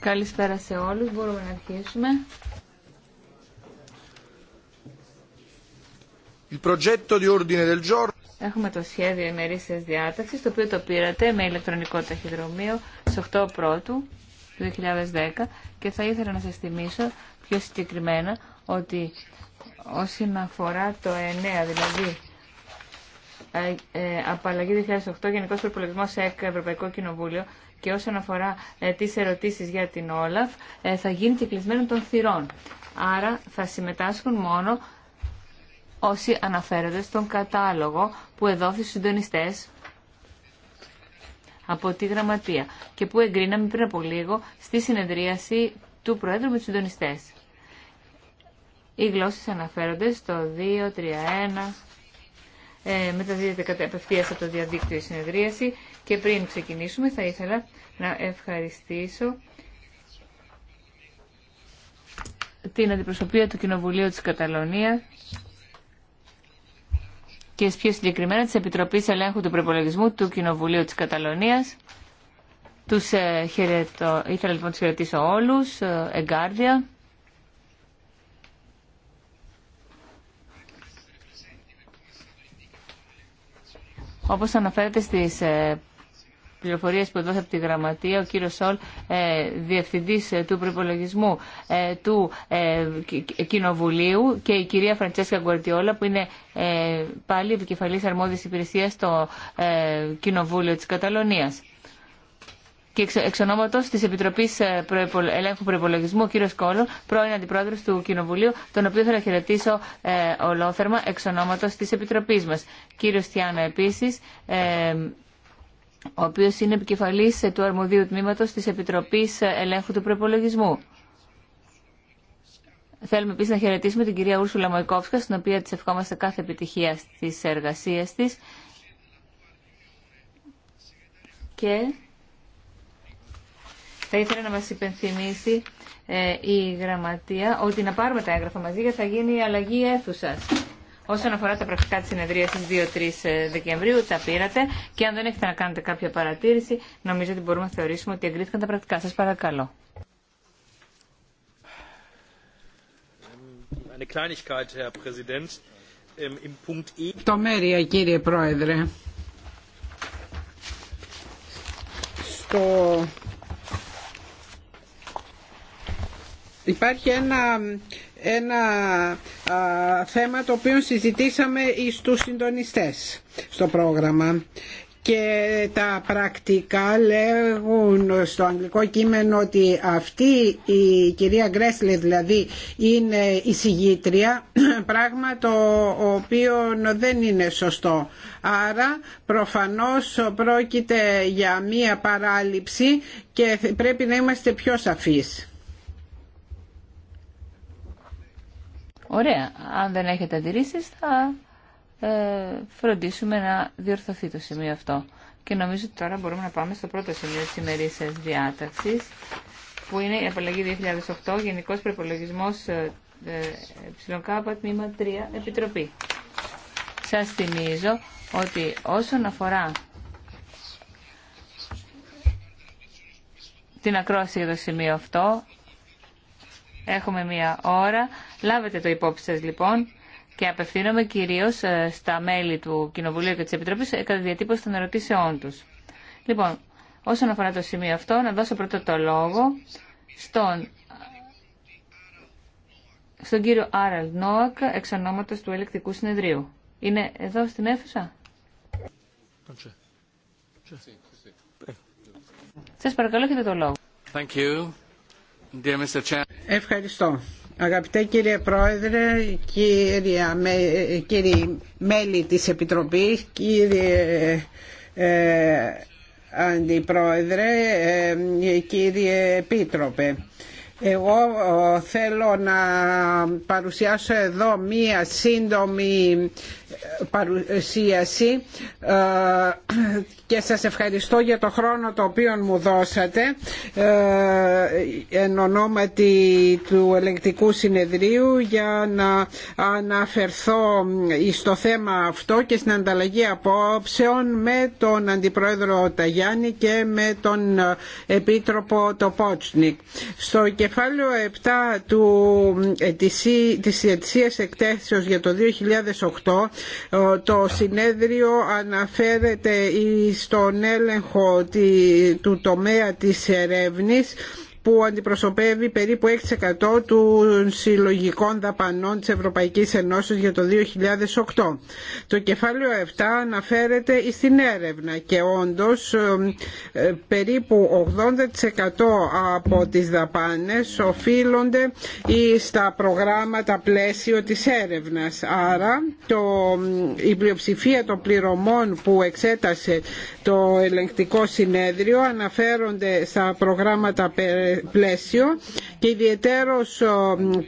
Καλησπέρα σε όλους. Μπορούμε να αρχίσουμε. Έχουμε το σχέδιο ημερήσια διάταξη, το οποίο το πήρατε με ηλεκτρονικό ταχυδρομείο στις 8 πρώτου του 2010 και θα ήθελα να σας θυμίσω πιο συγκεκριμένα ότι όσον αφορά το 9, δηλαδή ε, ε, απαλλαγή 2008, Γενικός Προπολογισμός ΕΚ, Ευρωπαϊκό Κοινοβούλιο και όσον αφορά ε, τι ερωτήσει για την Όλαφ, θα γίνει και κλεισμένο των θυρών. Άρα θα συμμετάσχουν μόνο όσοι αναφέρονται στον κατάλογο που εδόθη στους συντονιστές από τη Γραμματεία και που εγκρίναμε πριν από λίγο στη συνεδρίαση του Προέδρου με τους συντονιστές. Οι γλώσσες αναφέρονται στο 2, 3, 1 ε, μεταδίδεται απευθεία από το διαδίκτυο η συνεδρίαση και πριν ξεκινήσουμε θα ήθελα να ευχαριστήσω την αντιπροσωπεία του Κοινοβουλίου της Καταλωνίας και πιο συγκεκριμένα της Επιτροπής Ελέγχου του Προπολογισμού του Κοινοβουλίου της Καταλωνίας. Τους ε, ήθελα λοιπόν να τους χαιρετήσω όλους, ε, εγκάρδια. Όπως αναφέρεται στις ε, πληροφορίες που έδωσε από τη Γραμματεία, ο κύριος Σόλ, ε, διευθυντής ε, του προπολογισμού ε, του ε, Κοινοβουλίου και η κυρία Φραντσέσκα Γκουαρτιόλα, που είναι πάλι επικεφαλής αρμόδιας υπηρεσίας στο Κοινοβούλιο της Καταλωνίας και εξ ονόματο τη Επιτροπή ε, Ελέγχου Προπολογισμού, ο κύριο Κόλλο, πρώην αντιπρόεδρο του Κοινοβουλίου, τον οποίο θέλω να χαιρετήσω ε, ολόθερμα εξ ονόματο τη Επιτροπή μα. Κύριο Στιάνο επίση, ε, ο οποίο είναι επικεφαλή του αρμοδίου τμήματο τη Επιτροπή Ελέγχου του Προπολογισμού. Θέλουμε επίση να χαιρετήσουμε την κυρία Ούρσουλα Μοϊκόφσκα, στην οποία τη ευχόμαστε κάθε επιτυχία στι εργασίε τη. Και θα ήθελα να μας υπενθυμίσει ε, η Γραμματεία ότι να πάρουμε τα έγγραφα μαζί γιατί θα γίνει η αλλαγή αίθουσα. Όσον αφορά τα πρακτικά συνεδρία συνεδρίασης 2-3 Δεκεμβρίου, τα πήρατε και αν δεν έχετε να κάνετε κάποια παρατήρηση, νομίζω ότι μπορούμε να θεωρήσουμε ότι εγκρίθηκαν τα πρακτικά. Σας παρακαλώ. Ähm, e- Το μέρια, κύριε Πρόεδρε. Στο Υπάρχει ένα, ένα θέμα το οποίο συζητήσαμε στους συντονιστές στο πρόγραμμα και τα πρακτικά λέγουν στο αγγλικό κείμενο ότι αυτή η κυρία Γκρέσλε δηλαδή είναι η συγγήτρια πράγμα το οποίο δεν είναι σωστό άρα προφανώς πρόκειται για μία παράληψη και πρέπει να είμαστε πιο σαφείς Ωραία. Αν δεν έχετε αντιρρήσει, θα ε, φροντίσουμε να διορθωθεί το σημείο αυτό. Και νομίζω ότι τώρα μπορούμε να πάμε στο πρώτο σημείο τη ημερήσια διάταξη, που είναι η απαλλαγή 2008, Γενικό Προπολογισμό ε, ε, ΕΚ, τμήμα 3, Επιτροπή. Σα θυμίζω ότι όσον αφορά την ακρόαση για το σημείο αυτό, έχουμε μία ώρα. Λάβετε το υπόψη σας λοιπόν και απευθύνομαι κυρίως ε, στα μέλη του Κοινοβουλίου και της Επιτροπής ε, κατά διατύπωση των ερωτήσεών τους. Λοιπόν, όσον αφορά το σημείο αυτό, να δώσω πρώτα το λόγο στον, στον κύριο Άραλ Νόακ, εξ του Ελεκτικού Συνεδρίου. Είναι εδώ στην αίθουσα. Σας παρακαλώ, έχετε το λόγο. Ευχαριστώ. Αγαπητέ κύριε Πρόεδρε, κύρια, κύριοι μέλη της Επιτροπής, κύριε ε, Αντιπρόεδρε, ε, κύριε Επίτροπε. Εγώ ε, θέλω να παρουσιάσω εδώ μία σύντομη ε, παρουσίαση ε, και σας ευχαριστώ για το χρόνο το οποίο μου δώσατε εν ονόματι του ελεγκτικού συνεδρίου για να αναφερθώ στο θέμα αυτό και στην ανταλλαγή απόψεων με τον Αντιπρόεδρο Ταγιάννη και με τον Επίτροπο Τοπότσνικ. Στο κεφάλαιο 7 του, ε, της ετησίας για το 2008 ε, το συνέδριο αναφέρεται στον έλεγχο του τομέα της ερεύνης που αντιπροσωπεύει περίπου 6% των συλλογικών δαπανών της Ευρωπαϊκής Ενώσης για το 2008. Το κεφάλαιο 7 αναφέρεται στην έρευνα και όντως ε, ε, περίπου 80% από τις δαπάνες οφείλονται στα προγράμματα πλαίσιο της έρευνας. Άρα το, η πλειοψηφία των πληρωμών που εξέτασε το ελεγκτικό συνέδριο αναφέρονται στα προγράμματα πλαίσιο και ιδιαίτερως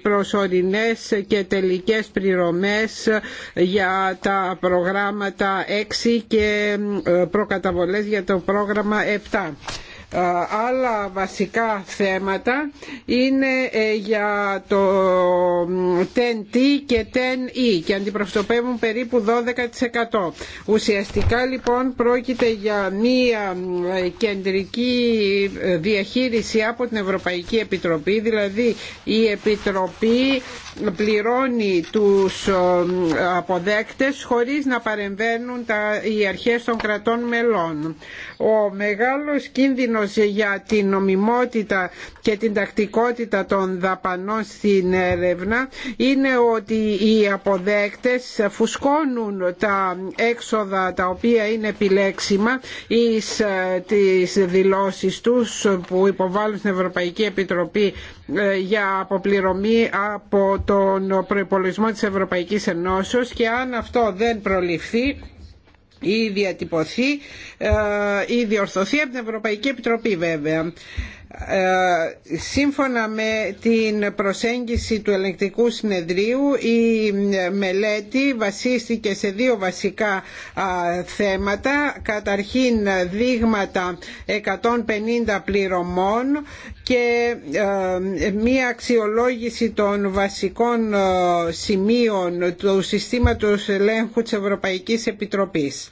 προσωρινές και τελικές πληρωμές για τα προγράμματα 6 και ε, προκαταβολές για το πρόγραμμα 7. Ε, άλλα βασικά θέματα είναι ε, για το TEN-T και TEN-E και αντιπροσωπεύουν περίπου 12%. Ουσιαστικά λοιπόν πρόκειται για μία ε, κεντρική διαχείριση από την Ευρωπαϊκή Επιτροπή, δηλαδή η Επιτροπή πληρώνει τους ε, αποδέκτες χωρίς να παρεμβαίνουν τα, οι αρχές των κρατών μελών. Ο μεγάλος κίνδυνος για την νομιμότητα και την τακτικότητα των δαπανών στην έρευνα είναι ότι οι αποδέκτες φουσκώνουν τα έξοδα τα οποία είναι επιλέξιμα εις ε, τις δηλώσεις τους που υποβάλλουν στην Ευρωπαϊκή Επιτροπή ε, για αποπληρωμή από τον προϋπολογισμό της Ευρωπαϊκής Ενώσεως και αν αυτό δεν προληφθεί ή διατυπωθεί ε, ή διορθωθεί από την Ευρωπαϊκή Επιτροπή βέβαια. Ε, σύμφωνα με την προσέγγιση του ελεγκτικού συνεδρίου η μελέτη βασίστηκε σε δύο βασικά θέματα καταρχήν δείγματα 150 πληρωμών και ε, μία αξιολόγηση των βασικών ε, σημείων του συστήματος ελέγχου της Ευρωπαϊκής Επιτροπής.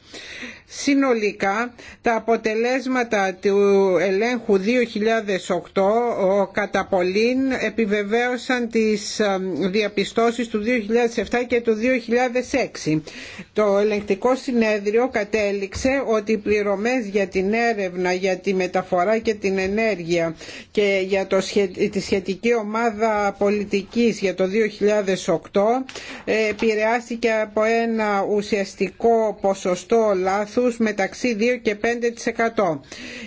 Συνολικά τα αποτελέσματα του ελέγχου 2008 κατά πολλήν επιβεβαίωσαν τις ε, διαπιστώσεις του 2007 και του 2006. Το ελεγκτικό συνέδριο κατέληξε ότι οι πληρωμές για την έρευνα, για τη μεταφορά και την ενέργεια και για το, τη σχετική ομάδα πολιτικής για το 2008 ε, επηρεάστηκε από ένα ουσιαστικό ποσοστό λάθους μεταξύ 2 και 5%.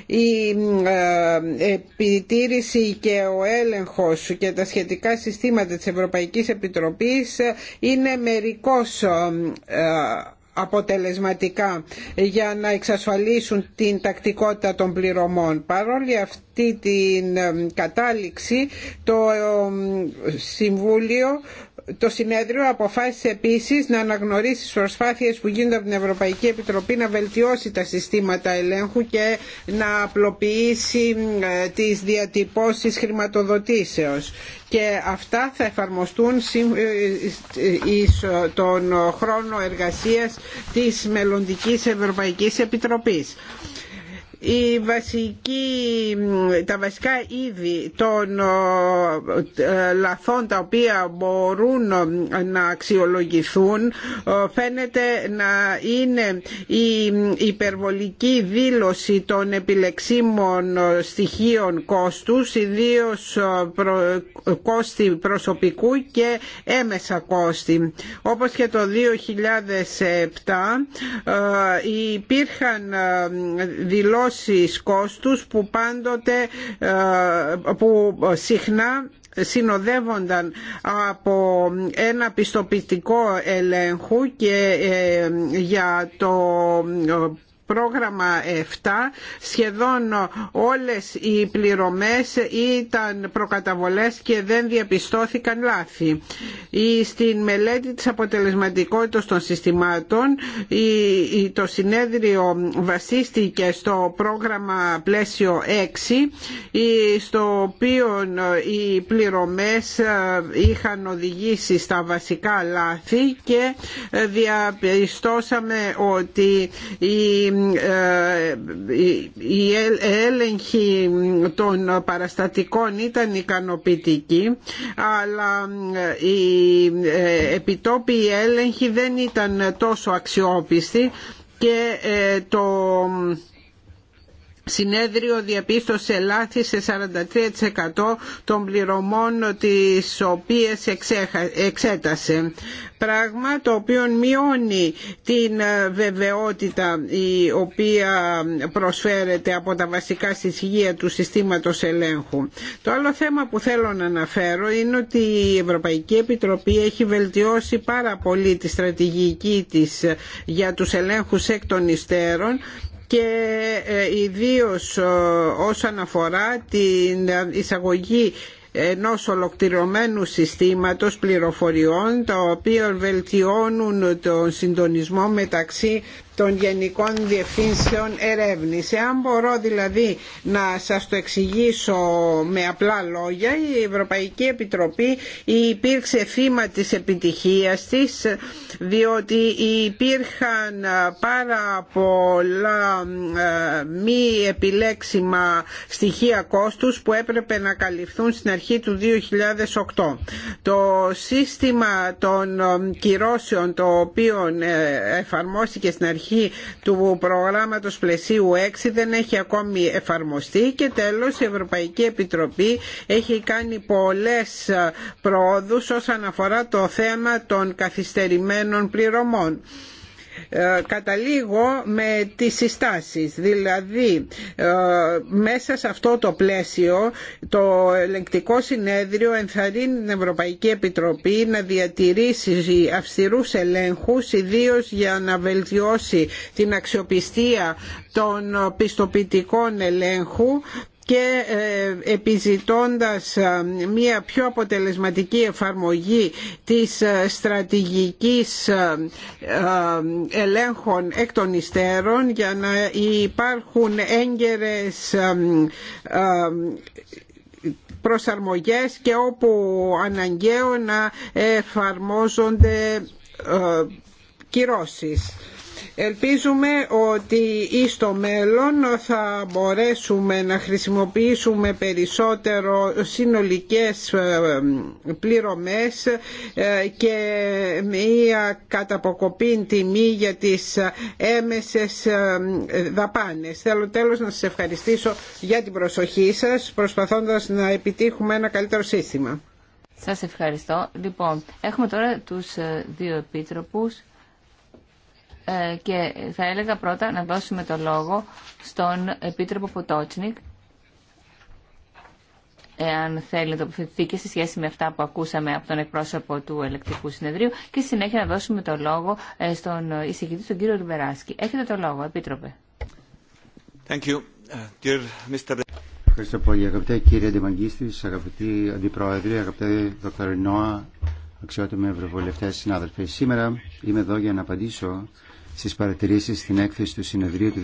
Η ε, επιτήρηση και ο έλεγχος και τα σχετικά συστήματα της Ευρωπαϊκής Επιτροπής είναι μερικώς ε, αποτελεσματικά για να εξασφαλίσουν την τακτικότητα των πληρωμών. Παρόλη αυτή την ε, κατάληξη το Συμβούλιο το συνέδριο αποφάσισε επίσης να αναγνωρίσει τις προσπάθειες που γίνονται από την Ευρωπαϊκή Επιτροπή να βελτιώσει τα συστήματα ελέγχου και να απλοποιήσει ε, τις διατυπώσεις χρηματοδοτήσεως και αυτά θα εφαρμοστούν ε, ε, τον χρόνο εργασίας της μελλοντικής Ευρωπαϊκής Επιτροπής η βασική, τα βασικά είδη των ε, λαθών τα οποία μπορούν να αξιολογηθούν ε, φαίνεται να είναι η υπερβολική δήλωση των επιλεξίμων στοιχείων κόστους ιδίως ε, κόστη προσωπικού και έμεσα κόστη. Όπως και το 2007 υπήρχαν δηλώσεις μειώσεις κόστους που πάντοτε ε, που συχνά συνοδεύονταν από ένα πιστοποιητικό ελέγχου και ε, για το πρόγραμμα 7 σχεδόν όλες οι πληρωμές ήταν προκαταβολές και δεν διαπιστώθηκαν λάθη. Στην μελέτη της αποτελεσματικότητας των συστημάτων το συνέδριο βασίστηκε στο πρόγραμμα πλαίσιο 6 στο οποίο οι πληρωμές ε, είχαν οδηγήσει στα βασικά λάθη και ε, διαπιστώσαμε ότι η η έλεγχη των παραστατικών ήταν ικανοποιητική αλλά η ε, επιτόπιη έλεγχη δεν ήταν τόσο αξιόπιστη και ε, το συνέδριο διαπίστωσε λάθη σε 43% των πληρωμών τις οποίες εξέτασε. Πράγμα το οποίο μειώνει την ε, βεβαιότητα η οποία προσφέρεται από τα βασικά συσχεία του συστήματος ελέγχου. Το άλλο θέμα που θέλω να αναφέρω είναι ότι η Ευρωπαϊκή Επιτροπή έχει βελτιώσει πάρα πολύ τη στρατηγική της ε, για τους ελέγχους εκ των υστέρων και ε, ιδίως ε, όσον αφορά την εισαγωγή ενός ολοκληρωμένου συστήματος πληροφοριών τα οποία βελτιώνουν τον συντονισμό μεταξύ των Γενικών Διευθύνσεων Ερεύνης. Εάν μπορώ δηλαδή να σας το εξηγήσω με απλά λόγια, η Ευρωπαϊκή Επιτροπή υπήρξε θύμα της επιτυχίας της, διότι υπήρχαν πάρα πολλά μη επιλέξιμα στοιχεία κόστους που έπρεπε να καλυφθούν στην αρχή του 2008. Το σύστημα των κυρώσεων το οποίο ε, εφαρμόστηκε στην αρχή αρχή του προγράμματος πλαισίου 6 δεν έχει ακόμη εφαρμοστεί και τέλος η Ευρωπαϊκή Επιτροπή έχει κάνει πολλές προόδους όσον αφορά το θέμα των καθυστερημένων πληρωμών. Ε, καταλήγω με τις συστάσεις. Δηλαδή, ε, μέσα σε αυτό το πλαίσιο, το ελεγκτικό συνέδριο ενθαρρύνει την Ευρωπαϊκή Επιτροπή να διατηρήσει αυστηρούς ελέγχους, ιδίως για να βελτιώσει την αξιοπιστία των πιστοποιητικών ελέγχου και ε, επιζητώντας ε, μια πιο αποτελεσματική εφαρμογή της ε, στρατηγικής ελέγχων εκ των υστέρων για να υπάρχουν έγκαιρες προσαρμογές και όπου αναγκαίο να εφαρμόζονται κυρώσεις. Ελπίζουμε ότι εις το μέλλον θα μπορέσουμε να χρησιμοποιήσουμε περισσότερο συνολικές ε, πληρωμές ε, και μία καταποκοπή τιμή για τις ε, έμεσες δαπάνες. Θέλω τέλος να σας ευχαριστήσω για την προσοχή σας προσπαθώντας να επιτύχουμε ένα καλύτερο σύστημα. Σας ευχαριστώ. Λοιπόν, έχουμε τώρα τους δύο επίτροπους. Ε, και θα έλεγα πρώτα να δώσουμε το λόγο στον Επίτροπο Ποτότσνικ εάν θέλει να τοποθετηθεί και σε σχέση με αυτά που ακούσαμε από τον εκπρόσωπο του Ελεκτικού Συνεδρίου και συνέχεια να δώσουμε το λόγο ε, στον εισηγητή, τον κύριο Ριβεράσκη. Έχετε το λόγο, Επίτροπε. Ευχαριστώ πολύ, αγαπητέ κύριε αντιμαγκίστη, αγαπητή αντιπρόεδρη, αγαπητέ Δ. αξιότιμοι ευρωβουλευτέ, συνάδελφοι. Σήμερα είμαι εδώ για να απαντήσω στις παρατηρήσεις στην έκθεση του Συνεδρίου του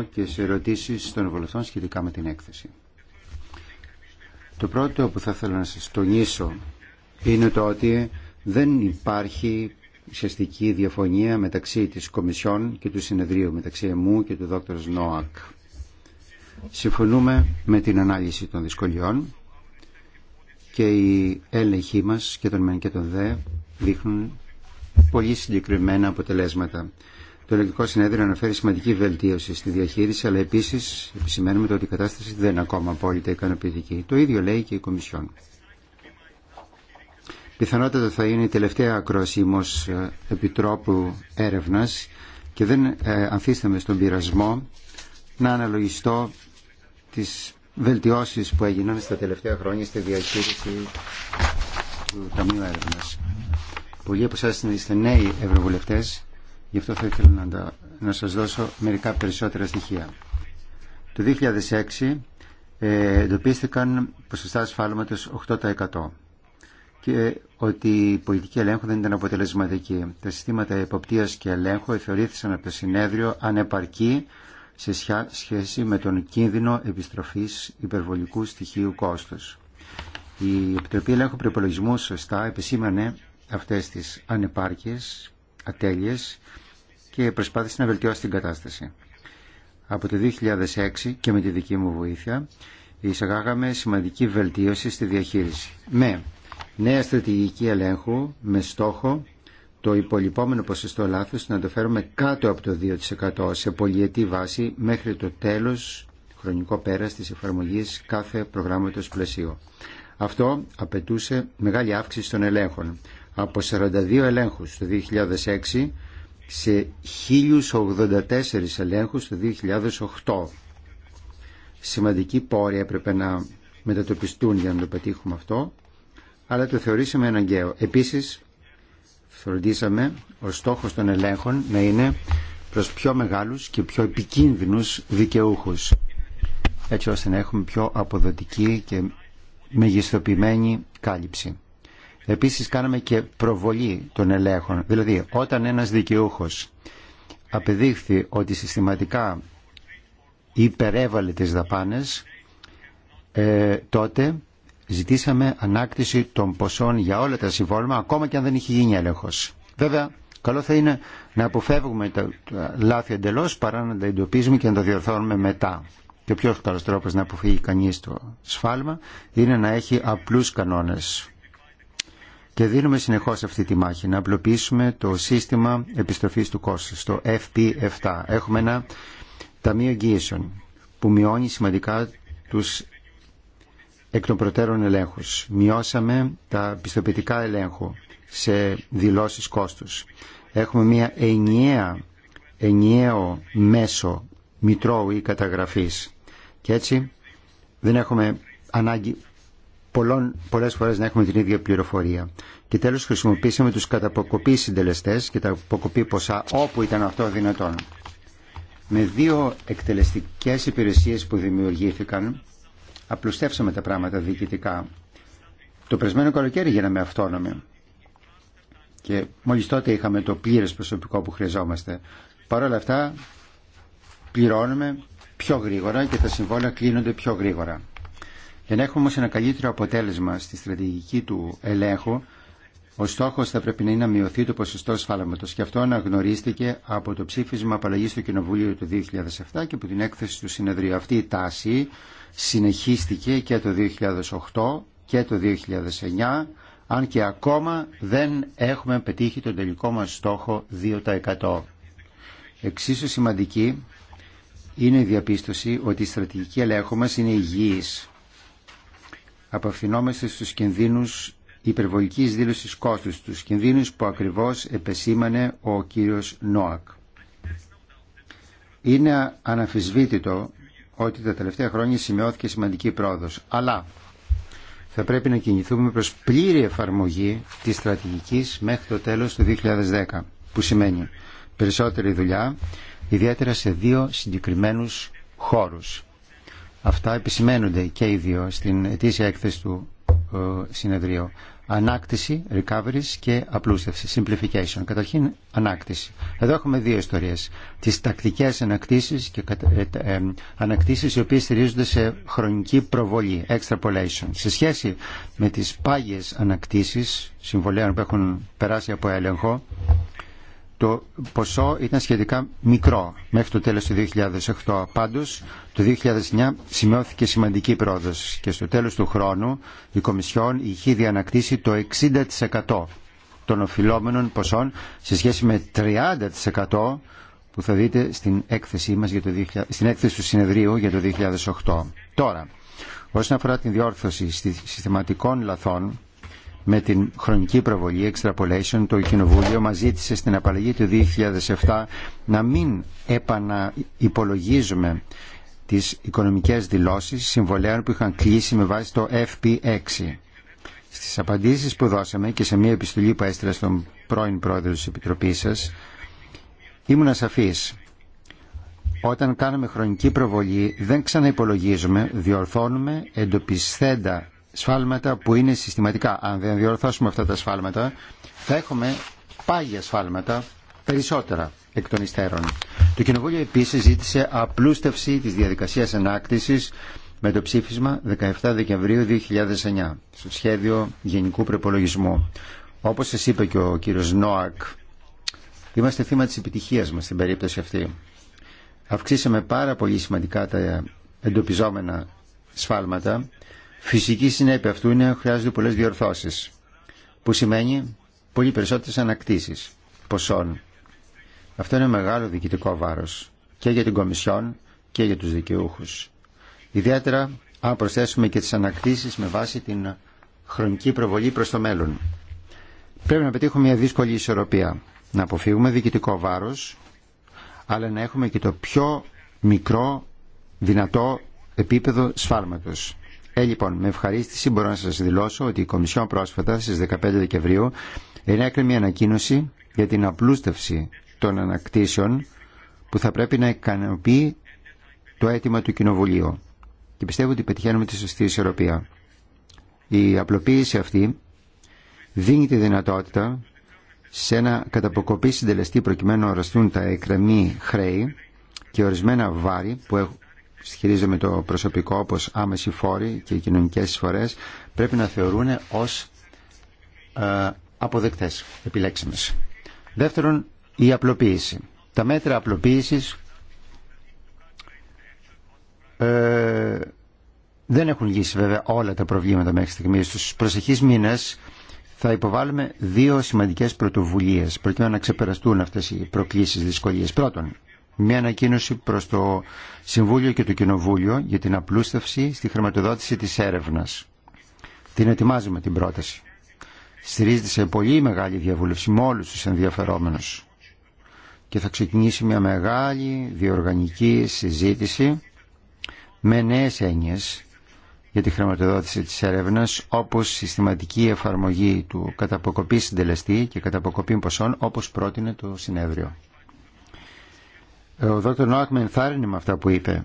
2008 και σε ερωτήσεις των βουλευτών σχετικά με την έκθεση. Το πρώτο που θα ήθελα να σας τονίσω είναι το ότι δεν υπάρχει ουσιαστική διαφωνία μεταξύ της Κομισιόν και του Συνεδρίου, μεταξύ εμού και του δόκτωρος Νόακ. Συμφωνούμε με την ανάλυση των δυσκολιών και οι έλεγχοι μας και των μεν και των δε δείχνουν πολύ συγκεκριμένα αποτελέσματα. Το Ελληνικό Συνέδριο αναφέρει σημαντική βελτίωση στη διαχείριση, αλλά επίση επισημαίνουμε ότι η κατάσταση δεν είναι ακόμα απόλυτα ικανοποιητική. Το ίδιο λέει και η Κομισιόν. Πιθανότατα θα είναι η τελευταία ακροασίμω ε, επιτρόπου έρευνα και δεν ε, αφήσαμε στον πειρασμό να αναλογιστώ τι βελτιώσει που έγιναν στα τελευταία χρόνια στη διαχείριση του Ταμείου Έρευνα. Πολλοί από εσάς είστε νέοι ευρωβουλευτές, γι' αυτό θα ήθελα να, τα, να σας δώσω μερικά περισσότερα στοιχεία. Το 2006 ε, εντοπίστηκαν ποσοστά ασφάλματος 8% και ε, ότι η πολιτική ελέγχου δεν ήταν αποτελεσματική. Τα συστήματα υποπτίας και ελέγχου εφεωρήθησαν από το συνέδριο ανεπαρκή σε σχέση με τον κίνδυνο επιστροφής υπερβολικού στοιχείου κόστους. Η Επιτροπή Ελέγχου Προπολογισμού σωστά επισήμανε αυτές τις ανεπάρκειες, ατέλειες και προσπάθησε να βελτιώσει την κατάσταση. Από το 2006 και με τη δική μου βοήθεια εισαγάγαμε σημαντική βελτίωση στη διαχείριση με νέα στρατηγική ελέγχου με στόχο το υπολοιπόμενο ποσοστό λάθος να το φέρουμε κάτω από το 2% σε πολυετή βάση μέχρι το τέλος χρονικό πέρας της εφαρμογής κάθε προγράμματος πλαισίου. Αυτό απαιτούσε μεγάλη αύξηση των ελέγχων από 42 ελέγχους το 2006 σε 1084 ελέγχους το 2008. Σημαντικοί πόρια έπρεπε να μετατοπιστούν για να το πετύχουμε αυτό, αλλά το θεωρήσαμε αναγκαίο. Επίσης, φροντίσαμε ο στόχος των ελέγχων να είναι προς πιο μεγάλους και πιο επικίνδυνους δικαιούχους, έτσι ώστε να έχουμε πιο αποδοτική και μεγιστοποιημένη κάλυψη. Επίσης κάναμε και προβολή των ελέγχων. Δηλαδή όταν ένας δικαιούχος απεδείχθη ότι συστηματικά υπερέβαλε τις δαπάνες, ε, τότε ζητήσαμε ανάκτηση των ποσών για όλα τα συμβόλμα, ακόμα και αν δεν είχε γίνει έλεγχος. Βέβαια, καλό θα είναι να αποφεύγουμε τα λάθη εντελώ παρά να τα εντοπίζουμε και να τα διορθώνουμε μετά. Και ο πιο καλός τρόπος να αποφύγει κανείς το σφάλμα είναι να έχει απλούς κανόνες. Και δίνουμε συνεχώς αυτή τη μάχη να απλοποιήσουμε το σύστημα επιστροφής του κόστου, το FP7. Έχουμε ένα ταμείο εγγύησεων που μειώνει σημαντικά τους εκ των προτέρων ελέγχους. Μειώσαμε τα πιστοποιητικά ελέγχου σε δηλώσει κόστους. Έχουμε μια ενιαία, ενιαίο μέσο μητρώου ή καταγραφής. Και έτσι δεν έχουμε ανάγκη πολλών, πολλές φορές να έχουμε την ίδια πληροφορία. Και τέλος χρησιμοποίησαμε τους καταποκοπή συντελεστές και τα αποκοπή ποσά όπου ήταν αυτό δυνατόν. Με δύο εκτελεστικές υπηρεσίες που δημιουργήθηκαν, απλουστεύσαμε τα πράγματα διοικητικά. Το πρεσμένο καλοκαίρι γίναμε αυτόνομοι. Και μόλις τότε είχαμε το πλήρες προσωπικό που χρειαζόμαστε. Παρ' όλα αυτά, πληρώνουμε πιο γρήγορα και τα συμβόλαια κλείνονται πιο γρήγορα. Για να έχουμε όμω ένα καλύτερο αποτέλεσμα στη στρατηγική του ελέγχου, ο στόχος θα πρέπει να είναι να μειωθεί το ποσοστό σφάλματος και αυτό αναγνωρίστηκε από το ψήφισμα απαλλαγή του Κοινοβουλίου του 2007 και από την έκθεση του συνεδρίου. Αυτή η τάση συνεχίστηκε και το 2008 και το 2009 αν και ακόμα δεν έχουμε πετύχει τον τελικό μας στόχο 2%. Εξίσου σημαντική είναι η διαπίστωση ότι η στρατηγική ελέγχου μας είναι υγιής απευθυνόμαστε στου κινδύνους υπερβολικής δήλωση κόστου, του κινδύνου που ακριβώς επεσήμανε ο κύριος Νόακ. Είναι αναφυσβήτητο ότι τα τελευταία χρόνια σημειώθηκε σημαντική πρόοδος, αλλά θα πρέπει να κινηθούμε προς πλήρη εφαρμογή της στρατηγικής μέχρι το τέλος του 2010, που σημαίνει περισσότερη δουλειά, ιδιαίτερα σε δύο συγκεκριμένους χώρους. Αυτά επισημαίνονται και οι δύο στην ετήσια έκθεση του ε, συνεδρίου. Ανάκτηση, recovery και απλούστευση, simplification. Καταρχήν, ανάκτηση. Εδώ έχουμε δύο ιστορίες. Τις τακτικές ανακτήσεις και ε, ε, ανακτήσεις οι οποίες στηρίζονται σε χρονική προβολή, extrapolation. Σε σχέση με τις πάγιες ανακτήσεις συμβολέων που έχουν περάσει από έλεγχο, το ποσό ήταν σχετικά μικρό μέχρι το τέλος του 2008. Πάντως, το 2009 σημειώθηκε σημαντική πρόοδος και στο τέλος του χρόνου η Κομισιόν είχε διανακτήσει το 60% των οφειλόμενων ποσών σε σχέση με 30% που θα δείτε στην έκθεσή μας για το 2000, στην έκθεση του συνεδρίου για το 2008. Τώρα, όσον αφορά την διόρθωση συστηματικών λαθών με την χρονική προβολή Extrapolation το Κοινοβούλιο μας ζήτησε στην απαλλαγή του 2007 να μην επαναυπολογίζουμε τις οικονομικές δηλώσεις συμβολέων που είχαν κλείσει με βάση το FP6. Στις απαντήσεις που δώσαμε και σε μια επιστολή που έστειλα στον πρώην πρόεδρο της Επιτροπής σας, ήμουν ασαφής. Όταν κάνουμε χρονική προβολή δεν ξαναυπολογίζουμε, διορθώνουμε εντοπισθέντα σφάλματα που είναι συστηματικά. Αν δεν διορθώσουμε αυτά τα σφάλματα, θα έχουμε πάγια σφάλματα περισσότερα εκ των υστέρων. Το Κοινοβούλιο επίση ζήτησε απλούστευση της διαδικασίας ανάκτηση με το ψήφισμα 17 Δεκεμβρίου 2009 στο σχέδιο Γενικού Προπολογισμού. Όπω σα είπε και ο κύριος Νόακ, είμαστε θύμα τη επιτυχία μα στην περίπτωση αυτή. Αυξήσαμε πάρα πολύ σημαντικά τα εντοπιζόμενα σφάλματα Φυσική συνέπεια αυτού είναι χρειάζονται πολλές διορθώσεις, που σημαίνει πολύ περισσότερες ανακτήσεις ποσών. Αυτό είναι μεγάλο διοικητικό βάρος και για την Κομισιόν και για τους δικαιούχους. Ιδιαίτερα αν προσθέσουμε και τις ανακτήσεις με βάση την χρονική προβολή προς το μέλλον. Πρέπει να πετύχουμε μια δύσκολη ισορροπία. Να αποφύγουμε διοικητικό βάρος, αλλά να έχουμε και το πιο μικρό δυνατό επίπεδο σφάλματος. Ε, λοιπόν, με ευχαρίστηση μπορώ να σας δηλώσω ότι η Κομισιόν πρόσφατα στις 15 Δεκεμβρίου ενέκρινε μια ανακοίνωση για την απλούστευση των ανακτήσεων που θα πρέπει να ικανοποιεί το αίτημα του Κοινοβουλίου. Και πιστεύω ότι πετυχαίνουμε τη σωστή ισορροπία. Η απλοποίηση αυτή δίνει τη δυνατότητα σε ένα καταποκοπή συντελεστή προκειμένου να οραστούν τα εκκρεμή χρέη και ορισμένα βάρη που με το προσωπικό όπως άμεση φόροι και οι κοινωνικές εισφορές πρέπει να θεωρούν ως ε, αποδεκτές, επιλέξιμες. Δεύτερον, η απλοποίηση. Τα μέτρα απλοποίησης ε, δεν έχουν λύσει βέβαια όλα τα προβλήματα μέχρι στιγμή. Στους προσεχείς μήνες θα υποβάλουμε δύο σημαντικές πρωτοβουλίες προκειμένου να ξεπεραστούν αυτές οι προκλήσεις, δυσκολίες. Πρώτον, μια ανακοίνωση προς το Συμβούλιο και το Κοινοβούλιο για την απλούστευση στη χρηματοδότηση της έρευνας. Την ετοιμάζουμε την πρόταση. Στηρίζεται σε πολύ μεγάλη διαβούλευση με όλους τους ενδιαφερόμενους. Και θα ξεκινήσει μια μεγάλη διοργανική συζήτηση με νέες έννοιες για τη χρηματοδότηση της έρευνας όπως συστηματική εφαρμογή του καταποκοπή συντελεστή και καταποκοπή ποσών όπως πρότεινε το συνέδριο. Ε, ο Δ. Νόακ με ενθάρρυνε με αυτά που είπε.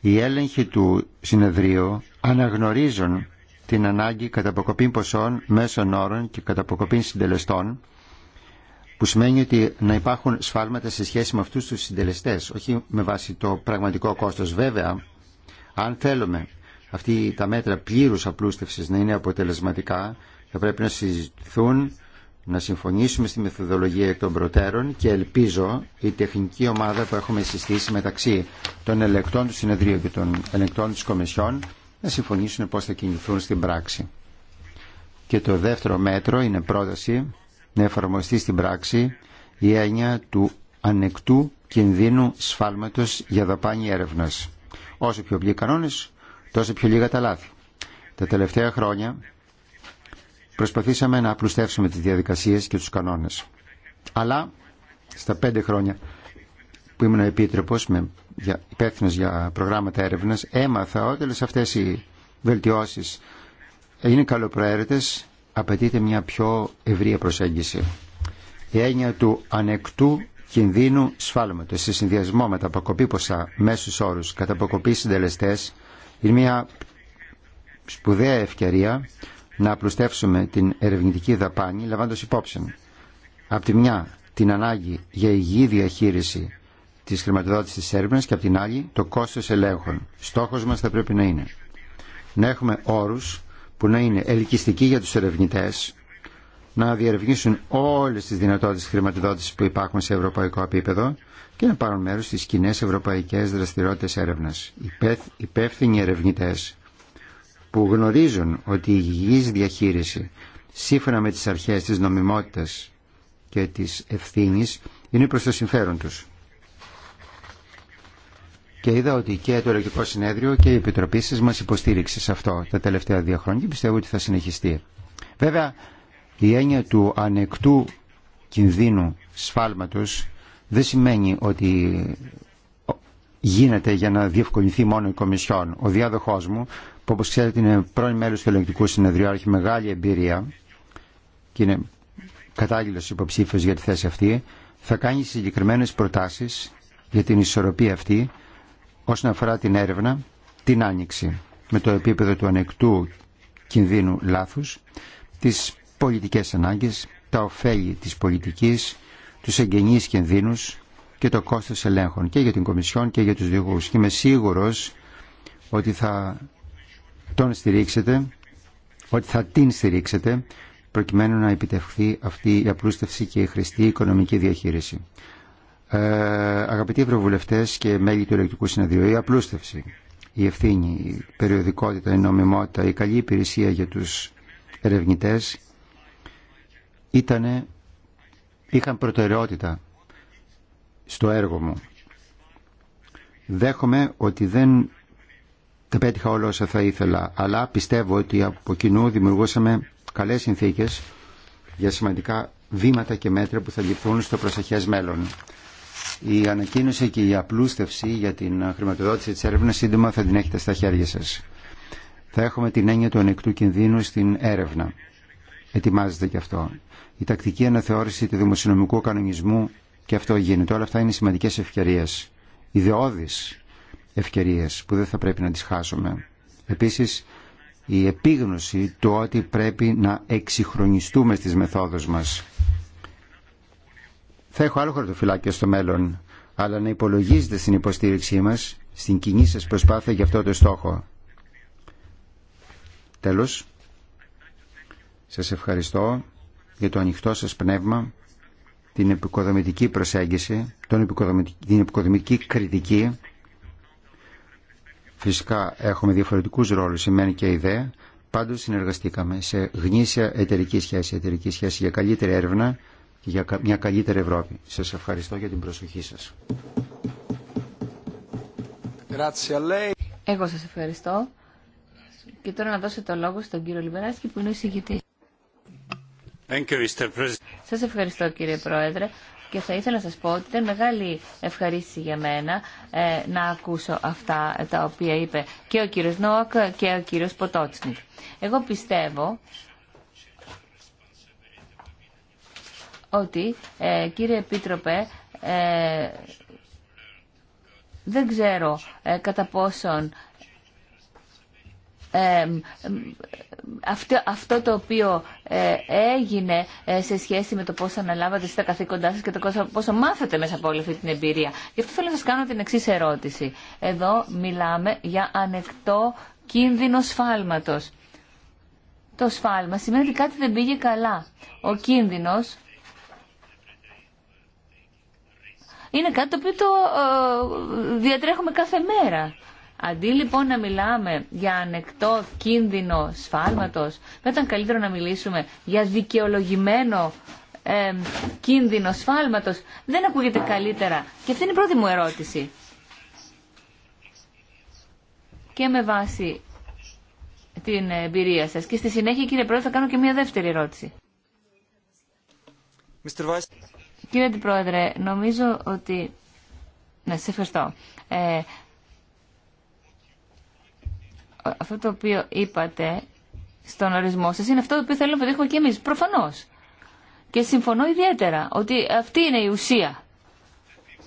Οι έλεγχοι του συνεδρίου αναγνωρίζουν την ανάγκη καταποκοπή ποσών μέσων όρων και καταποκοπή συντελεστών που σημαίνει ότι να υπάρχουν σφάλματα σε σχέση με αυτούς τους συντελεστές, όχι με βάση το πραγματικό κόστος. Βέβαια, αν θέλουμε αυτή τα μέτρα πλήρους απλούστευσης να είναι αποτελεσματικά, θα πρέπει να συζητηθούν να συμφωνήσουμε στη μεθοδολογία εκ των προτέρων και ελπίζω η τεχνική ομάδα που έχουμε συστήσει μεταξύ των ελεκτών του συνεδρίου και των ελεκτών της Κομισιόν να συμφωνήσουν πώς θα κινηθούν στην πράξη. Και το δεύτερο μέτρο είναι πρόταση να εφαρμοστεί στην πράξη η έννοια του ανεκτού κινδύνου σφάλματος για δαπάνη έρευνας. Όσο πιο οι κανόνες, τόσο πιο λίγα τα λάθη. Τα τελευταία χρόνια Προσπαθήσαμε να απλουστεύσουμε τις διαδικασίες και τους κανόνες. Αλλά στα πέντε χρόνια που ήμουν επίτροπος με, για, υπεύθυνος για προγράμματα έρευνας έμαθα ότι όλες αυτές οι βελτιώσεις είναι καλοπροαίρετες απαιτείται μια πιο ευρία προσέγγιση. Η έννοια του ανεκτού κινδύνου σφάλματος σε συνδυασμό με τα αποκοπή ποσά μέσους όρους κατά αποκοπή συντελεστές είναι μια σπουδαία ευκαιρία να απλουστεύσουμε την ερευνητική δαπάνη λαμβάνοντας υπόψη από τη μια την ανάγκη για υγιή διαχείριση της χρηματοδότησης της έρευνας και από την άλλη το κόστος ελέγχων. Στόχος μας θα πρέπει να είναι να έχουμε όρους που να είναι ελκυστικοί για τους ερευνητές να διερευνήσουν όλες τις δυνατότητες χρηματοδότησης που υπάρχουν σε ευρωπαϊκό επίπεδο και να πάρουν μέρος στις κοινέ ευρωπαϊκές δραστηριότητες έρευνας. Υπεύθυνοι ερευνητέ που γνωρίζουν ότι η υγιής διαχείριση σύμφωνα με τις αρχές της νομιμότητας και της ευθύνης είναι προς το συμφέρον τους. Και είδα ότι και το Ελεκτικό Συνέδριο και η Επιτροπή σα μα υποστήριξε σε αυτό τα τελευταία δύο χρόνια και πιστεύω ότι θα συνεχιστεί. Βέβαια, η έννοια του ανεκτού κινδύνου σφάλματος δεν σημαίνει ότι γίνεται για να διευκολυνθεί μόνο η Κομισιόν. Ο διάδοχός μου που όπως ξέρετε είναι πρώην μέλος του ελεγκτικού συνεδρίου, έχει μεγάλη εμπειρία και είναι κατάλληλος υποψήφιος για τη θέση αυτή, θα κάνει συγκεκριμένες προτάσεις για την ισορροπία αυτή όσον αφορά την έρευνα, την άνοιξη με το επίπεδο του ανεκτού κινδύνου λάθους, τις πολιτικές ανάγκες, τα ωφέλη της πολιτικής, τους εγγενείς κινδύνους και το κόστος ελέγχων και για την Κομισιόν και για τους διηγούς. είμαι σίγουρος ότι θα τον στηρίξετε, ότι θα την στηρίξετε, προκειμένου να επιτευχθεί αυτή η απλούστευση και η χρηστή οικονομική διαχείριση. Ε, αγαπητοί Ευρωβουλευτέ και μέλη του Ελεκτικού Συνεδρίου, η απλούστευση, η ευθύνη, η περιοδικότητα, η νομιμότητα, η καλή υπηρεσία για του ερευνητέ ήταν, είχαν προτεραιότητα στο έργο μου. Δέχομαι ότι δεν τα πέτυχα όλα όσα θα ήθελα, αλλά πιστεύω ότι από κοινού δημιουργούσαμε καλέ συνθήκε για σημαντικά βήματα και μέτρα που θα ληφθούν στο προσεχέ μέλλον. Η ανακοίνωση και η απλούστευση για την χρηματοδότηση τη έρευνα σύντομα θα την έχετε στα χέρια σα. Θα έχουμε την έννοια του ανεκτού κινδύνου στην έρευνα. Ετοιμάζεται και αυτό. Η τακτική αναθεώρηση του δημοσιονομικού κανονισμού και αυτό γίνεται. Όλα αυτά είναι σημαντικέ ευκαιρίε, Ιδεώδη ευκαιρίες που δεν θα πρέπει να τις χάσουμε. Επίσης, η επίγνωση του ότι πρέπει να εξυγχρονιστούμε στις μεθόδους μας. Θα έχω άλλο χαρτοφυλάκιο στο μέλλον, αλλά να υπολογίζετε στην υποστήριξή μας, στην κοινή σας προσπάθεια για αυτό το στόχο. Τέλος, σας ευχαριστώ για το ανοιχτό σας πνεύμα, την επικοδομητική προσέγγιση, την επικοδομητική κριτική Φυσικά έχουμε διαφορετικούς ρόλους, σημαίνει και ιδέα. Πάντως συνεργαστήκαμε σε γνήσια εταιρική σχέση, εταιρική σχέση για καλύτερη έρευνα και για μια καλύτερη Ευρώπη. Σας ευχαριστώ για την προσοχή σας. Εγώ σας ευχαριστώ. Και τώρα να δώσω το λόγο στον κύριο Λιμπεράσκη που είναι ο εισηγητής. Σας ευχαριστώ κύριε Πρόεδρε και θα ήθελα να σας πω ότι ήταν μεγάλη ευχαρίστηση για μένα ε, να ακούσω αυτά τα οποία είπε και ο κύριος Νόακ και ο κύριος Ποτότσνικ. Εγώ πιστεύω ότι ε, κύριε Επίτροπε ε, δεν ξέρω κατά πόσον αυτό, το οποίο ε, έγινε ε, σε σχέση με το πώς αναλάβατε στα καθήκοντά σας και το πόσο μάθατε μέσα από όλη αυτή την εμπειρία. Γι' αυτό θέλω να σας κάνω την εξής ερώτηση. Εδώ μιλάμε για ανεκτό κίνδυνο σφάλματος. Το σφάλμα σημαίνει ότι κάτι δεν πήγε καλά. Ο κίνδυνος είναι κάτι το οποίο το ε, διατρέχουμε κάθε μέρα. Αντί λοιπόν να μιλάμε για ανεκτό κίνδυνο σφάλματος, θα ήταν καλύτερο να μιλήσουμε για δικαιολογημένο ε, κίνδυνο σφάλματος. Δεν ακούγεται καλύτερα. Και αυτή είναι η πρώτη μου ερώτηση. Και με βάση την εμπειρία σας. Και στη συνέχεια κύριε Πρόεδρε θα κάνω και μια δεύτερη ερώτηση. Κύριε Πρόεδρε, νομίζω ότι... Ναι, σε ευχαριστώ. Ε, αυτό το οποίο είπατε στον ορισμό σας είναι αυτό το οποίο θέλουμε να πετύχουμε και εμείς, προφανώς. Και συμφωνώ ιδιαίτερα ότι αυτή είναι η ουσία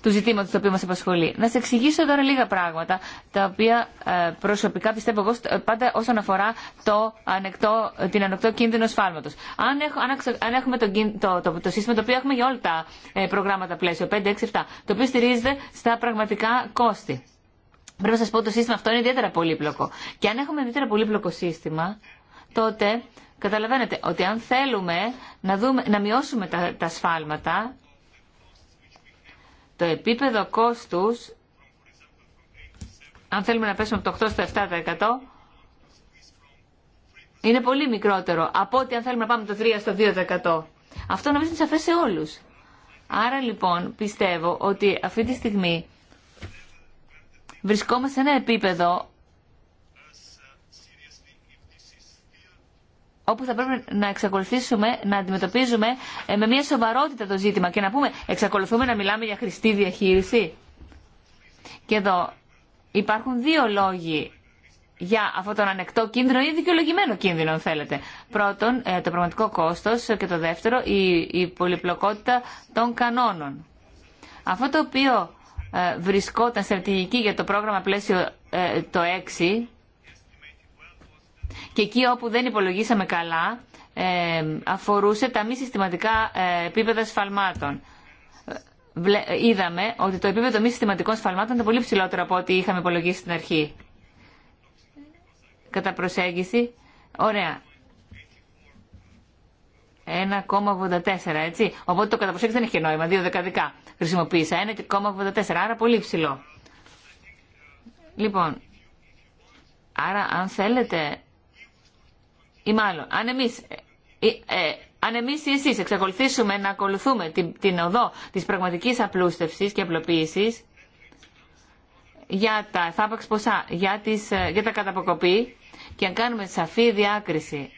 του ζητήματος το οποίο μας απασχολεί. Να σε εξηγήσω τώρα λίγα πράγματα, τα οποία ε, προσωπικά πιστεύω εγώ ε, πάντα όσον αφορά το ανεκτό, την ανεκτό κίνδυνο σφάλματος. Αν, αν, έχουμε το, το, το, το, σύστημα το οποίο έχουμε για όλα τα ε, προγράμματα πλαίσιο, 5, 6, 7, το οποίο στηρίζεται στα πραγματικά κόστη. Πρέπει να σα πω ότι το σύστημα αυτό είναι ιδιαίτερα πολύπλοκο. Και αν έχουμε ιδιαίτερα πολύπλοκο σύστημα, τότε καταλαβαίνετε ότι αν θέλουμε να, δούμε, να μειώσουμε τα, τα σφάλματα, το επίπεδο κόστους, αν θέλουμε να πέσουμε από το 8% στο 7%, είναι πολύ μικρότερο από ότι αν θέλουμε να πάμε το 3% στο 2%. Αυτό νομίζω είναι σαφές σε όλους. Άρα λοιπόν πιστεύω ότι αυτή τη στιγμή βρισκόμαστε σε ένα επίπεδο όπου θα πρέπει να εξακολουθήσουμε να αντιμετωπίζουμε ε, με μια σοβαρότητα το ζήτημα και να πούμε εξακολουθούμε να μιλάμε για χρηστή διαχείριση. Και εδώ υπάρχουν δύο λόγοι για αυτόν τον ανεκτό κίνδυνο ή δικαιολογημένο κίνδυνο, αν θέλετε. Πρώτον, ε, το πραγματικό κόστος και το δεύτερο, η, η πολυπλοκότητα των κανόνων. Αυτό το οποίο ε, βρισκόταν στρατηγική για το πρόγραμμα πλαίσιο ε, το 6 και εκεί όπου δεν υπολογίσαμε καλά ε, αφορούσε τα μη συστηματικά επίπεδα σφαλμάτων. Είδαμε ότι το επίπεδο μη συστηματικών σφαλμάτων ήταν πολύ ψηλότερο από ό,τι είχαμε υπολογίσει στην αρχή. Κατά προσέγγιση, ωραία, 1,84 έτσι. Οπότε το κατά δεν έχει νόημα, δύο δεκαδικά χρησιμοποίησα. 1,84, άρα πολύ ψηλό. Λοιπόν, άρα αν θέλετε, ή μάλλον, αν εμείς, ε, ε, αν εμείς ή εσείς εξακολουθήσουμε να ακολουθούμε την, την οδό της πραγματικής απλούστευσης και απλοποίησης, για τα εφάπαξ ποσά, για, τις, ε, για τα καταποκοπή και αν κάνουμε σαφή διάκριση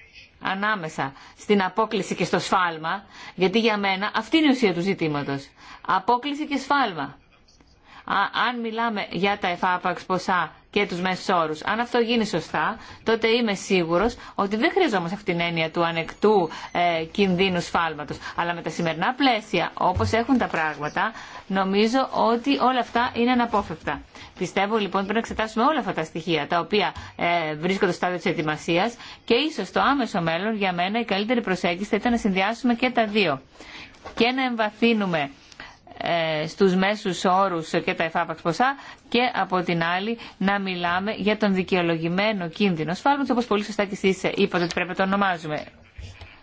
ανάμεσα στην απόκληση και στο σφάλμα, γιατί για μένα αυτή είναι η ουσία του ζητήματος. Απόκληση και σφάλμα. αν μιλάμε για τα εφάπαξ ποσά και τους μεσόρους. Αν αυτό γίνει σωστά, τότε είμαι σίγουρος ότι δεν χρειαζόμαστε αυτήν την έννοια του ανεκτού ε, κινδύνου σφάλματος. Αλλά με τα σημερινά πλαίσια, όπως έχουν τα πράγματα, νομίζω ότι όλα αυτά είναι αναπόφευκτα. Πιστεύω λοιπόν πρέπει να εξετάσουμε όλα αυτά τα στοιχεία, τα οποία ε, βρίσκονται στο στάδιο της ετοιμασία και ίσω το άμεσο μέλλον για μένα η καλύτερη προσέγγιση θα ήταν να συνδυάσουμε και τα δύο και να εμβαθύνουμε ε, στους μέσους όρους και τα εφάπαξ ποσά και από την άλλη να μιλάμε για τον δικαιολογημένο κίνδυνο σφάλματος όπως πολύ σωστά και εσείς είπατε ότι πρέπει να το ονομάζουμε.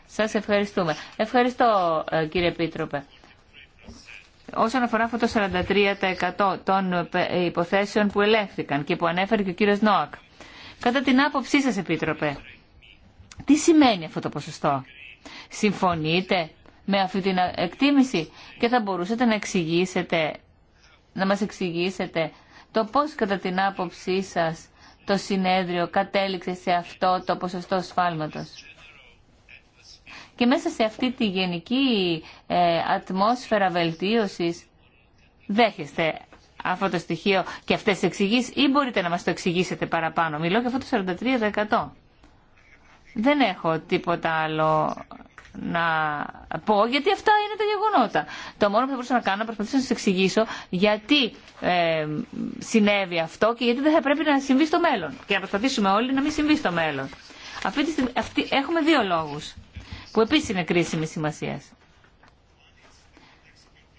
Σας ευχαριστούμε. Ευχαριστώ ε, κύριε Επίτροπε. Όσον αφορά αυτό το 43% των ε, υποθέσεων που ελέγχθηκαν και που ανέφερε και ο κύριος Νόακ, κατά την άποψή σας Επίτροπε, τι σημαίνει αυτό το ποσοστό. Συμφωνείτε με αυτή την εκτίμηση και θα μπορούσατε να εξηγήσετε, να μας εξηγήσετε το πώς κατά την άποψή σας το συνέδριο κατέληξε σε αυτό το ποσοστό σφάλματος. Και μέσα σε αυτή τη γενική ε, ατμόσφαιρα βελτίωσης δέχεστε αυτό το στοιχείο και αυτές τις εξηγήσεις ή μπορείτε να μας το εξηγήσετε παραπάνω. Μιλώ και αυτό το 43%. Δεν έχω τίποτα άλλο να πω, γιατί αυτά είναι τα γεγονότα. Το μόνο που θα μπορούσα να κάνω, να προσπαθήσω να σα εξηγήσω γιατί ε, συνέβη αυτό και γιατί δεν θα πρέπει να συμβεί στο μέλλον. Και να προσπαθήσουμε όλοι να μην συμβεί στο μέλλον. Αυτή τη στιγμή, έχουμε δύο λόγου που επίση είναι κρίσιμη σημασία.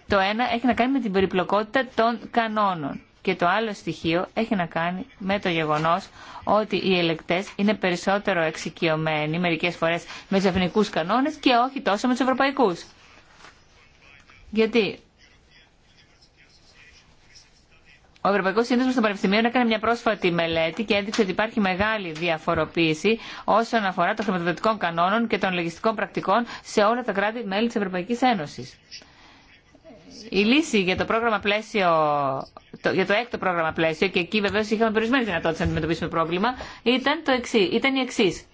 Το ένα έχει να κάνει με την περιπλοκότητα των κανόνων. Και το άλλο στοιχείο έχει να κάνει με το γεγονό ότι οι ελεκτέ είναι περισσότερο εξοικειωμένοι μερικέ φορέ με του εθνικού κανόνε και όχι τόσο με του Ευρωπαϊκού. Γιατί ο Ευρωπαϊκό Σύνδεσμο των Πανεπιστημίων έκανε μια πρόσφατη μελέτη και έδειξε ότι υπάρχει μεγάλη διαφοροποίηση όσον αφορά των χρηματοδοτικών κανόνων και των λογιστικών πρακτικών σε όλα τα κράτη-μέλη τη Ευρωπαϊκή Ένωση η λύση για το πρόγραμμα πλαίσιο, για το έκτο πρόγραμμα πλαίσιο, και εκεί βεβαίω είχαμε περισμένη δυνατότητα να αντιμετωπίσουμε πρόβλημα, ήταν, το εξή. ήταν η εξή.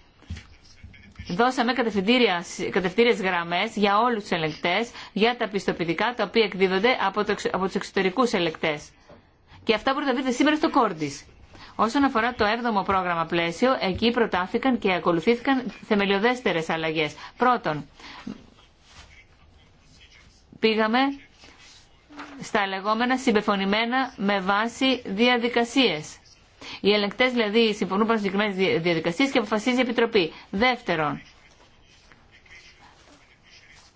Δώσαμε κατευθυντήριε γραμμέ για όλου του ελεκτέ, για τα πιστοποιητικά τα οποία εκδίδονται από, το, από του εξωτερικού ελεκτέ. Και αυτά μπορείτε να δείτε σήμερα στο Κόρντι. Όσον αφορά το 7ο πρόγραμμα πλαίσιο, εκεί προτάθηκαν και ακολουθήθηκαν θεμελιωδέστερες αλλαγές. Πρώτον, πήγαμε στα λεγόμενα συμπεφωνημένα με βάση διαδικασίες. Οι ελεγκτέ δηλαδή συμφωνούν πάνω συγκεκριμένε διαδικασίε και αποφασίζει η Επιτροπή. Δεύτερον,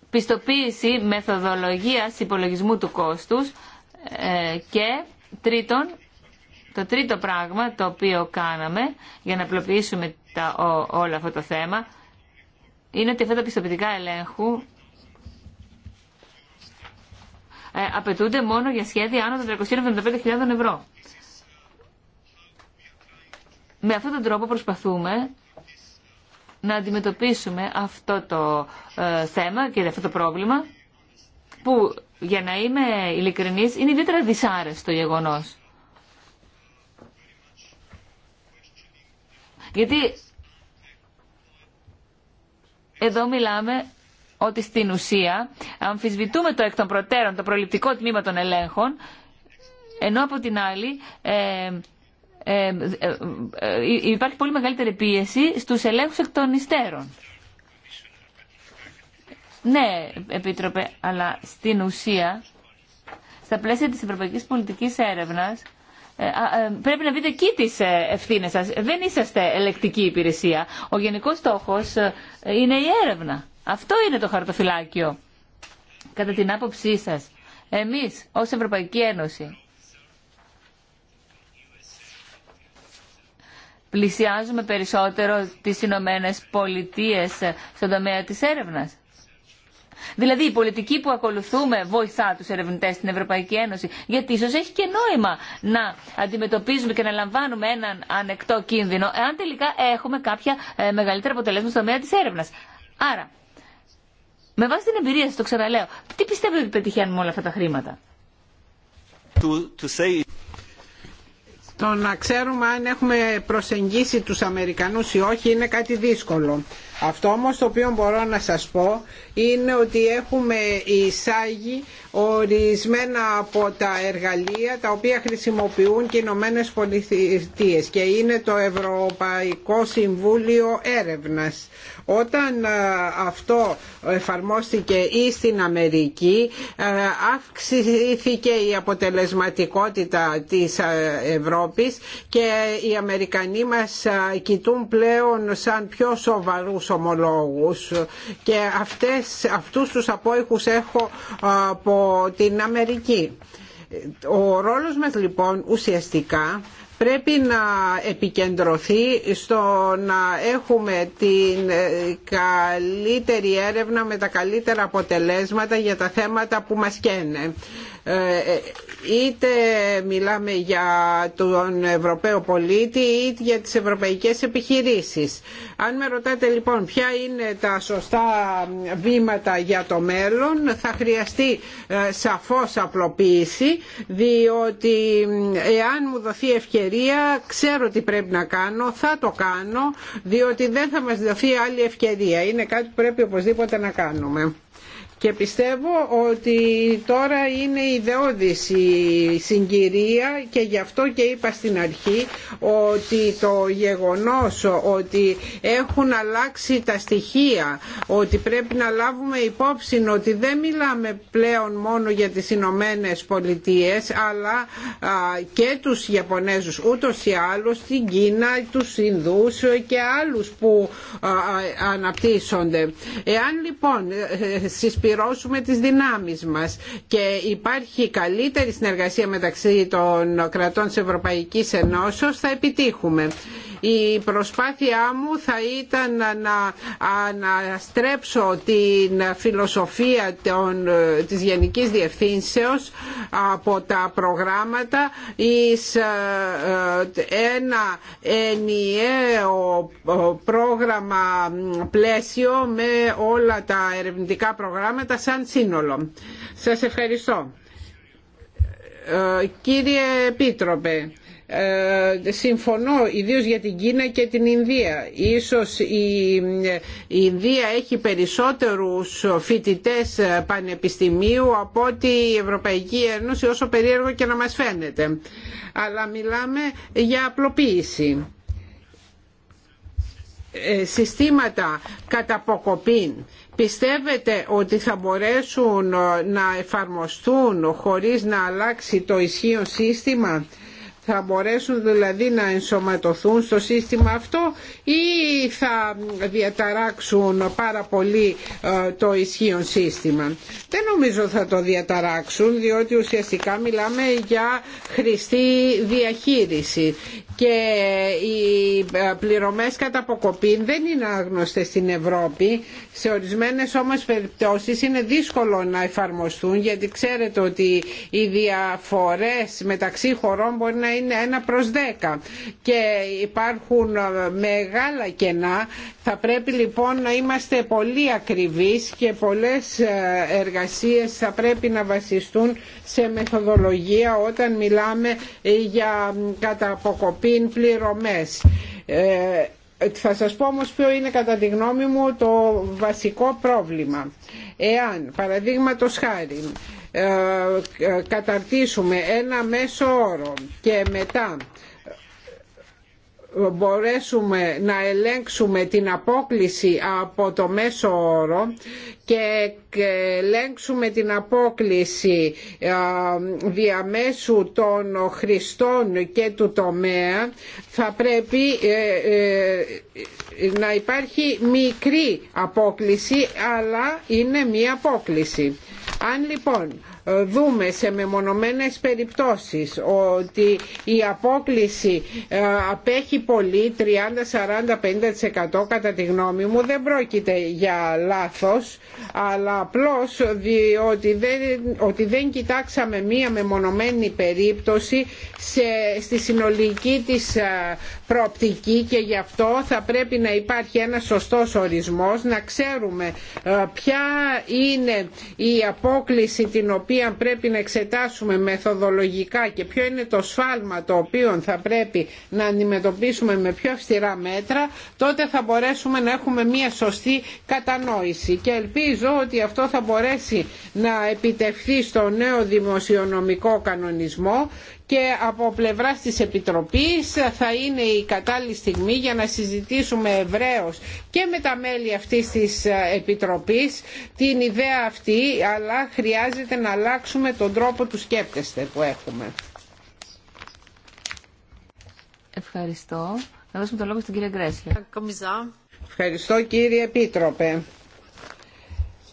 πιστοποίηση μεθοδολογία υπολογισμού του κόστου ε, και τρίτον, το τρίτο πράγμα το οποίο κάναμε για να απλοποιήσουμε τα, ό, όλο αυτό το θέμα είναι ότι αυτά τα πιστοποιητικά ελέγχου ε, απαιτούνται μόνο για σχέδια άνω των 375.000 ευρώ. Με αυτόν τον τρόπο προσπαθούμε να αντιμετωπίσουμε αυτό το ε, θέμα και αυτό το πρόβλημα που για να είμαι ειλικρινής είναι ιδιαίτερα δυσάρεστο γεγονός. Γιατί εδώ μιλάμε ότι στην ουσία αμφισβητούμε το εκ των προτέρων, το προληπτικό τμήμα των ελέγχων, ενώ από την άλλη ε ε, ε, ε, υπάρχει πολύ μεγαλύτερη πίεση στους ελέγχους εκ των υστέρων. Ναι, Επίτροπε, αλλά στην ουσία, στα πλαίσια της ευρωπαϊκής πολιτικής έρευνας, ε, πρέπει να δείτε εκεί τις ευθύνες σας. Δεν είσαστε ελεκτική υπηρεσία. Ο γενικός στόχος είναι η έρευνα. Αυτό είναι το χαρτοφυλάκιο. Κατά την άποψή σας, εμείς ως Ευρωπαϊκή Ένωση πλησιάζουμε περισσότερο τις Ηνωμένε Πολιτείε στον τομέα της έρευνας. Δηλαδή η πολιτική που ακολουθούμε βοηθά τους ερευνητές στην Ευρωπαϊκή Ένωση γιατί ίσως έχει και νόημα να αντιμετωπίζουμε και να λαμβάνουμε έναν ανεκτό κίνδυνο εάν τελικά έχουμε κάποια ε, μεγαλύτερα αποτελέσματα στον τομέα της έρευνας. Άρα με βάση την εμπειρία σας, το ξαναλέω, τι πιστεύετε ότι πετυχαίνουμε όλα αυτά τα χρήματα. To, to say... Το να ξέρουμε αν έχουμε προσεγγίσει τους Αμερικανούς ή όχι είναι κάτι δύσκολο. Αυτό όμως το οποίο μπορώ να σας πω είναι ότι έχουμε εισάγει ορισμένα από τα εργαλεία τα οποία χρησιμοποιούν και οι Ηνωμένε Πολιτείε και είναι το Ευρωπαϊκό Συμβούλιο Έρευνας. Όταν ε, αυτό εφαρμόστηκε ή στην Αμερική ε, αυξήθηκε η αποτελεσματικότητα της ε, Ευρώπης και οι Αμερικανοί μας κοιτούν πλέον σαν πιο σοβαρούς τους και αυτές, αυτούς τους απόϊχους έχω από την Αμερική. Ο ρόλος μας λοιπόν ουσιαστικά πρέπει να επικεντρωθεί στο να έχουμε την ε, καλύτερη έρευνα με τα καλύτερα αποτελέσματα για τα θέματα που μας καίνε. Ε, είτε μιλάμε για τον Ευρωπαίο πολίτη είτε για τις ευρωπαϊκές επιχειρήσεις. Αν με ρωτάτε λοιπόν ποια είναι τα σωστά βήματα για το μέλλον θα χρειαστεί ε, σαφώς απλοποίηση διότι ε, εάν μου δοθεί ευκαιρία ξέρω τι πρέπει να κάνω, θα το κάνω διότι δεν θα μας δοθεί άλλη ευκαιρία. Είναι κάτι που πρέπει οπωσδήποτε να κάνουμε και πιστεύω ότι τώρα είναι η η συγκυρία και γι' αυτό και είπα στην αρχή ότι το γεγονός ότι έχουν αλλάξει τα στοιχεία ότι πρέπει να λάβουμε υπόψη ότι δεν μιλάμε πλέον μόνο για τις Ηνωμένε Πολιτείες αλλά και τους Ιαπωνέζους ούτως ή άλλως την Κίνα, τους Ινδούς και άλλους που αναπτύσσονται. Εάν λοιπόν ε, ε, τι τις δυνάμεις μας και υπάρχει καλύτερη συνεργασία μεταξύ των κρατών της Ευρωπαϊκής Ενώσεως θα επιτύχουμε. Η προσπάθειά μου θα ήταν να αναστρέψω την φιλοσοφία των, της Γενικής Διευθύνσεως από τα προγράμματα εις ε, ένα ενιαίο ε, πρόγραμμα πλαίσιο με όλα τα ερευνητικά προγράμματα σαν σύνολο. Σας ευχαριστώ. Ε, κύριε Επίτροπε, ε, συμφωνώ ιδίως για την Κίνα και την Ινδία. Ίσως η Ινδία έχει περισσότερους φοιτητές πανεπιστημίου από ότι η Ευρωπαϊκή Ένωση όσο περίεργο και να μας φαίνεται. Αλλά μιλάμε για απλοποίηση. Ε, συστήματα καταποκοπήν πιστεύετε ότι θα μπορέσουν να εφαρμοστούν χωρίς να αλλάξει το ισχύον σύστημα θα μπορέσουν δηλαδή να ενσωματωθούν στο σύστημα αυτό ή θα διαταράξουν πάρα πολύ ε, το ισχύον σύστημα. Δεν νομίζω θα το διαταράξουν διότι ουσιαστικά μιλάμε για χρηστή διαχείριση και οι ε, πληρωμές κατά αποκοπή δεν είναι άγνωστες στην Ευρώπη. Σε ορισμένες όμως περιπτώσεις είναι δύσκολο να εφαρμοστούν γιατί ξέρετε ότι οι διαφορές μεταξύ χωρών μπορεί να είναι ένα προς 10 και υπάρχουν ε, μεγάλα κενά. Θα πρέπει λοιπόν να είμαστε πολύ ακριβείς και πολλές ε, εργασίες θα πρέπει να βασιστούν σε μεθοδολογία όταν μιλάμε ε, για κατά αποκοπήν πληρωμές. Θα σας πω όμως ποιο είναι κατά τη γνώμη μου το βασικό πρόβλημα. Εάν, παραδείγματος χάρη, ε, ε, καταρτήσουμε ένα μέσο όρο και μετά μπορέσουμε να ελέγξουμε την απόκληση από το μέσο όρο και ελέγξουμε την απόκληση ε, διαμέσου των χρηστών και του τομέα θα πρέπει να υπάρχει μικρή απόκληση αλλά είναι μία απόκληση. Αν λοιπόν δούμε σε μεμονωμένες περιπτώσεις ότι η απόκληση ε, απέχει πολύ 30, 40, 50% κατά τη γνώμη μου δεν πρόκειται για λάθος αλλά απλώς διότι δεν, ότι δεν κοιτάξαμε μία μεμονωμένη περίπτωση σε, στη συνολική της ε, προοπτική και γι' αυτό θα πρέπει να υπάρχει ένα σωστός ορισμός να ξέρουμε ε, ποια είναι η απόκληση την οποία αν πρέπει να εξετάσουμε μεθοδολογικά και ποιο είναι το σφάλμα το οποίο θα πρέπει να αντιμετωπίσουμε με πιο αυστηρά μέτρα, τότε θα μπορέσουμε να έχουμε μια σωστή κατανόηση. Και ελπίζω ότι αυτό θα μπορέσει να επιτευχθεί στο νέο δημοσιονομικό κανονισμό και από πλευράς της Επιτροπής θα είναι η κατάλληλη στιγμή για να συζητήσουμε ευρέως και με τα μέλη αυτής της Επιτροπής την ιδέα αυτή αλλά χρειάζεται να αλλάξουμε τον τρόπο του σκέπτεστε που έχουμε. Ευχαριστώ. Να δώσουμε το λόγο στην κυρία Γκρέσλε. Ευχαριστώ κύριε Επίτροπε.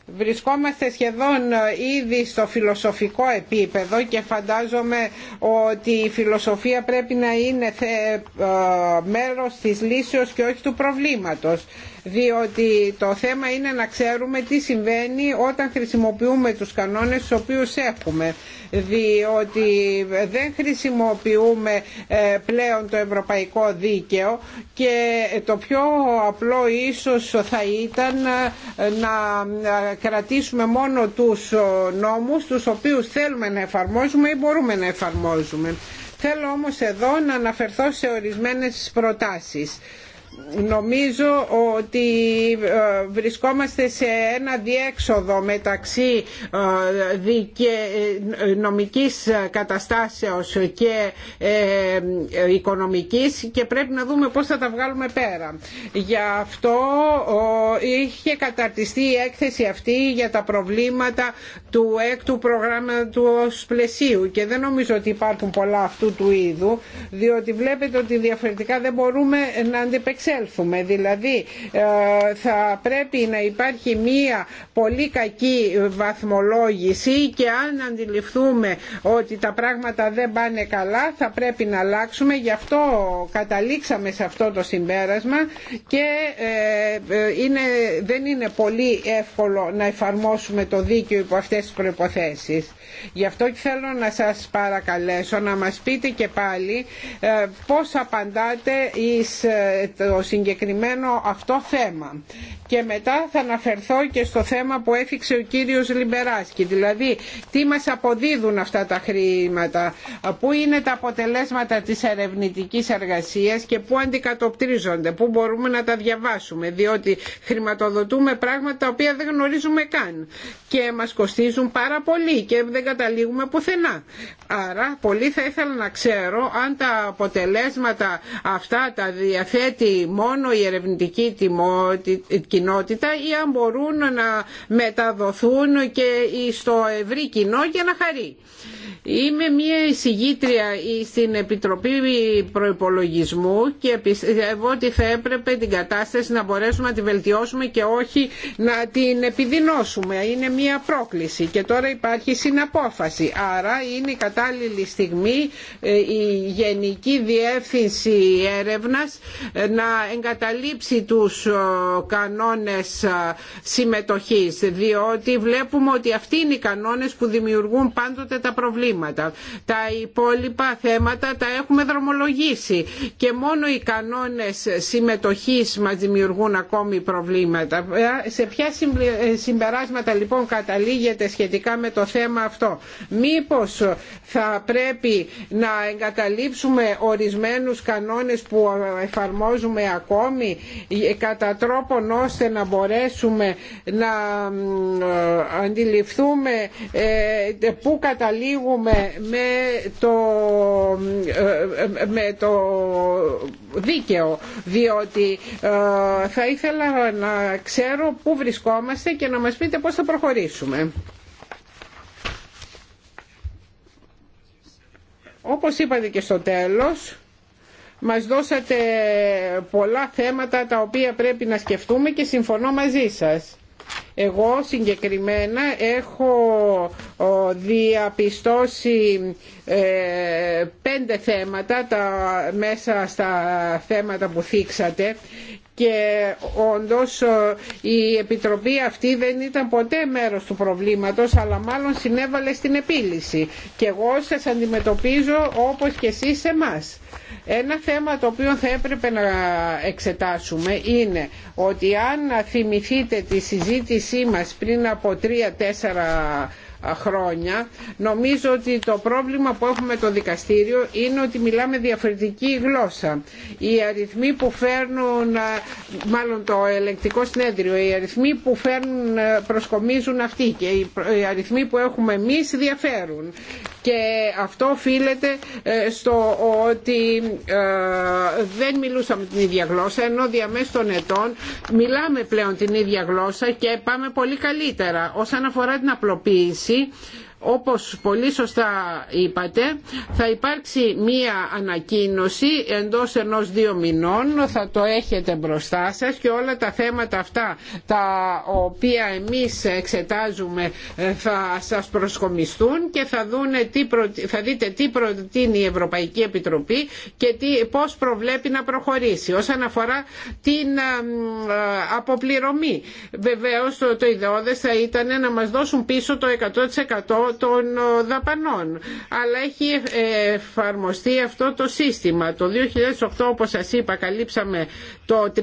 Βρισκόμαστε σχεδόν ε, ήδη στο φιλοσοφικό επίπεδο και φαντάζομαι ότι η φιλοσοφία πρέπει να είναι ε, μέρος της λύσεως και όχι του προβλήματος διότι το θέμα είναι να ξέρουμε τι συμβαίνει όταν χρησιμοποιούμε τους κανόνες τους οποίους έχουμε διότι δεν χρησιμοποιούμε ε, πλέον το ευρωπαϊκό δίκαιο και το πιο απλό ίσως θα ήταν ε, να ε, κρατήσουμε μόνο τους νόμους τους οποίους θέλουμε να εφαρμόζουμε ή μπορούμε να εφαρμόζουμε. Θέλω όμως εδώ να αναφερθώ σε ορισμένες προτάσεις νομίζω ότι ε, βρισκόμαστε σε ένα διέξοδο μεταξύ ε, ε, νομικής καταστάσεως και οικονομικής και πρέπει να δούμε πώς θα τα βγάλουμε πέρα. Γι' αυτό είχε καταρτιστεί η έκθεση αυτή για τα προβλήματα του έκτου προγράμματος πλαισίου και δεν νομίζω ότι υπάρχουν πολλά αυτού του είδου διότι βλέπετε ότι διαφορετικά δεν μπορούμε να αντεπεξέλθουμε Δηλαδή ε, θα πρέπει να υπάρχει μία πολύ κακή βαθμολόγηση και αν αντιληφθούμε ότι τα πράγματα δεν πάνε καλά θα πρέπει να αλλάξουμε. Γι' αυτό καταλήξαμε σε αυτό το συμπέρασμα και ε, ε, είναι, δεν είναι πολύ εύκολο να εφαρμόσουμε το δίκαιο υπό αυτές τις προϋποθέσεις. Γι' αυτό και θέλω να σας παρακαλέσω να μας πείτε και πάλι πώς απαντάτε συγκεκριμένο αυτό θέμα. Και μετά θα αναφερθώ και στο θέμα που έφυξε ο κύριος Λιμπεράσκη, δηλαδή τι μας αποδίδουν αυτά τα χρήματα, πού είναι τα αποτελέσματα της ερευνητικής εργασίας και πού αντικατοπτρίζονται, πού μπορούμε να τα διαβάσουμε, διότι χρηματοδοτούμε πράγματα τα οποία δεν γνωρίζουμε καν και μας κοστίζουν πάρα πολύ και δεν καταλήγουμε πουθενά. Άρα πολύ θα ήθελα να ξέρω αν τα αποτελέσματα αυτά τα διαθέτει μόνο η ερευνητική κοινότητα ή αν μπορούν να μεταδοθούν και στο ευρύ κοινό για να χαρεί. Είμαι μια εισηγήτρια στην Επιτροπή Προϋπολογισμού και πιστεύω ότι θα έπρεπε την κατάσταση να μπορέσουμε να τη βελτιώσουμε και όχι να την επιδεινώσουμε. Είναι μια πρόκληση και τώρα υπάρχει συναπόφαση. Άρα είναι η κατάλληλη στιγμή ε, η Γενική Διεύθυνση Έρευνας ε, να εγκαταλείψει τους ε, κανόνες συμμετοχής διότι βλέπουμε ότι αυτοί είναι οι κανόνες που δημιουργούν πάντοτε τα προβλήματα τα υπόλοιπα θέματα τα έχουμε δρομολογήσει και μόνο οι κανόνες συμμετοχής μας δημιουργούν ακόμη προβλήματα. Ε, σε ποια ε, συμπεράσματα λοιπόν καταλήγεται σχετικά με το θέμα αυτό. Μήπως θα πρέπει να εγκαταλείψουμε ορισμένους κανόνες που εφαρμόζουμε ακόμη ε, κατά τρόπον ώστε να μπορέσουμε να αντιληφθούμε πού καταλήγουμε με το, ε, με το δίκαιο διότι ε, θα ήθελα να ξέρω πού βρισκόμαστε και να μας πείτε πώς θα προχωρήσουμε. Όπως είπατε και στο τέλος, μας δώσατε πολλά θέματα τα οποία πρέπει να σκεφτούμε και συμφωνώ μαζί σας. Εγώ συγκεκριμένα έχω διαπιστώσει ε, πέντε θέματα τα, μέσα στα θέματα που θίξατε και όντως ε, η Επιτροπή αυτή δεν ήταν ποτέ μέρος του προβλήματος αλλά μάλλον συνέβαλε στην επίλυση και εγώ σας αντιμετωπίζω όπως και εσείς εμάς. Ένα θέμα το οποίο θα έπρεπε να εξετάσουμε είναι ότι αν θυμηθείτε τη συζήτησή μας πριν από τρία-τέσσερα χρόνια. Νομίζω ότι το πρόβλημα που έχουμε το δικαστήριο είναι ότι μιλάμε διαφορετική γλώσσα. Οι αριθμοί που φέρνουν, μάλλον το ελεκτικό συνέδριο, οι αριθμοί που φέρνουν ε, προσκομίζουν αυτοί και οι αριθμοί που έχουμε εμείς διαφέρουν και αυτό οφείλεται ε, στο ότι ε, δεν μιλούσαμε την ίδια γλώσσα ενώ διαμέσου των ετών μιλάμε πλέον την ίδια γλώσσα και πάμε πολύ καλύτερα. Όσον αφορά την απλοποίηση όπως πολύ σωστά είπατε θα υπάρξει μία ανακοίνωση εντός ενός δύο μηνών θα το έχετε μπροστά σας και όλα τα θέματα αυτά τα οποία εμείς εξετάζουμε ε, θα σας προσκομιστούν και θα, δούνε τι θα δείτε τι προτείνει η Ευρωπαϊκή Επιτροπή και τι... πώς προβλέπει να προχωρήσει όσον αφορά την ε, ε, αποπληρωμή. Βεβαίως το, το θα ήταν να μας δώσουν πίσω το 100% των ε, δαπανών. Αλλά έχει ε, εφαρμοστεί αυτό το σύστημα. Το 2008 όπως σας είπα καλύψαμε το 30%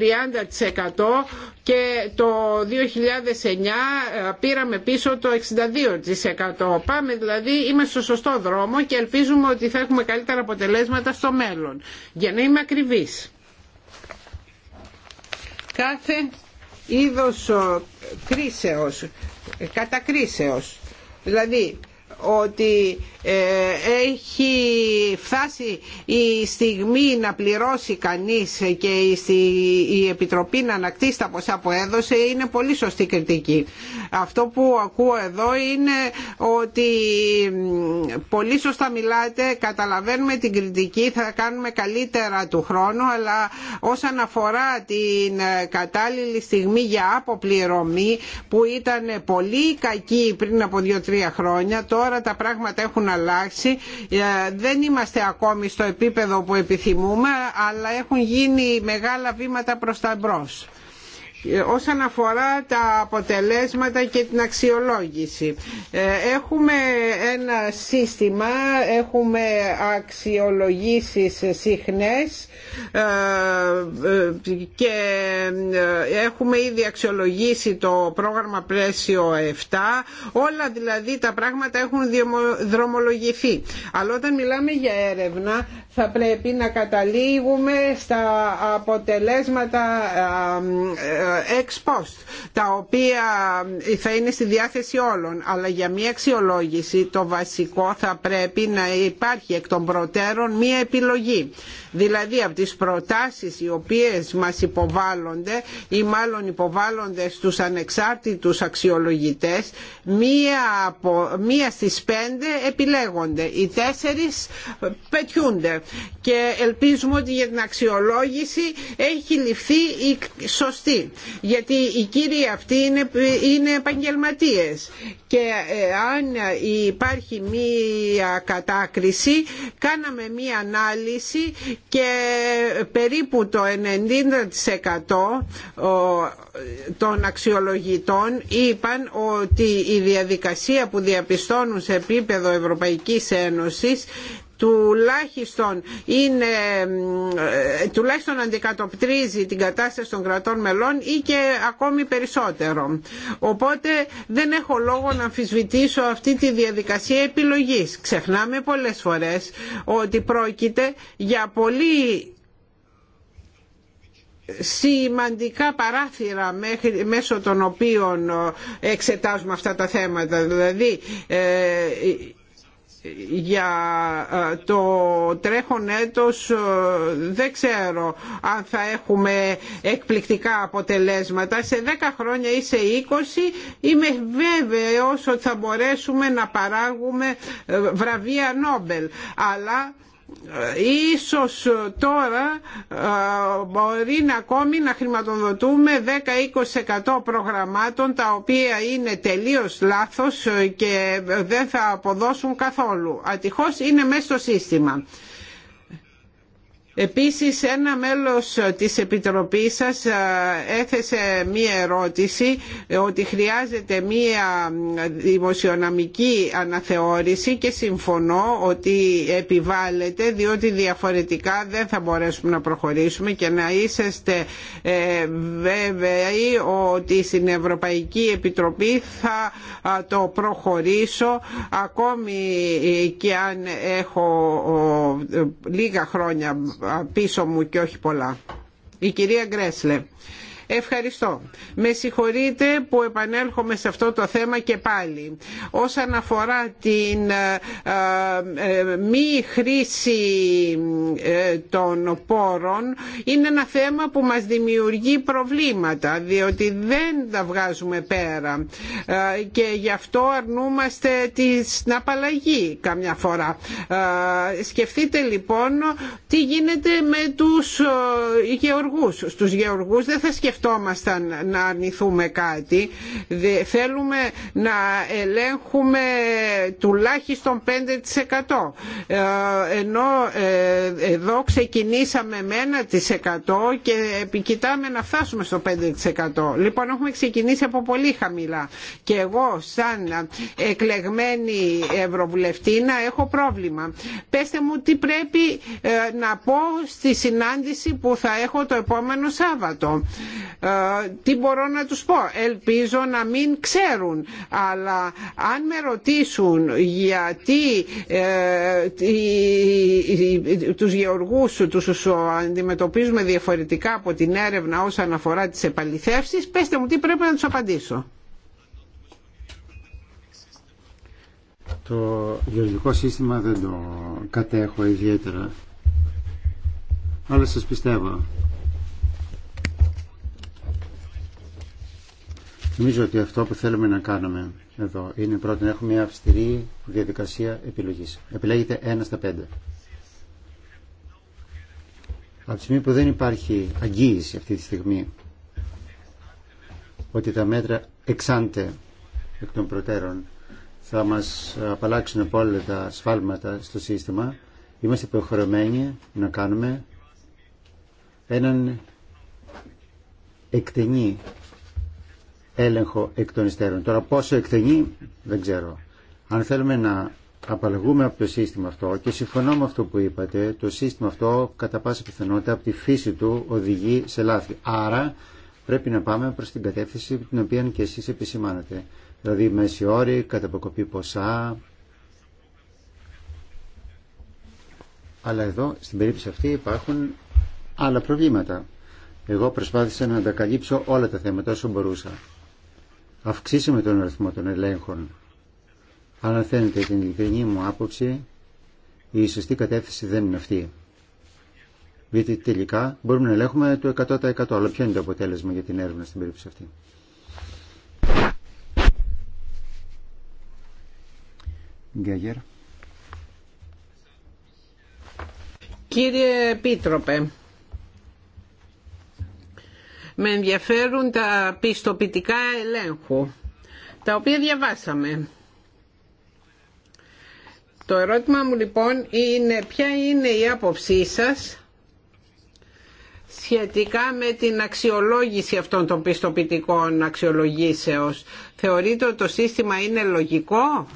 και το 2009 ε, πήραμε πίσω το 62%. Πάμε δηλαδή, είμαστε στο σωστό δρόμο και ελπίζουμε ότι θα έχουμε καλύτερα αποτελέσματα στο μέλλον. Για να είμαι ακριβής. Κάθε είδος κρίσεως, κατακρίσεως Δηλαδή ότι ε, έχει φτάσει η στιγμή να πληρώσει κανείς και η Επιτροπή να ανακτήσει τα ποσά που έδωσε είναι πολύ σωστή κριτική. Αυτό που ακούω εδώ είναι ότι πολύ σωστά μιλάτε, καταλαβαίνουμε την κριτική, θα κάνουμε καλύτερα του χρόνου, αλλά όσον αφορά την ε, κατάλληλη στιγμή για αποπληρωμή που ήταν πολύ κακή πριν από 2-3 χρόνια, τώρα τώρα τα πράγματα έχουν αλλάξει. Ε, δεν είμαστε ακόμη στο επίπεδο που επιθυμούμε, αλλά έχουν γίνει μεγάλα βήματα προς τα μπρος όσον αφορά τα αποτελέσματα και την αξιολόγηση. Ε, έχουμε ένα σύστημα, έχουμε αξιολογήσεις συχνές ε, και ε, έχουμε ήδη αξιολογήσει το πρόγραμμα πλαίσιο 7. Όλα δηλαδή τα πράγματα έχουν δρομολογηθεί. Αλλά όταν μιλάμε για έρευνα θα πρέπει να καταλήγουμε στα αποτελέσματα ex τα οποία θα είναι στη διάθεση όλων. Αλλά για μια αξιολόγηση το βασικό θα πρέπει να υπάρχει εκ των προτέρων μια επιλογή. Δηλαδή από τις προτάσεις οι οποίες μας υποβάλλονται ή μάλλον υποβάλλονται στους ανεξάρτητους αξιολογητές, μία, από, μία στις πέντε επιλέγονται. Οι τέσσερις πετιούνται και ελπίζουμε ότι για την αξιολόγηση έχει ληφθεί η σωστή γιατί οι κύριοι αυτοί είναι, είναι επαγγελματίες και ε, αν υπάρχει μία κατάκριση κάναμε μία ανάλυση και περίπου το 90% των αξιολογητών είπαν ότι η διαδικασία που διαπιστώνουν σε επίπεδο Ευρωπαϊκής Ένωσης τουλάχιστον, είναι, ε, τουλάχιστον αντικατοπτρίζει την κατάσταση των κρατών μελών ή και ακόμη περισσότερο. Οπότε δεν έχω λόγο να αμφισβητήσω αυτή τη διαδικασία επιλογής. Ξεχνάμε πολλές φορές ότι πρόκειται για πολύ σημαντικά παράθυρα μέχρι, μέσω των οποίων ε, εξετάζουμε αυτά τα θέματα. Δηλαδή, ε, για ε, το τρέχον έτος ε, δεν ξέρω αν θα έχουμε εκπληκτικά αποτελέσματα. Σε 10 χρόνια ή σε 20 είμαι βέβαιος ότι θα μπορέσουμε να παράγουμε ε, βραβεία Νόμπελ. Αλλά ίσως τώρα μπορεί να ακόμη να χρηματοδοτούμε 10-20% προγραμμάτων τα οποία είναι τελείως λάθος και δεν θα αποδώσουν καθόλου. Ατυχώς είναι μέσα στο σύστημα. Επίσης ένα μέλος της Επιτροπής σας ε, έθεσε μία ερώτηση ότι χρειάζεται μία δημοσιονομική αναθεώρηση και συμφωνώ ότι επιβάλλεται διότι διαφορετικά δεν θα μπορέσουμε να προχωρήσουμε και να είσαστε ε, βέβαιοι ότι στην Ευρωπαϊκή Επιτροπή θα το προχωρήσω ακόμη και αν έχω λίγα χρόνια πίσω μου και όχι πολλά. Η κυρία Γκρέσλε. Ευχαριστώ. Με συγχωρείτε που επανέρχομαι σε αυτό το θέμα και πάλι. Όσον αφορά την ε, ε, ε, μη χρήση των πόρων είναι ένα θέμα που μας δημιουργεί προβλήματα διότι δεν τα βγάζουμε πέρα και γι' αυτό αρνούμαστε την απαλλαγή καμιά φορά. Σκεφτείτε λοιπόν τι γίνεται με τους γεωργούς. Στους γεωργούς δεν θα σκεφτείτε σκεφτόμασταν να αρνηθούμε κάτι. Θέλουμε να ελέγχουμε τουλάχιστον 5%. Ε, ενώ ε, εδώ ξεκινήσαμε με 1% και επικοιτάμε να φτάσουμε στο 5%. Λοιπόν, έχουμε ξεκινήσει από πολύ χαμηλά. Και εγώ σαν εκλεγμένη να έχω πρόβλημα. Πέστε μου τι πρέπει ε, να πω στη συνάντηση που θα έχω το επόμενο Σάββατο. Ε, τι μπορώ να τους πω. Ελπίζω να μην ξέρουν. Αλλά αν με ρωτήσουν γιατί ε, τους γεωργούς τους αντιμετωπίζουμε διαφορετικά από την έρευνα όσον αφορά τις επαληθεύσεις, πέστε μου τι πρέπει να τους απαντήσω. Το γεωργικό σύστημα δεν το κατέχω ιδιαίτερα. Αλλά σας πιστεύω. Νομίζω ότι αυτό που θέλουμε να κάνουμε εδώ είναι πρώτον να έχουμε μια αυστηρή διαδικασία επιλογής. Επιλέγεται ένα στα πέντε. Από τη στιγμή που δεν υπάρχει αγγίηση αυτή τη στιγμή ότι τα μέτρα εξάντε εκ των προτέρων θα μας απαλλάξουν από όλα τα σφάλματα στο σύστημα, είμαστε υποχρεωμένοι να κάνουμε έναν εκτενή έλεγχο εκ των υστέρων. Τώρα πόσο εκτενεί δεν ξέρω. Αν θέλουμε να απαλλαγούμε από το σύστημα αυτό και συμφωνώ με αυτό που είπατε, το σύστημα αυτό κατά πάσα πιθανότητα από τη φύση του οδηγεί σε λάθη. Άρα πρέπει να πάμε προς την κατεύθυνση την οποία και εσείς επισημάνατε. Δηλαδή μέση όρη, καταποκοπή ποσά. Αλλά εδώ στην περίπτωση αυτή υπάρχουν άλλα προβλήματα. Εγώ προσπάθησα να τα καλύψω όλα τα θέματα όσο μπορούσα αυξήσουμε τον αριθμό των ελέγχων. Αλλά αν θέλετε την ειλικρινή μου άποψη, η σωστή κατεύθυνση δεν είναι αυτή. Γιατί τελικά μπορούμε να ελέγχουμε το 100% αλλά ποιο είναι το αποτέλεσμα για την έρευνα στην περίπτωση αυτή. Κύριε Επίτροπε, με ενδιαφέρουν τα πιστοποιητικά ελέγχου, τα οποία διαβάσαμε. Το ερώτημα μου λοιπόν είναι ποια είναι η άποψή σας σχετικά με την αξιολόγηση αυτών των πιστοποιητικών αξιολογήσεως. Θεωρείτε ότι το σύστημα είναι λογικό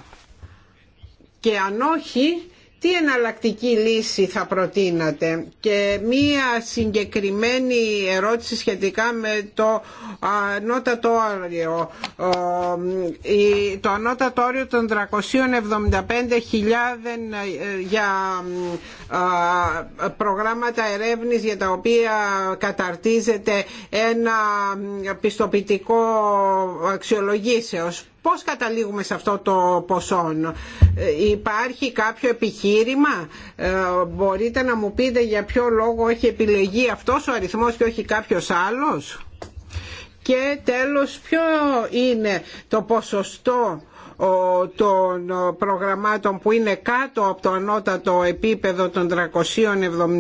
και αν όχι τι εναλλακτική λύση θα προτείνατε και μία συγκεκριμένη ερώτηση σχετικά με το ανώτατο όριο το ανώτατο των 375.000 ε, για ε, ε, προγράμματα ερεύνης για τα οποία καταρτίζεται ένα πιστοποιητικό αξιολογήσεως Πώς καταλήγουμε σε αυτό το ποσό. Ε, υπάρχει κάποιο επιχείρημα. Ε, μπορείτε να μου πείτε για ποιο λόγο έχει επιλεγεί αυτός ο αριθμός και όχι κάποιος άλλος. Και τέλος ποιο είναι το ποσοστό των προγραμμάτων που είναι κάτω από το ανώτατο επίπεδο των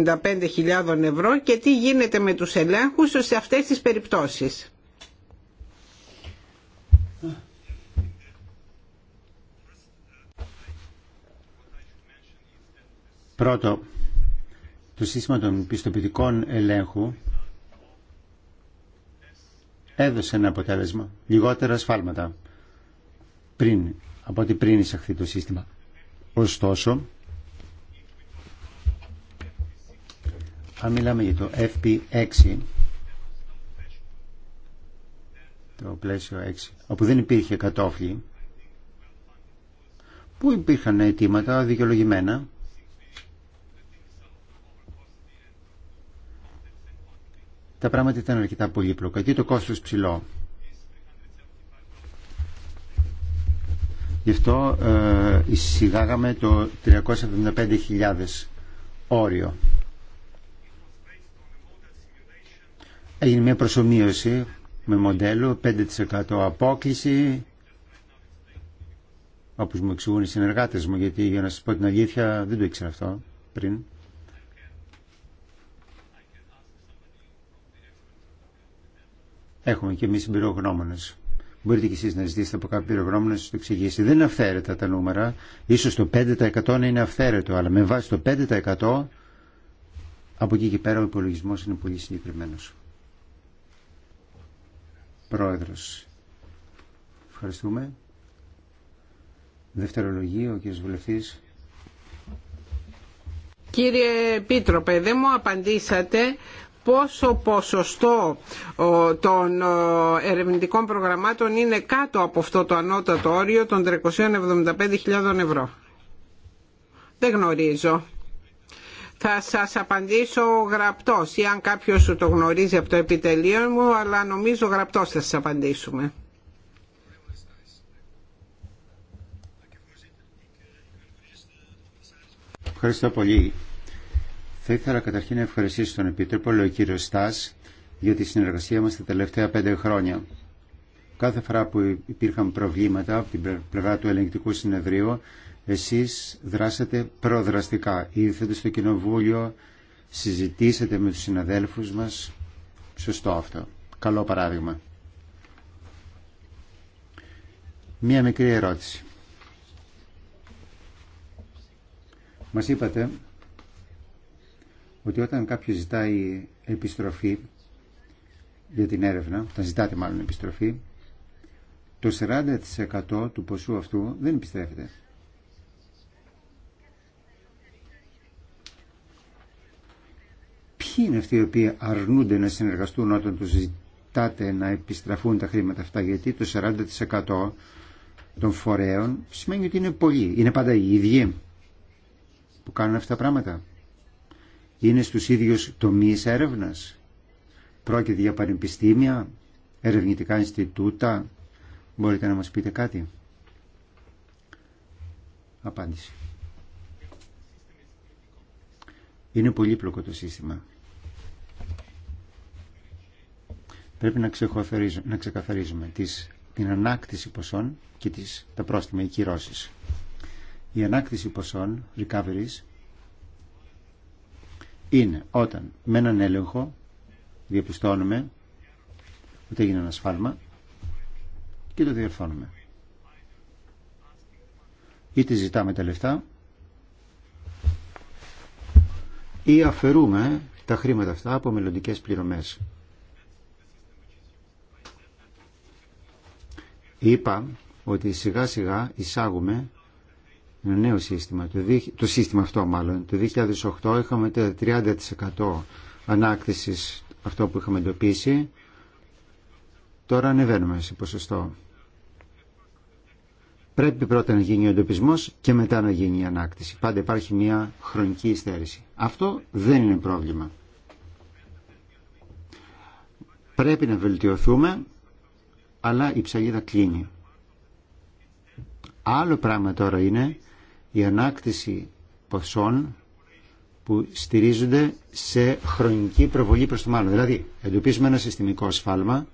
375.000 ευρώ και τι γίνεται με τους ελέγχους σε αυτές τις περιπτώσεις. Πρώτο, το σύστημα των πιστοποιητικών ελέγχου έδωσε ένα αποτέλεσμα, λιγότερα σφάλματα πριν, από ότι πριν εισαχθεί το σύστημα. Ωστόσο, αν μιλάμε για το FP6, το πλαίσιο 6, όπου δεν υπήρχε κατόφλι, που υπήρχαν αιτήματα δικαιολογημένα τα πράγματα ήταν αρκετά πολύπλοκα και το κόστος ψηλό. Γι' αυτό ε, εισηγάγαμε το 375.000 όριο. Έγινε μια προσωμείωση με μοντέλο 5% απόκληση όπως μου εξηγούν οι συνεργάτες μου γιατί για να σας πω την αλήθεια δεν το ήξερα αυτό πριν Έχουμε και εμεί εμπειρογνώμονε. Μπορείτε και εσεί να ζητήσετε από κάποιο εμπειρογνώμονε να σα το εξηγήσει. Δεν είναι αυθαίρετα τα νούμερα. σω το 5% να είναι αυθαίρετο, αλλά με βάση το 5% από εκεί και πέρα ο υπολογισμό είναι πολύ συγκεκριμένο. Πρόεδρο. Ευχαριστούμε. Δευτερολογεί ο κ. Βουλευτή. Κύριε Πίτροπε, δεν μου απαντήσατε πόσο ποσοστό των ερευνητικών προγραμμάτων είναι κάτω από αυτό το ανώτατο όριο των 375.000 ευρώ. Δεν γνωρίζω. Θα σας απαντήσω γραπτός ή αν κάποιος σου το γνωρίζει από το επιτελείο μου, αλλά νομίζω γραπτός θα σας απαντήσουμε. Ευχαριστώ πολύ θα ήθελα καταρχήν να ευχαριστήσω τον Επίτροπο, λέει ο κύριο Στάς, για τη συνεργασία μας τα τελευταία πέντε χρόνια. Κάθε φορά που υπήρχαν προβλήματα από την πλευρά του ελεγκτικού συνεδρίου, εσείς δράσατε προδραστικά. Ήρθατε στο κοινοβούλιο, συζητήσατε με τους συναδέλφους μας. Σωστό αυτό. Καλό παράδειγμα. Μία μικρή ερώτηση. Μας είπατε ότι όταν κάποιος ζητάει επιστροφή για την έρευνα, όταν ζητάτε μάλλον επιστροφή, το 40% του ποσού αυτού δεν επιστρέφεται. Ποιοι είναι αυτοί οι οποίοι αρνούνται να συνεργαστούν όταν τους ζητάτε να επιστραφούν τα χρήματα αυτά, γιατί το 40% των φορέων σημαίνει ότι είναι πολλοί. Είναι πάντα οι ίδιοι που κάνουν αυτά τα πράγματα είναι στους ίδιους τομείς έρευνας. Πρόκειται για πανεπιστήμια, ερευνητικά Ινστιτούτα. Μπορείτε να μας πείτε κάτι. Απάντηση. Είναι πολύπλοκο το σύστημα. Πρέπει να, να ξεκαθαρίζουμε τις, την ανάκτηση ποσών και τις, τα πρόστιμα, η κυρώσεις. Η ανάκτηση ποσών, recoveries, είναι όταν με έναν έλεγχο διαπιστώνουμε ότι έγινε ένα σφάλμα και το διορθώνουμε. Είτε ζητάμε τα λεφτά ή αφαιρούμε τα χρήματα αυτά από μελλοντικές πληρωμές. Είπα ότι σιγά σιγά εισάγουμε ένα νέο σύστημα. Το, το σύστημα αυτό μάλλον. Το 2008 είχαμε το 30% ανάκτησης αυτό που είχαμε εντοπίσει. Τώρα ανεβαίνουμε σε ποσοστό. Πρέπει πρώτα να γίνει ο εντοπισμό και μετά να γίνει η ανάκτηση. Πάντα υπάρχει μια χρονική υστέρηση. Αυτό δεν είναι πρόβλημα. Πρέπει να βελτιωθούμε, αλλά η ψαλίδα κλείνει. Άλλο πράγμα τώρα είναι η ανάκτηση ποσών που στηρίζονται σε χρονική προβολή προς το μάλλον. Δηλαδή, εντοπίζουμε ένα συστημικό σφάλμα,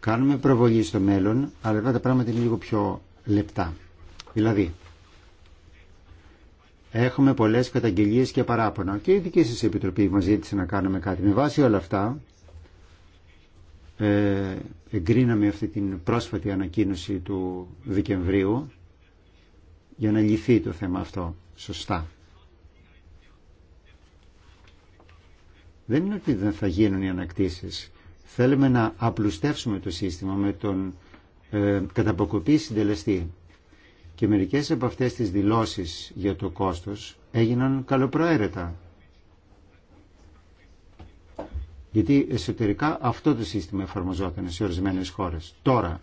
κάνουμε προβολή στο μέλλον, αλλά βέβαια τα πράγματα είναι λίγο πιο λεπτά. Δηλαδή, έχουμε πολλές καταγγελίες και παράπονα και η δική σας επιτροπή μας ζήτησε να κάνουμε κάτι. Με βάση όλα αυτά, ε, εγκρίναμε αυτή την πρόσφατη ανακοίνωση του Δεκεμβρίου για να λυθεί το θέμα αυτό σωστά. Δεν είναι ότι δεν θα γίνουν οι ανακτήσεις. Θέλουμε να απλουστεύσουμε το σύστημα με τον ε, καταποκοπή συντελεστή. Και μερικές από αυτές τις δηλώσεις για το κόστος έγιναν καλοπροαίρετα. Γιατί εσωτερικά αυτό το σύστημα εφαρμοζόταν σε ορισμένες χώρες. Τώρα,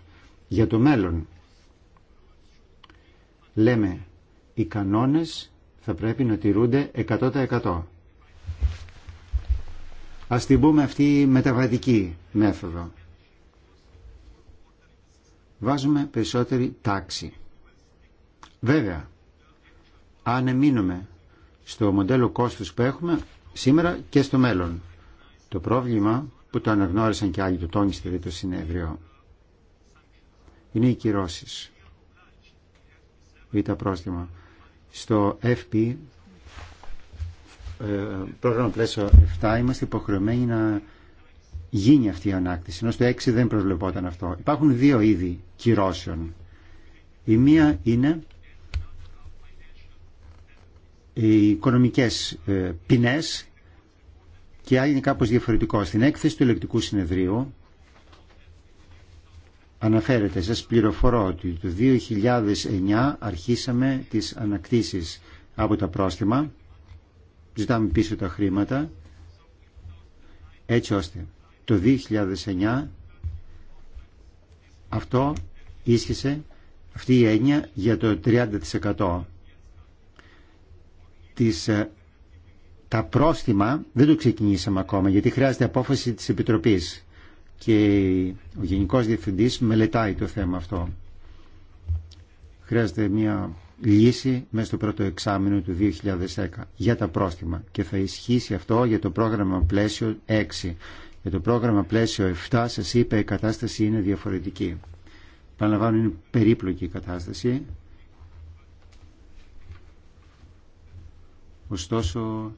για το μέλλον, λέμε οι κανόνες θα πρέπει να τηρούνται 100%. Ας την πούμε αυτή η μεταβατική μέθοδο. Βάζουμε περισσότερη τάξη. Βέβαια, αν εμείνουμε στο μοντέλο κόστους που έχουμε σήμερα και στο μέλλον. Το πρόβλημα που το αναγνώρισαν και άλλοι, το τόνιστε δηλαδή το συνέδριο, είναι οι κυρώσεις β' πρόστιμα. Στο FP, ε, πρόγραμμα πλαίσιο 7, είμαστε υποχρεωμένοι να γίνει αυτή η ανάκτηση, ενώ στο 6 δεν προβλεπόταν αυτό. Υπάρχουν δύο είδη κυρώσεων. Η μία είναι οι οικονομικές ε, ποινές και άλλη είναι κάπως διαφορετικό. Στην έκθεση του ηλεκτρικού συνεδρίου αναφέρεται. Σας πληροφορώ ότι το 2009 αρχίσαμε τις ανακτήσεις από τα πρόστιμα, ζητάμε πίσω τα χρήματα, έτσι ώστε το 2009 αυτό ίσχυσε αυτή η έννοια για το 30% τις ε, τα πρόστιμα δεν το ξεκινήσαμε ακόμα γιατί χρειάζεται απόφαση της Επιτροπής και ο Γενικός Διευθυντής μελετάει το θέμα αυτό. Χρειάζεται μια λύση μέσα στο πρώτο εξάμεινο του 2010 για τα πρόστιμα και θα ισχύσει αυτό για το πρόγραμμα πλαίσιο 6. Για το πρόγραμμα πλαίσιο 7 σας είπα η κατάσταση είναι διαφορετική. Παναλαμβάνω είναι περίπλοκη η κατάσταση. Ωστόσο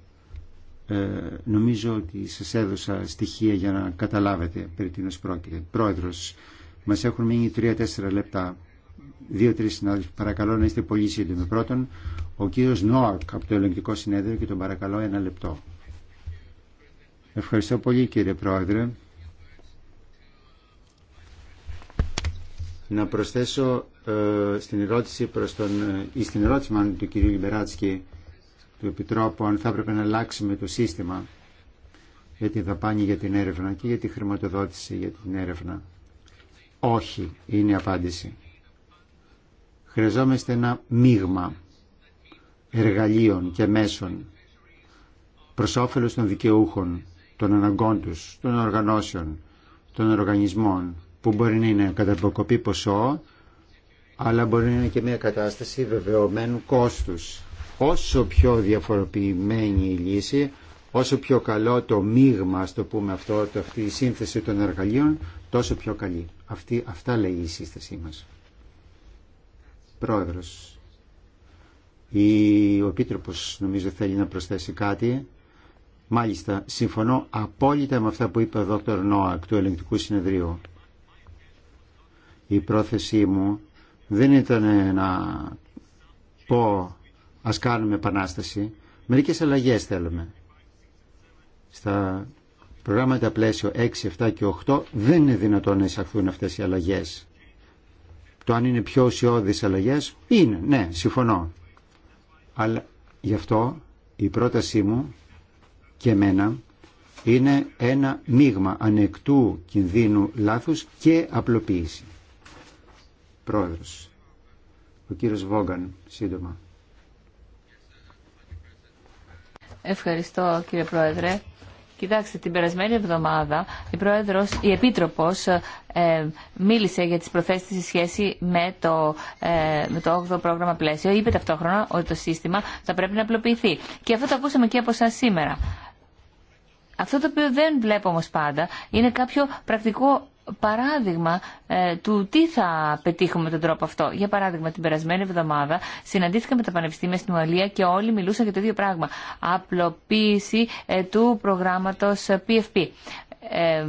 ε, νομίζω ότι σας έδωσα στοιχεία για να καταλάβετε περί τίνος πρόκειται. Πρόεδρος, μας έχουν μείνει τρία-τέσσερα λεπτά. Δύο-τρεις συνάδελφοι, παρακαλώ να είστε πολύ σύντομοι. Πρώτον, ο κύριος Νόακ από το Ελεγκτικό Συνέδριο και τον παρακαλώ ένα λεπτό. Ευχαριστώ πολύ κύριε Πρόεδρε. Να προσθέσω ε, στην ερώτηση προς τον, ε, ή στην ερώτηση μάλλον του κυρίου Λιμπεράτσκη, του Επιτρόπου, αν θα έπρεπε να αλλάξουμε το σύστημα για τη δαπάνη για την έρευνα και για τη χρηματοδότηση για την έρευνα. Όχι είναι η απάντηση. Χρειαζόμαστε ένα μείγμα εργαλείων και μέσων προς όφελος των δικαιούχων, των αναγκών τους, των οργανώσεων, των οργανισμών που μπορεί να είναι υποκοπή ποσό αλλά μπορεί να είναι και μια κατάσταση βεβαιωμένου κόστους Όσο πιο διαφοροποιημένη η λύση, όσο πιο καλό το μείγμα, στο το πούμε αυτό, το, αυτή η σύνθεση των εργαλείων, τόσο πιο καλή. Αυτή, αυτά λέει η σύστασή μας. Πρόεδρος, η, ο Επίτροπος νομίζω θέλει να προσθέσει κάτι. Μάλιστα, συμφωνώ απόλυτα με αυτά που είπε ο Δόκτωρ Νόακ του Ελεγκτικού Συνεδρίου. Η πρόθεσή μου δεν ήταν να πω ας κάνουμε επανάσταση. Μερικές αλλαγές θέλουμε. Στα προγράμματα πλαίσιο 6, 7 και 8 δεν είναι δυνατόν να εισαχθούν αυτές οι αλλαγές. Το αν είναι πιο ουσιώδεις αλλαγές, είναι, ναι, συμφωνώ. Αλλά γι' αυτό η πρότασή μου και εμένα είναι ένα μείγμα ανεκτού κινδύνου λάθους και απλοποίηση. Πρόεδρος, ο κύριος Βόγκαν, σύντομα. Ευχαριστώ κύριε Πρόεδρε. Κοιτάξτε, την περασμένη εβδομάδα η, Πρόεδρος, η Επίτροπος ε, μίλησε για τις προθέσεις της σχέση με το, ε, με το 8ο πρόγραμμα πλαίσιο. Είπε ταυτόχρονα ότι το σύστημα θα πρέπει να απλοποιηθεί. Και αυτό το ακούσαμε και από σας σήμερα. Αυτό το οποίο δεν βλέπω όμως πάντα είναι κάποιο πρακτικό παράδειγμα ε, του τι θα πετύχουμε με τον τρόπο αυτό. Για παράδειγμα, την περασμένη εβδομάδα συναντήθηκα με τα πανεπιστήμια στην Ουαλία και όλοι μιλούσαν για το ίδιο πράγμα. Απλοποίηση ε, του προγράμματος PFP. Ε,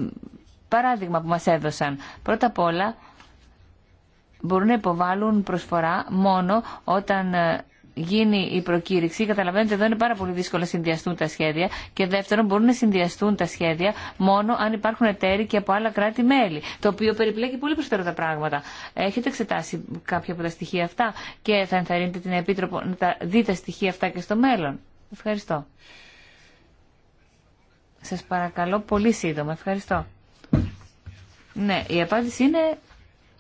παράδειγμα που μας έδωσαν. Πρώτα απ' όλα μπορούν να υποβάλουν προσφορά μόνο όταν γίνει η προκήρυξη, καταλαβαίνετε εδώ είναι πάρα πολύ δύσκολο να συνδυαστούν τα σχέδια και δεύτερον μπορούν να συνδυαστούν τα σχέδια μόνο αν υπάρχουν εταίροι και από άλλα κράτη-μέλη, το οποίο περιπλέκει πολύ περισσότερο τα πράγματα. Έχετε εξετάσει κάποια από τα στοιχεία αυτά και θα ενθαρρύνετε την Επίτροπο να τα δει τα στοιχεία αυτά και στο μέλλον. Ευχαριστώ. Σας παρακαλώ πολύ σύντομα. Ευχαριστώ. Ναι, η απάντηση είναι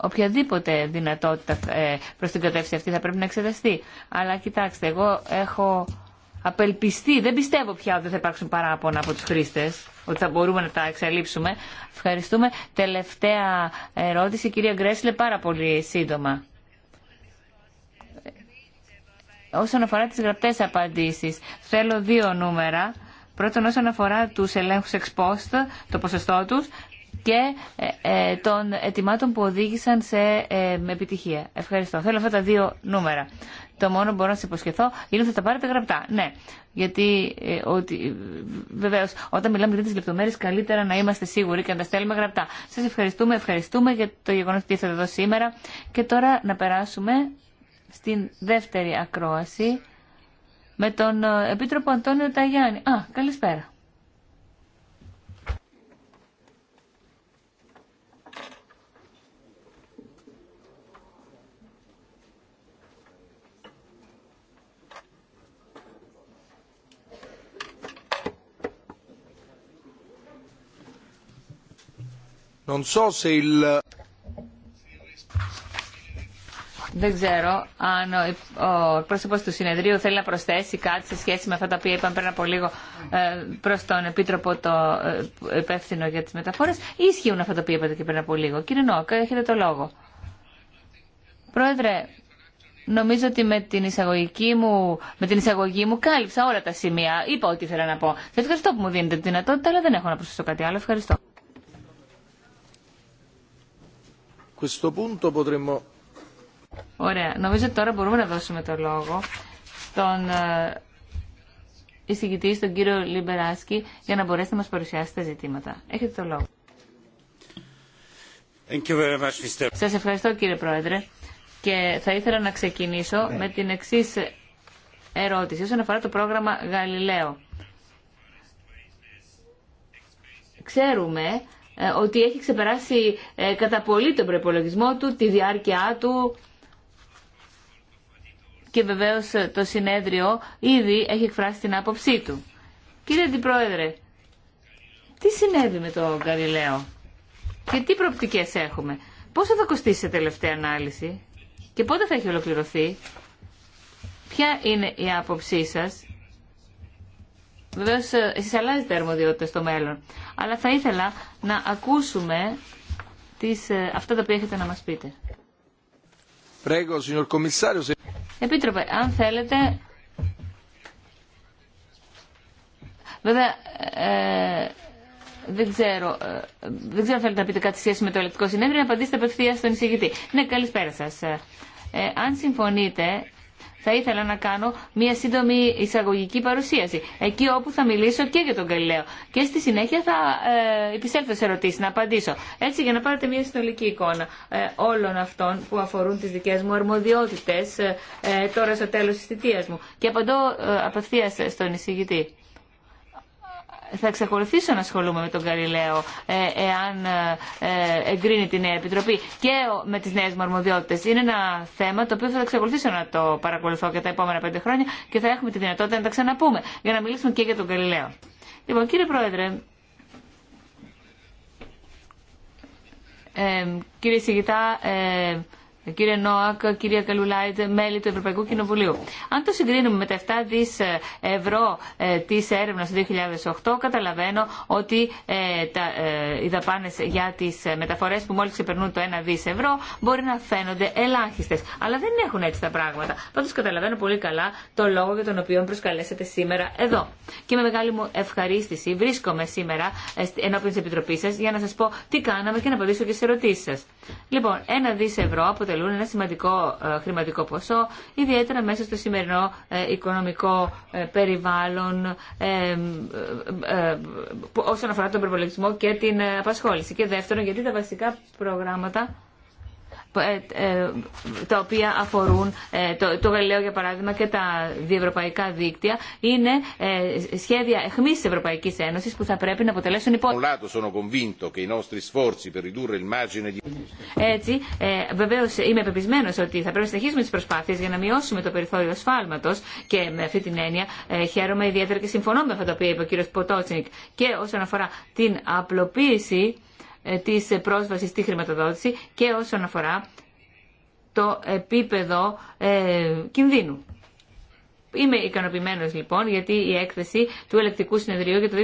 οποιαδήποτε δυνατότητα ε, προς την κατεύθυνση αυτή θα πρέπει να εξεταστεί. Αλλά κοιτάξτε, εγώ έχω απελπιστεί, δεν πιστεύω πια ότι θα υπάρξουν παράπονα από τους χρήστε ότι θα μπορούμε να τα εξαλείψουμε. Ευχαριστούμε. Τελευταία ερώτηση, κυρία Γκρέσλε, πάρα πολύ σύντομα. Όσον αφορά τις γραπτές απαντήσεις, θέλω δύο νούμερα. Πρώτον, όσον αφορά τους ελέγχους ex post, το ποσοστό τους, και ε, ε, των ετοιμάτων που οδήγησαν σε ε, επιτυχία. Ευχαριστώ. Θέλω αυτά τα δύο νούμερα. Το μόνο που μπορώ να σα υποσχεθώ είναι ότι θα τα πάρετε γραπτά. Ναι, γιατί ε, ότι, βεβαίω όταν μιλάμε για τι λεπτομέρειε καλύτερα να είμαστε σίγουροι και να τα στέλνουμε γραπτά. Σα ευχαριστούμε, ευχαριστούμε για το γεγονό ότι ήρθατε εδώ σήμερα. Και τώρα να περάσουμε στην δεύτερη ακρόαση με τον Επίτροπο Αντώνιο Ταγιάννη. Α, καλησπέρα. Δεν ξέρω αν ο εκπρόσωπο του συνεδρίου θέλει να προσθέσει κάτι σε σχέση με αυτά τα οποία είπαμε πριν από λίγο ε, προ τον Επίτροπο το ε, υπεύθυνο για τι μεταφορέ. Ίσχυουν αυτά τα οποία είπατε και πριν από λίγο. Κύριε Νόκα, έχετε το λόγο. Πρόεδρε, νομίζω ότι με την εισαγωγική μου, με την εισαγωγή μου κάλυψα όλα τα σημεία. Είπα ό,τι ήθελα να πω. Σα ευχαριστώ που μου δίνετε τη δυνατότητα, αλλά δεν έχω να προσθέσω κάτι άλλο. Ευχαριστώ. Ωραία. Νομίζω τώρα μπορούμε να δώσουμε το λόγο στον ε, εισηγητή, στον κύριο Λιμπεράσκη, για να μπορέσει να μας παρουσιάσετε τα ζητήματα. Έχετε το λόγο. Σα ευχαριστώ κύριε Πρόεδρε και θα ήθελα να ξεκινήσω ναι. με την εξή ερώτηση όσον αφορά το πρόγραμμα Γαλιλαίο. Ξέρουμε ε, ότι έχει ξεπεράσει ε, κατά πολύ τον προπολογισμό του, τη διάρκεια του και βεβαίως ε, το συνέδριο ήδη έχει εκφράσει την άποψή του. Κύριε Αντιπρόεδρε, τι συνέβη με το Γαλιλαίο και τι προοπτικές έχουμε. Πόσο θα κοστίσει σε τελευταία ανάλυση και πότε θα έχει ολοκληρωθεί. Ποια είναι η άποψή σας Βεβαίω, ε, εσεί αλλάζετε αρμοδιότητε στο μέλλον. Αλλά θα ήθελα να ακούσουμε τις, ε, αυτά τα οποία έχετε να μα πείτε. Επίτροπε, αν θέλετε. Βέβαια, ε, δεν ξέρω, δεν ξέρω αν θέλετε να πείτε κάτι σχέση με το ελεκτικό συνέδριο, να απαντήσετε απευθεία στον εισηγητή. Ναι, καλησπέρα σα. αν συμφωνείτε, θα ήθελα να κάνω μία σύντομη εισαγωγική παρουσίαση. Εκεί όπου θα μιλήσω και για τον Καλλιλέο Και στη συνέχεια θα ε, επισέλθω σε ερωτήσει, να απαντήσω. Έτσι για να πάρετε μία συνολική εικόνα ε, όλων αυτών που αφορούν τι δικέ μου αρμοδιότητε ε, ε, τώρα στο τέλο τη θητεία μου. Και απαντώ απευθεία στον εισηγητή θα εξακολουθήσω να ασχολούμαι με τον Γαλιλαίο ε, εάν ε, εγκρίνει τη νέα επιτροπή και με τις νέες μου Είναι ένα θέμα το οποίο θα εξακολουθήσω να το παρακολουθώ και τα επόμενα πέντε χρόνια και θα έχουμε τη δυνατότητα να τα ξαναπούμε για να μιλήσουμε και για τον Γαλιλαίο. Λοιπόν, κύριε Πρόεδρε, ε, κύριε Σιγητά, ε, ε, κύριε Νόακ, κυρία Καλουλάιτ, μέλη του Ευρωπαϊκού Κοινοβουλίου. Αν το συγκρίνουμε με τα 7 δις ε, ευρώ ε, της έρευνας του 2008, καταλαβαίνω ότι οι δαπάνες για τις μεταφορές που μόλις ξεπερνούν το 1 δις ευρώ μπορεί να φαίνονται ελάχιστες. Αλλά δεν έχουν έτσι τα πράγματα. Πάντως καταλαβαίνω πολύ καλά το λόγο για τον οποίο προσκαλέσατε σήμερα εδώ. Και με μεγάλη μου ευχαρίστηση βρίσκομαι σήμερα ενώπιον της Επιτροπής σας για να σας πω τι κάναμε και να απαντήσω και στις ερωτήσεις σας. Λοιπόν, 1 δις ευρώ από αποτελούν ένα σημαντικό ε, χρηματικό ποσό, ιδιαίτερα μέσα στο σημερινό ε, οικονομικό ε, περιβάλλον όσον αφορά τον προπολογισμό και την απασχόληση. Και δεύτερον, γιατί τα βασικά προγράμματα ε, ε, τα οποία αφορούν ε, το, Γαλλιό για παράδειγμα και τα διευρωπαϊκά δίκτυα είναι σχέδια εχμής της Ευρωπαϊκής Ένωσης που θα πρέπει να αποτελέσουν υπόλοιπη. Έτσι, βεβαίω είμαι πεπισμένος ότι θα πρέπει να συνεχίσουμε τις προσπάθειες για να μειώσουμε το περιθώριο σφάλματος και με αυτή την έννοια χαίρομαι ιδιαίτερα και συμφωνώ με αυτά τα οποία είπε ο κ. Ποτότσινικ και όσον αφορά την απλοποίηση ε, τη πρόσβαση στη χρηματοδότηση και όσον αφορά το επίπεδο ε, κινδύνου. Είμαι ικανοποιημένο λοιπόν γιατί η έκθεση του ελεκτικού συνεδρίου για το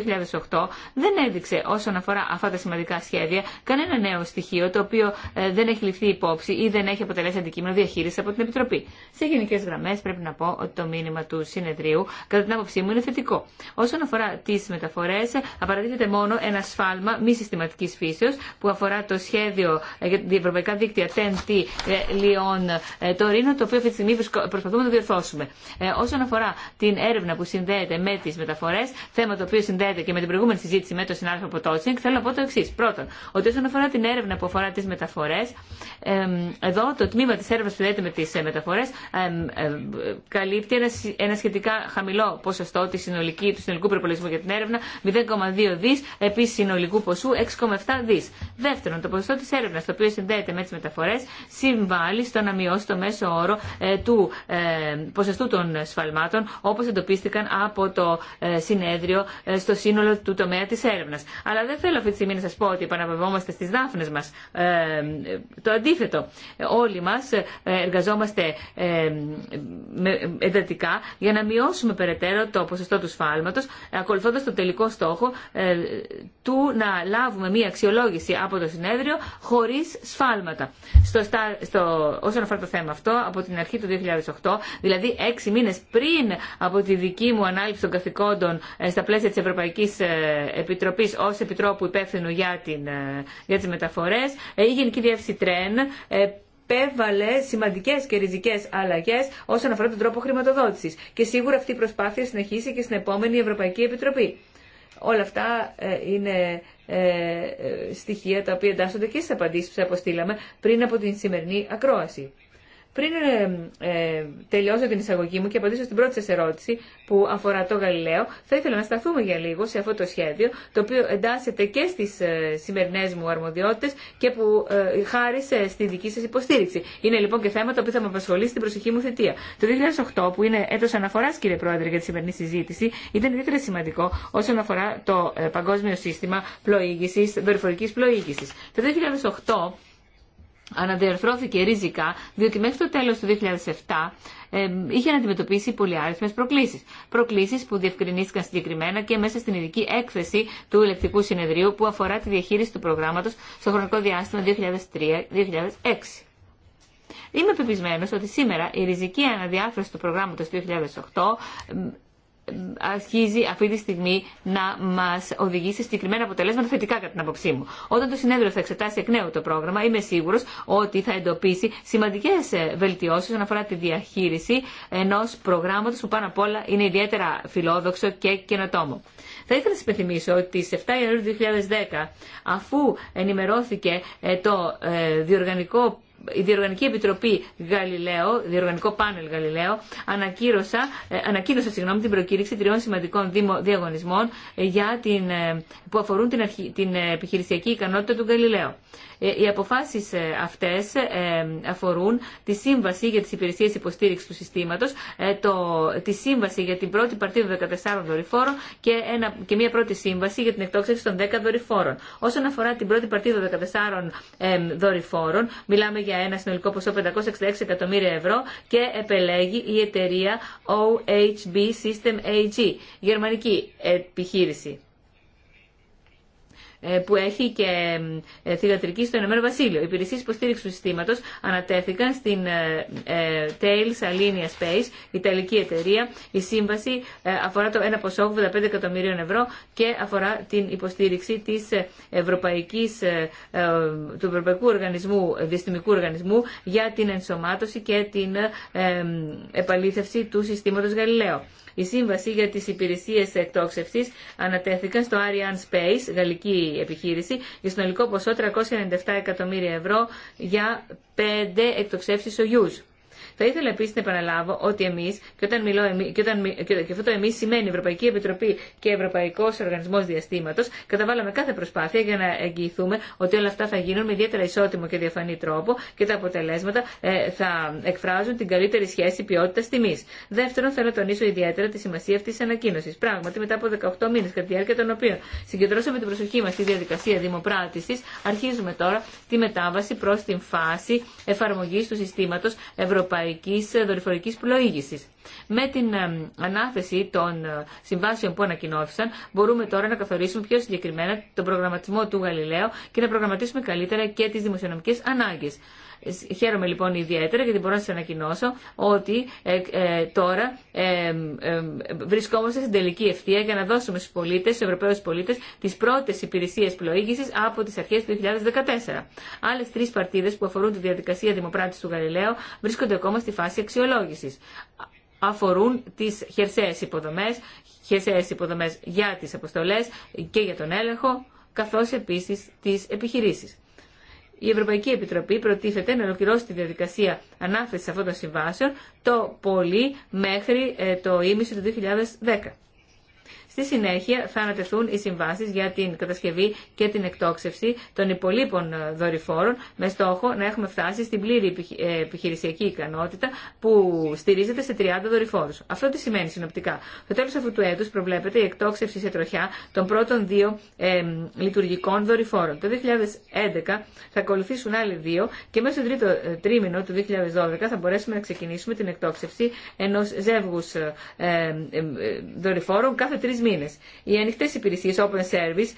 2008 δεν έδειξε όσον αφορά αυτά τα σημαντικά σχέδια κανένα νέο στοιχείο το οποίο ε, δεν έχει ληφθεί υπόψη ή δεν έχει αποτελέσει αντικείμενο διαχείριση από την Επιτροπή. Σε γενικέ γραμμέ πρέπει να πω ότι το μήνυμα του συνεδρίου κατά την άποψή μου είναι θετικό. Όσον αφορά τι μεταφορέ απαραδείχεται μόνο ένα σφάλμα μη συστηματική φύσεω που αφορά το σχέδιο ε, για τα ευρωπαϊκά TNT ε, Λιόν Τωρίνο το οποίο αυτή τη στιγμή προσπαθούμε να διορθώσουμε όσον αφορά την έρευνα που συνδέεται με τι μεταφορέ, θέμα το οποίο συνδέεται και με την προηγούμενη συζήτηση με τον συνάδελφο Τότσινγκ θέλω να πω το εξή. Πρώτον, ότι όσον αφορά την έρευνα που αφορά τι μεταφορέ, εδώ το τμήμα τη έρευνα που συνδέεται με τι ε, μεταφορέ καλύπτει ένα, σχετικά χαμηλό ποσοστό τη συνολική, του συνολικού προπολογισμού για την έρευνα, 0,2 δι, επί συνολικού ποσού 6,7 δι. Δεύτερον, το ποσοστό τη έρευνα το οποίο συνδέεται με τι μεταφορέ συμβάλλει στο να μειώσει το μέσο όρο ε, του ε, ποσοστού των όπω εντοπίστηκαν από το ε, συνέδριο ε, στο σύνολο του τομέα τη έρευνα. Αλλά δεν θέλω αυτή τη στιγμή να σα πω ότι επαναπαυόμαστε στι δάφνε μα. Ε, το αντίθετο. Όλοι μα εργαζόμαστε εντατικά για να μειώσουμε περαιτέρω το ποσοστό του σφάλματο, ακολουθώντα το τελικό στόχο του να λάβουμε μία αξιολόγηση από το συνέδριο χωρί σφάλματα. Στο, στο, όσον αφορά το θέμα αυτό, από την αρχή του 2008, δηλαδή έξι μήνε πριν από τη δική μου ανάληψη των καθηκόντων ε, στα πλαίσια της Ευρωπαϊκής ε, Επιτροπής ως Επιτρόπου υπεύθυνου για, την, ε, για τις μεταφορές, η Γενική Διεύθυνση Τρέν επέβαλε σημαντικέ και ριζικέ αλλαγέ όσον αφορά τον τρόπο χρηματοδότηση. Και σίγουρα αυτή η προσπάθεια συνεχίσει και στην επόμενη Ευρωπαϊκή Επιτροπή. Όλα αυτά είναι στοιχεία τα οποία εντάσσονται και στι απαντήσει που αποστήλαμε πριν από την σημερινή ακρόαση. Πριν ε, ε, τελειώσω την εισαγωγή μου και απαντήσω στην πρώτη σας ερώτηση που αφορά το Γαλιλαίο, θα ήθελα να σταθούμε για λίγο σε αυτό το σχέδιο, το οποίο εντάσσεται και στις ε, σημερινές μου αρμοδιότητες και που ε, χάρισε στη δική σας υποστήριξη. Είναι λοιπόν και θέμα το οποίο θα με απασχολήσει... στην προσοχή μου θετία. Το 2008, που είναι έτος αναφοράς κύριε Πρόεδρε για τη σημερινή συζήτηση, ήταν ιδιαίτερα σημαντικό όσον αφορά το ε, παγκόσμιο σύστημα πλοήγησης, δορυφορικής πλοήγησης. Το 2008 αναδιαρθρώθηκε ριζικά, διότι μέχρι το τέλος του 2007 είχε να αντιμετωπίσει πολυάριθμες προκλήσεις. Προκλήσεις που διευκρινίστηκαν συγκεκριμένα και μέσα στην ειδική έκθεση του ηλεκτρικού συνεδρίου που αφορά τη διαχείριση του προγράμματος στο χρονικό διάστημα 2003-2006. Είμαι πεπισμένος ότι σήμερα η ριζική αναδιάρθρωση του προγράμματος του 2008 αρχίζει αυτή τη στιγμή να μα οδηγεί σε συγκεκριμένα αποτελέσματα θετικά κατά την άποψή μου. Όταν το συνέδριο θα εξετάσει εκ νέου το πρόγραμμα, είμαι σίγουρο ότι θα εντοπίσει σημαντικέ ε, βελτιώσει όσον αφορά τη διαχείριση ενό προγράμματο που πάνω απ' όλα είναι ιδιαίτερα φιλόδοξο και καινοτόμο. Θα ήθελα να σα υπενθυμίσω ότι στι 7 Ιανουαρίου 2010, αφού ενημερώθηκε ε, το ε, διοργανικό η Διοργανική Επιτροπή Γαλιλαίο, Διοργανικό Πάνελ Γαλιλαίο, ανακύρωσα, ε, ανακοίνωσε συγγνώμη, την προκήρυξη τριών σημαντικών διαγωνισμών ε, για την, ε, που αφορούν την, την επιχειρησιακή ικανότητα του Γαλιλαίου. Ε, οι αποφάσει ε, αυτέ ε, αφορούν τη Σύμβαση για τι υπηρεσίε υποστήριξη του συστήματο, τη Σύμβαση για την πρώτη παρτίδα 14 δορυφόρων και, και μια πρώτη σύμβαση για την εκτόξευση των 10 δορυφόρων. Όσον αφορά την πρώτη παρτίδα 14 δορυφόρων, μιλάμε για ένα συνολικό ποσό 566 εκατομμύρια ευρώ και επελέγει η εταιρεία OHB System AG, γερμανική επιχείρηση. Ε, που έχει και ε, θηγατρική στο Ηνωμένο Βασίλειο. Οι υπηρεσίε υποστήριξη του συστήματο ανατέθηκαν στην ε, Tails Alinea Space, Ιταλική εταιρεία. Η σύμβαση αφορά το ένα ποσό 85 εκατομμυρίων ευρώ και αφορά την υποστήριξη της Ευρωπαϊκής, του Ευρωπαϊκού Οργανισμού, Διαστημικού Οργανισμού για την ενσωμάτωση και την επαλήθευση του συστήματος Γαλιλαίου. Η σύμβαση για τι υπηρεσίε εκτόξευση ανατέθηκαν στο Ariane Space, γαλλική επιχείρηση, για συνολικό ποσό 397 εκατομμύρια ευρώ για πέντε εκτοξεύσεις Σογιούς. Θα ήθελα επίση να επαναλάβω ότι εμεί, και, όταν και, και αυτό το εμεί σημαίνει Ευρωπαϊκή Επιτροπή και Ευρωπαϊκό Οργανισμό Διαστήματο, καταβάλαμε κάθε προσπάθεια για να εγγυηθούμε ότι όλα αυτά θα γίνουν με ιδιαίτερα ισότιμο και διαφανή τρόπο και τα αποτελέσματα ε, θα εκφράζουν την καλύτερη σχέση ποιότητα-τιμή. Δεύτερον, θέλω να τονίσω ιδιαίτερα τη σημασία αυτή τη ανακοίνωση. Πράγματι, μετά από 18 μήνε, κατά τη διάρκεια των οποίων συγκεντρώσαμε την προσοχή μα στη διαδικασία δημοπράτηση, αρχίζουμε τώρα τη μετάβαση προ την φάση εφαρμογή του συστήματο Ευρωπαϊκή ευρωπαϊκής ε, δορυφορικής πλοήγησης. Με την ε, ανάθεση των ε, συμβάσεων που ανακοινώθησαν, μπορούμε τώρα να καθορίσουμε πιο συγκεκριμένα τον προγραμματισμό του Γαλιλαίου και να προγραμματίσουμε καλύτερα και τις δημοσιονομικές ανάγκες. Χαίρομαι λοιπόν ιδιαίτερα γιατί μπορώ να σα ανακοινώσω ότι ε, ε, τώρα ε, βρισκόμαστε στην τελική ευθεία για να δώσουμε στου πολίτε, στου Ευρωπαίου πολίτε, τι πρώτε υπηρεσίε πλοήγηση από τι αρχέ του 2014. Άλλε τρει παρτίδε που αφορούν τη διαδικασία δημοπράτηση του Γαλιλαίου βρίσκονται ακόμα στη φάση αξιολόγηση. Αφορούν τι χερσαίε υποδομέ, χερσαίε υποδομέ για τι αποστολέ και για τον έλεγχο, καθώ επίση τι επιχειρήσει η Ευρωπαϊκή Επιτροπή προτίθεται να ολοκληρώσει τη διαδικασία ανάθεση αυτών των συμβάσεων το πολύ μέχρι ε, το ίμιση του 2010. Στη συνέχεια θα ανατεθούν οι συμβάσει για την κατασκευή και την εκτόξευση των υπολείπων ε, δορυφόρων με στόχο να έχουμε φτάσει στην πλήρη ε, επιχειρησιακή ικανότητα που στηρίζεται σε 30 δορυφόρου. Αυτό τι σημαίνει συνοπτικά. Στο τέλο αυτού του έτου προβλέπεται η εκτόξευση σε τροχιά των πρώτων δύο ε, λειτουργικών δορυφόρων. Το 2011 θα ακολουθήσουν άλλοι δύο και μέσα στο τρίτο ε, τρίμηνο του 2012 θα μπορέσουμε να ξεκινήσουμε την εκτόξευση ενό ζεύγου δορυφόρων κάθε τρει μήνες. Οι ανοιχτέ υπηρεσίε Open Service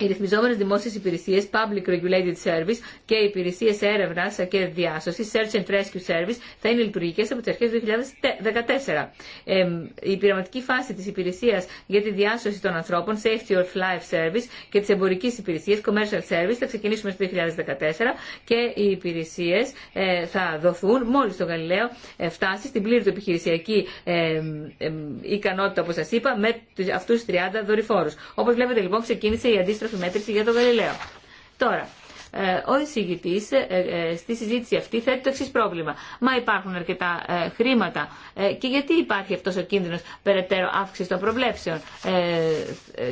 οι ρυθμιζόμενε δημόσιε υπηρεσίε, public regulated service και οι υπηρεσίε έρευνα και διάσωση, search and rescue service, θα είναι λειτουργικέ από τι αρχέ του 2014. η πειραματική φάση τη υπηρεσία για τη διάσωση των ανθρώπων, safety of life service και τη εμπορική υπηρεσία, commercial service, θα ξεκινήσουμε στο 2014 και οι υπηρεσίε ε, θα δοθούν μόλι το Γαλιλαίο ε, φτάσει στην πλήρη του επιχειρησιακή ικανότητα, όπω σα είπα, με αυτού του 30 δορυφόρου. Όπω βλέπετε λοιπόν, ξεκίνησε η αντίστροφη μέτρηση για τον Γαλιλαίο. Τώρα, ε, ο εισηγητή ε, ε, στη συζήτηση αυτή θέτει το εξή πρόβλημα. Μα υπάρχουν αρκετά χρήματα και γιατί υπάρχει αυτό ο κίνδυνο περαιτέρω αύξηση των προβλέψεων.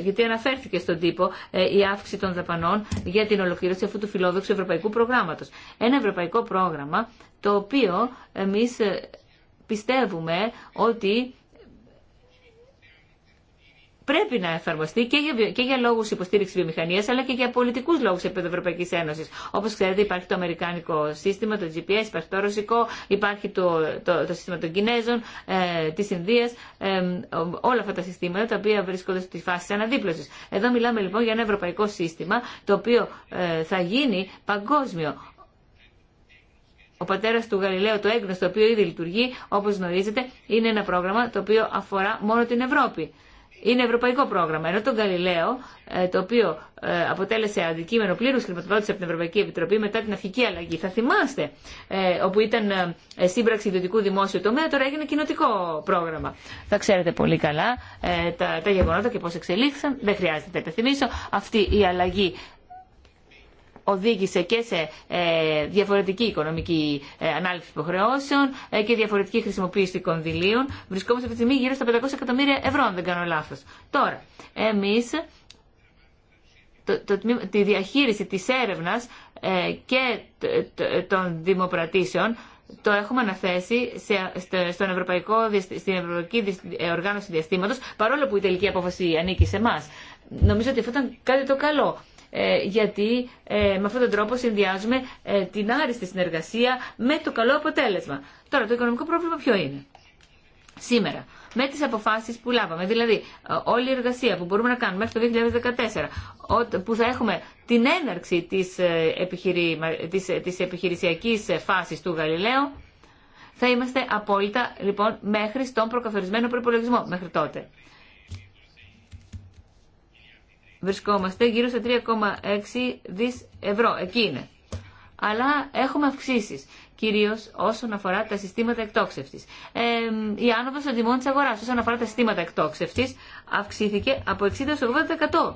Γιατί αναφέρθηκε στον τύπο η αύξηση των δαπανών για την ολοκλήρωση αυτού του φιλόδοξου ευρωπαϊκού προγράμματο. Ένα ευρωπαϊκό πρόγραμμα το οποίο εμεί πιστεύουμε ότι πρέπει να εφαρμοστεί και για, και για λόγου υποστήριξη βιομηχανία, αλλά και για πολιτικού λόγου επίπεδο Ευρωπαϊκή Ένωση. Όπω ξέρετε, υπάρχει το αμερικάνικο σύστημα, το GPS, υπάρχει το ρωσικό, υπάρχει το, το, το σύστημα των Κινέζων, ε, τη Ινδία, ε, όλα αυτά τα συστήματα τα οποία βρίσκονται στη φάση τη αναδίπλωση. Εδώ μιλάμε λοιπόν για ένα ευρωπαϊκό σύστημα το οποίο ε, θα γίνει παγκόσμιο ο πατέρα του Γαλιλαίου, το έγκνο, το οποίο ήδη λειτουργεί, όπω γνωρίζετε, είναι ένα πρόγραμμα το οποίο αφορά μόνο την Ευρώπη είναι ευρωπαϊκό πρόγραμμα. Ενώ τον Γαλιλαίο, ε, το οποίο ε, αποτέλεσε αντικείμενο πλήρου χρηματοδότηση από την Ευρωπαϊκή Επιτροπή μετά την αρχική αλλαγή, θα θυμάστε, ε, όπου ήταν σύμπραξη ιδιωτικού δημόσιου τομέα, τώρα έγινε κοινοτικό πρόγραμμα. Θα ξέρετε πολύ καλά τα, τα γεγονότα και πώ εξελίχθησαν. Δεν χρειάζεται να τα υπενθυμίσω. Αυτή η αλλαγή οδήγησε και σε ε, διαφορετική οικονομική ε, ανάληψη υποχρεώσεων ε, και διαφορετική χρησιμοποίηση κονδυλίων. Βρισκόμαστε αυτή τη στιγμή γύρω στα 500 εκατομμύρια ευρώ, αν δεν κάνω λάθο. Τώρα, εμεί τη διαχείριση της έρευνας και των δημοπρατήσεων το έχουμε αναθέσει στον Ευρωπαϊκό, στην Ευρωπαϊκή Οργάνωση Διαστήματος παρόλο που η τελική απόφαση ανήκει σε εμά. Νομίζω ότι αυτό ήταν κάτι το καλό. Ε, γιατί ε, με αυτόν τον τρόπο συνδυάζουμε ε, την άριστη συνεργασία με το καλό αποτέλεσμα. Τώρα, το οικονομικό πρόβλημα ποιο είναι. Σήμερα, με τις αποφάσεις που λάβαμε, δηλαδή όλη η εργασία που μπορούμε να κάνουμε μέχρι το 2014, που θα έχουμε την έναρξη της, επιχειρησιακή της, της επιχειρησιακής φάσης του Γαλιλαίου, θα είμαστε απόλυτα λοιπόν μέχρι στον προκαθορισμένο προπολογισμό μέχρι τότε βρισκόμαστε γύρω στα 3,6 δις ευρώ. Εκεί είναι. Αλλά έχουμε αυξήσει κυρίω όσον αφορά τα συστήματα εκτόξευσης. Ε, η άνοδος των τιμών τη αγοράς όσον αφορά τα συστήματα εκτόξευσης αυξήθηκε από 60% 80%.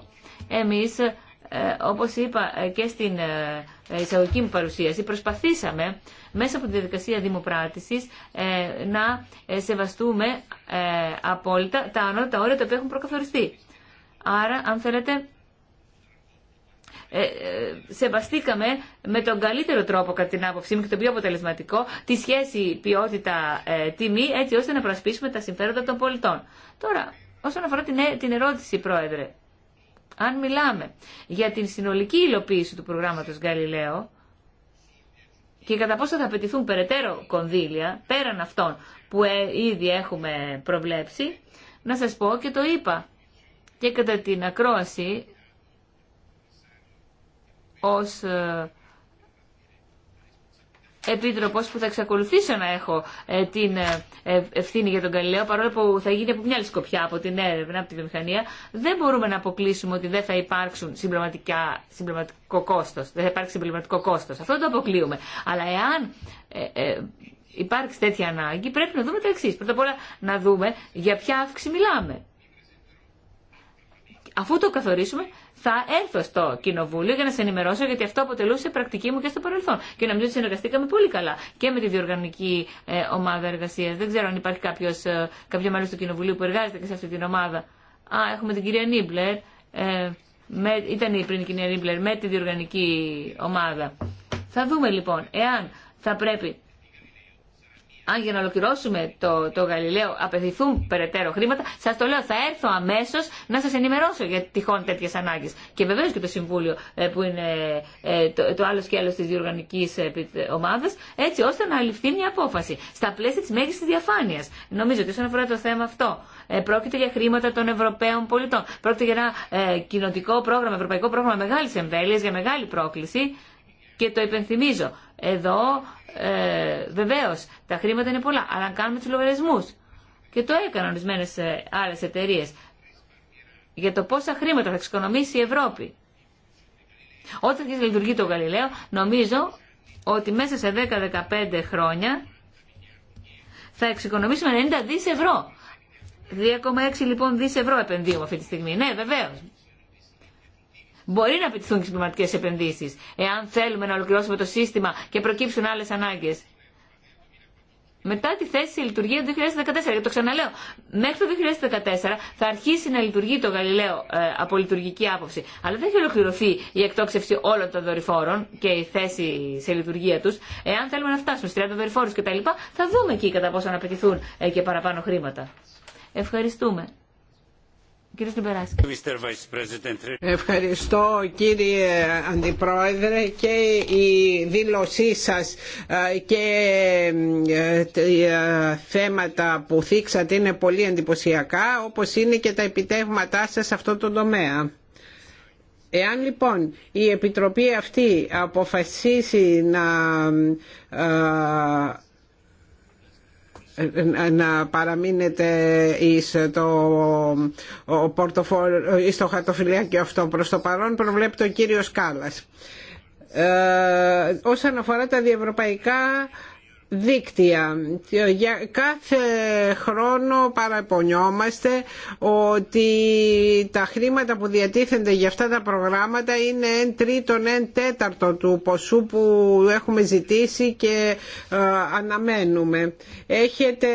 Εμείς, ε, όπως είπα ε, και στην ε, εισαγωγική μου παρουσίαση, προσπαθήσαμε μέσα από τη διαδικασία δημοπράτησης ε, να ε, σεβαστούμε ε, απόλυτα τα ανώτατα όρια τα οποία έχουν προκαθοριστεί. Άρα, αν θέλετε, ε, ε, σεβαστήκαμε με τον καλύτερο τρόπο κατά την άποψή μου και τον πιο αποτελεσματικό τη σχέση ποιότητα-τιμή ε, έτσι ώστε να προσπίσουμε τα συμφέροντα των πολιτών. Τώρα, όσον αφορά την ερώτηση, Πρόεδρε, αν μιλάμε για την συνολική υλοποίηση του προγράμματος Γαλιλαίο και κατά πόσο θα απαιτηθούν περαιτέρω κονδύλια πέραν αυτών που ήδη έχουμε προβλέψει, να σας πω και το είπα και κατά την ακρόαση ως ε, επίτροπος που θα εξακολουθήσω να έχω ε, την ε, ευθύνη για τον Καλλιλέο, παρόλο που θα γίνει από μια άλλη σκοπιά, από την έρευνα, από τη βιομηχανία, δεν μπορούμε να αποκλείσουμε ότι δεν θα υπάρξουν συμπληρωματικό κόστος. Δεν θα υπάρξει συμπληρωματικό κόστος. Αυτό το αποκλείουμε. Αλλά εάν υπάρξει τέτοια ανάγκη, πρέπει να δούμε τα εξή. Πρώτα απ' όλα να δούμε για ποια αύξηση μιλάμε αφού το καθορίσουμε, θα έρθω στο Κοινοβούλιο για να σε ενημερώσω, γιατί αυτό αποτελούσε πρακτική μου και στο παρελθόν. Και νομίζω ότι συνεργαστήκαμε πολύ καλά και με τη διοργανική ε, ομάδα εργασία. Δεν ξέρω αν υπάρχει κάποιος, ε, κάποιο μέλο του Κοινοβουλίου που εργάζεται και σε αυτή την ομάδα. Α, έχουμε την κυρία Νίμπλερ. Ε, με, ήταν η πριν η κυρία Νίμπλερ με τη διοργανική ομάδα. Θα δούμε λοιπόν εάν θα πρέπει αν για να ολοκληρώσουμε το, το Γαλιλαίο απαιτηθούν περαιτέρω χρήματα, σα το λέω, θα έρθω αμέσω να σα ενημερώσω για τυχόν τέτοιε ανάγκε. Και βεβαίω και το Συμβούλιο ε, που είναι ε, το, το άλλο σκέλο τη διοργανική ε, ομάδα, έτσι ώστε να ληφθεί μια απόφαση στα πλαίσια τη μέγιστη διαφάνεια. Νομίζω ότι όσον αφορά το θέμα αυτό, πρόκειται για χρήματα των Ευρωπαίων πολιτών. Πρόκειται για ένα κοινοτικό πρόγραμμα, ευρωπαϊκό πρόγραμμα μεγάλη εμβέλεια, για μεγάλη πρόκληση. Και το υπενθυμίζω. Εδώ ε, βεβαίω τα χρήματα είναι πολλά, αλλά αν κάνουμε του λογαριασμού. Και το έκαναν ορισμένε ε, άλλε εταιρείε για το πόσα χρήματα θα εξοικονομήσει η Ευρώπη. Όταν αρχίσει να λειτουργεί το Γαλιλαίο, νομίζω ότι μέσα σε 10-15 χρόνια θα εξοικονομήσουμε 90 δις ευρώ. 2,6 λοιπόν δις ευρώ επενδύουμε αυτή τη στιγμή. Ναι, βεβαίως. Μπορεί να απαιτηθούν και συμπληρωματικέ επενδύσει, εάν θέλουμε να ολοκληρώσουμε το σύστημα και προκύψουν άλλε ανάγκε. Μετά τη θέση σε λειτουργία του 2014, και το ξαναλέω, μέχρι το 2014 θα αρχίσει να λειτουργεί το Γαλιλαίο ε, από λειτουργική άποψη. Αλλά δεν έχει ολοκληρωθεί η εκτόξευση όλων των δορυφόρων και η θέση σε λειτουργία του. Εάν θέλουμε να φτάσουμε στου 30 δορυφόρου κτλ., θα δούμε εκεί κατά πόσο να απαιτηθούν ε, και παραπάνω χρήματα. Ευχαριστούμε. Ευχαριστώ κύριε Αντιπρόεδρε και η δήλωσή σας ε, και τα ε, ε, θέματα που θίξατε είναι πολύ εντυπωσιακά όπως είναι και τα επιτεύγματά σας σε αυτό το τομέα. Εάν λοιπόν η Επιτροπή αυτή αποφασίσει να να παραμείνετε εις το, εις το χαρτοφυλάκιο αυτό προς το παρόν προβλέπει ο κύριος Κάλλας. Ε, όσον αφορά τα διευρωπαϊκά δίκτυα. Για κάθε χρόνο παραπονιόμαστε ότι τα χρήματα που διατίθενται για αυτά τα προγράμματα είναι εν τρίτον, εν τέταρτο του ποσού που έχουμε ζητήσει και ε, αναμένουμε. Έχετε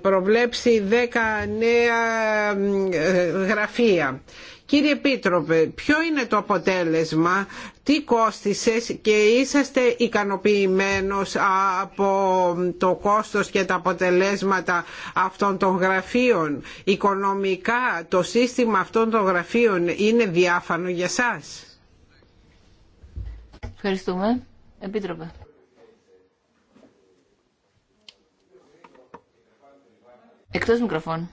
προβλέψει δέκα νέα ε, γραφεία. Κύριε Επίτροπε, ποιο είναι το αποτέλεσμα, τι κόστισες και είσαστε ικανοποιημένος από το κόστος και τα αποτελέσματα αυτών των γραφείων. Οικονομικά το σύστημα αυτών των γραφείων είναι διάφανο για σας. Ευχαριστούμε. Επίτροπε. Εκτός μικροφώνου.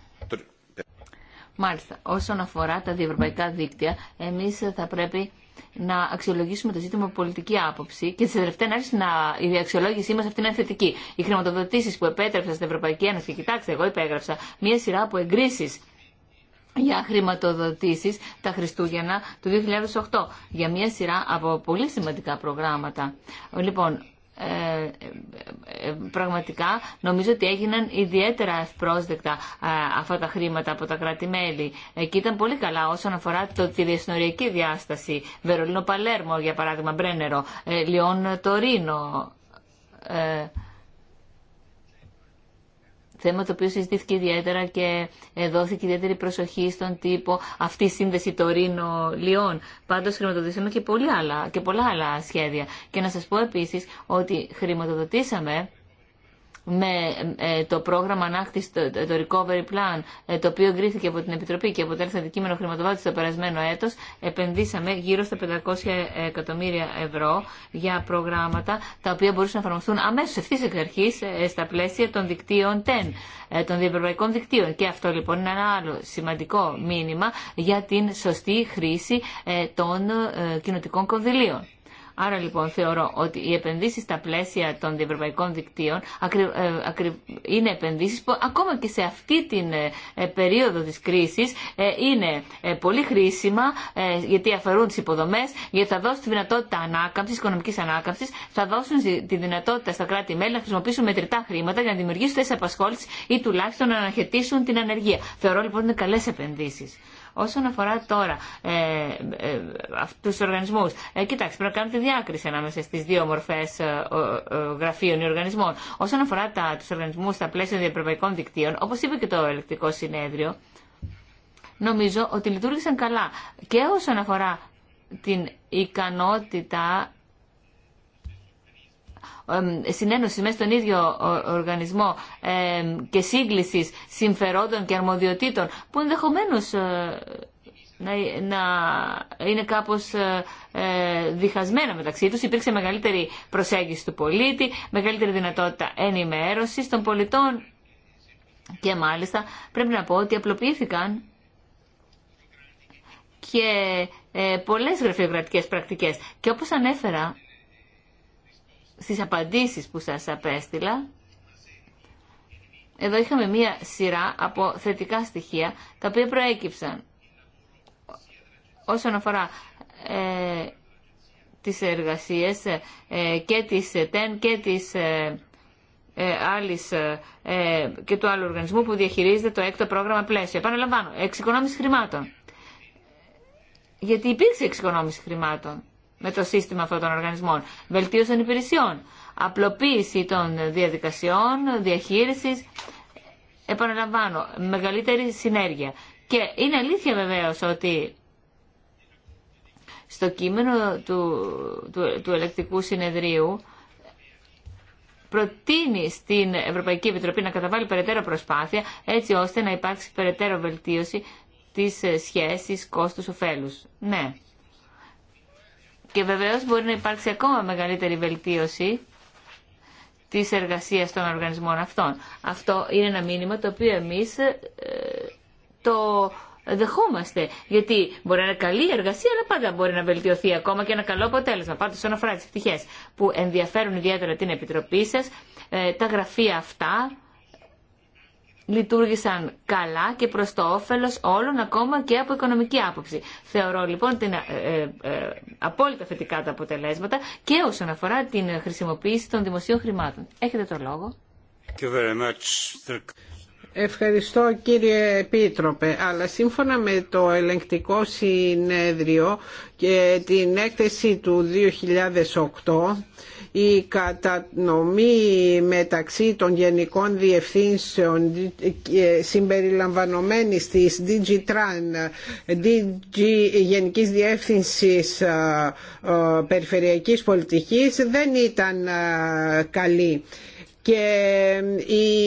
Μάλιστα, όσον αφορά τα διευρωπαϊκά δίκτυα, εμεί θα πρέπει να αξιολογήσουμε το ζήτημα από πολιτική άποψη και τη τελευταία να να, η αξιολόγησή μα αυτή είναι θετική. Οι χρηματοδοτήσει που επέτρεψαν στην Ευρωπαϊκή Ένωση, και κοιτάξτε, εγώ υπέγραψα μία σειρά από εγκρίσει για χρηματοδοτήσεις τα Χριστούγεννα του 2008 για μια σειρά από πολύ σημαντικά προγράμματα. Λοιπόν, ε, ε, ε, πραγματικά νομίζω ότι έγιναν ιδιαίτερα ευπρόσδεκτα αυτά τα χρήματα από τα κράτη-μέλη και ήταν πολύ καλά όσον αφορά το, τη διασυνοριακή διάσταση Βερολίνο-Παλέρμο για παράδειγμα Μπρένερο, Λιόν-Τωρίνο Θέμα το οποίο συζητήθηκε ιδιαίτερα και δόθηκε ιδιαίτερη προσοχή στον τύπο αυτή η σύνδεση Τωρίνο-Λιών. Πάντω χρηματοδοτήσαμε και, πολλά άλλα, και πολλά άλλα σχέδια. Και να σα πω επίση ότι χρηματοδοτήσαμε με ε, το πρόγραμμα ανάκτηση, το recovery plan, ε, το οποίο εγκρίθηκε από την Επιτροπή και αποτέλεσε αντικείμενο χρηματοδότηση το περασμένο έτο, επενδύσαμε γύρω στα 500 εκατομμύρια ευρώ για προγράμματα τα οποία μπορούσαν να εφαρμοστούν αμέσω ευθύ εκ αρχή ε, στα πλαίσια των δικτύων TEN, των διευρωπαϊκών δικτύων. Και αυτό λοιπόν είναι ένα άλλο σημαντικό μήνυμα για την σωστή χρήση των κοινοτικών κονδυλίων. Άρα λοιπόν θεωρώ ότι οι επενδύσεις στα πλαίσια των διευρωπαϊκών δικτύων ε, είναι επενδύσεις που ακόμα και σε αυτή την ε, ε, περίοδο της κρίσης είναι πολύ χρήσιμα γιατί αφαιρούν τις υποδομές, γιατί θα δώσουν τη δυνατότητα ανάκαμψης, οικονομικής ανάκαμψης, θα δώσουν τη δυνατότητα στα κράτη-μέλη να χρησιμοποιήσουν μετρητά χρήματα για να δημιουργήσουν θέσεις απασχόλησης ή τουλάχιστον να αναχαιτήσουν την ανεργία. Θεωρώ λοιπόν ότι είναι καλέ επενδύσεις. Όσον αφορά τώρα ε, ε, του οργανισμού, ε, κοιτάξτε, πρέπει να κάνουμε διάκριση ανάμεσα στι δύο μορφέ ε, γραφείων ή οργανισμών. Όσον αφορά του οργανισμού στα πλαίσια διαπρεπαϊκών δικτύων, όπω είπε και το ελεκτικό συνέδριο, νομίζω ότι λειτουργήσαν καλά και όσον αφορά την ικανότητα συνένωση μέσα στον ίδιο οργανισμό και σύγκληση συμφερόντων και αρμοδιοτήτων που ενδεχομένως ε, να είναι κάπως ε, ε, διχασμένα μεταξύ τους. Υπήρξε μεγαλύτερη προσέγγιση του πολίτη, μεγαλύτερη δυνατότητα ενημέρωσης των πολιτών και μάλιστα πρέπει να πω ότι απλοποιήθηκαν και πολλές γραφειοκρατικές πρακτικές. Και όπως ανέφερα, στις απαντήσεις που σας απέστειλα, εδώ είχαμε μία σειρά από θετικά στοιχεία, τα οποία προέκυψαν όσον αφορά ε, τις εργασίες ε, και τις, ΤΕΝ και τις ε, ε, ε, και του άλλου οργανισμού που διαχειρίζεται το έκτο πρόγραμμα πλαίσιο. Επαναλαμβάνω, εξοικονόμηση χρημάτων. Γιατί υπήρξε εξοικονόμηση χρημάτων με το σύστημα αυτών των οργανισμών. Βελτίωση των υπηρεσιών, απλοποίηση των διαδικασιών, διαχείρισης, επαναλαμβάνω, μεγαλύτερη συνέργεια. Και είναι αλήθεια βεβαίως ότι στο κείμενο του, του, του ελεκτικού συνεδρίου προτείνει στην Ευρωπαϊκή Επιτροπή να καταβάλει περαιτέρω προσπάθεια έτσι ώστε να υπάρξει περαιτέρω βελτίωση της σχέσης κόστους-οφέλους. Ναι. Και βεβαίως μπορεί να υπάρξει ακόμα μεγαλύτερη βελτίωση της εργασίας των οργανισμών αυτών. Αυτό είναι ένα μήνυμα το οποίο εμείς ε, το δεχόμαστε. Γιατί μπορεί να είναι καλή εργασία, αλλά πάντα μπορεί να βελτιωθεί ακόμα και ένα καλό αποτέλεσμα. Πάντω, όσον αφορά τι πτυχέ που ενδιαφέρουν ιδιαίτερα την Επιτροπή σα, ε, τα γραφεία αυτά λειτουργήσαν καλά και προς το όφελος όλων ακόμα και από οικονομική άποψη. Θεωρώ λοιπόν την, ε, ε, ε απόλυτα θετικά τα αποτελέσματα και όσον αφορά την χρησιμοποίηση των δημοσίων χρημάτων. Έχετε το λόγο. Ευχαριστώ κύριε Επίτροπε, αλλά σύμφωνα με το ελεγκτικό συνέδριο και την έκθεση του 2008 η κατανομή μεταξύ των γενικών διευθύνσεων ε, συμπεριλαμβανομένης της DigiTran, DG Γενικής Διεύθυνσης ε, ε, Περιφερειακής Πολιτικής δεν ήταν καλή και η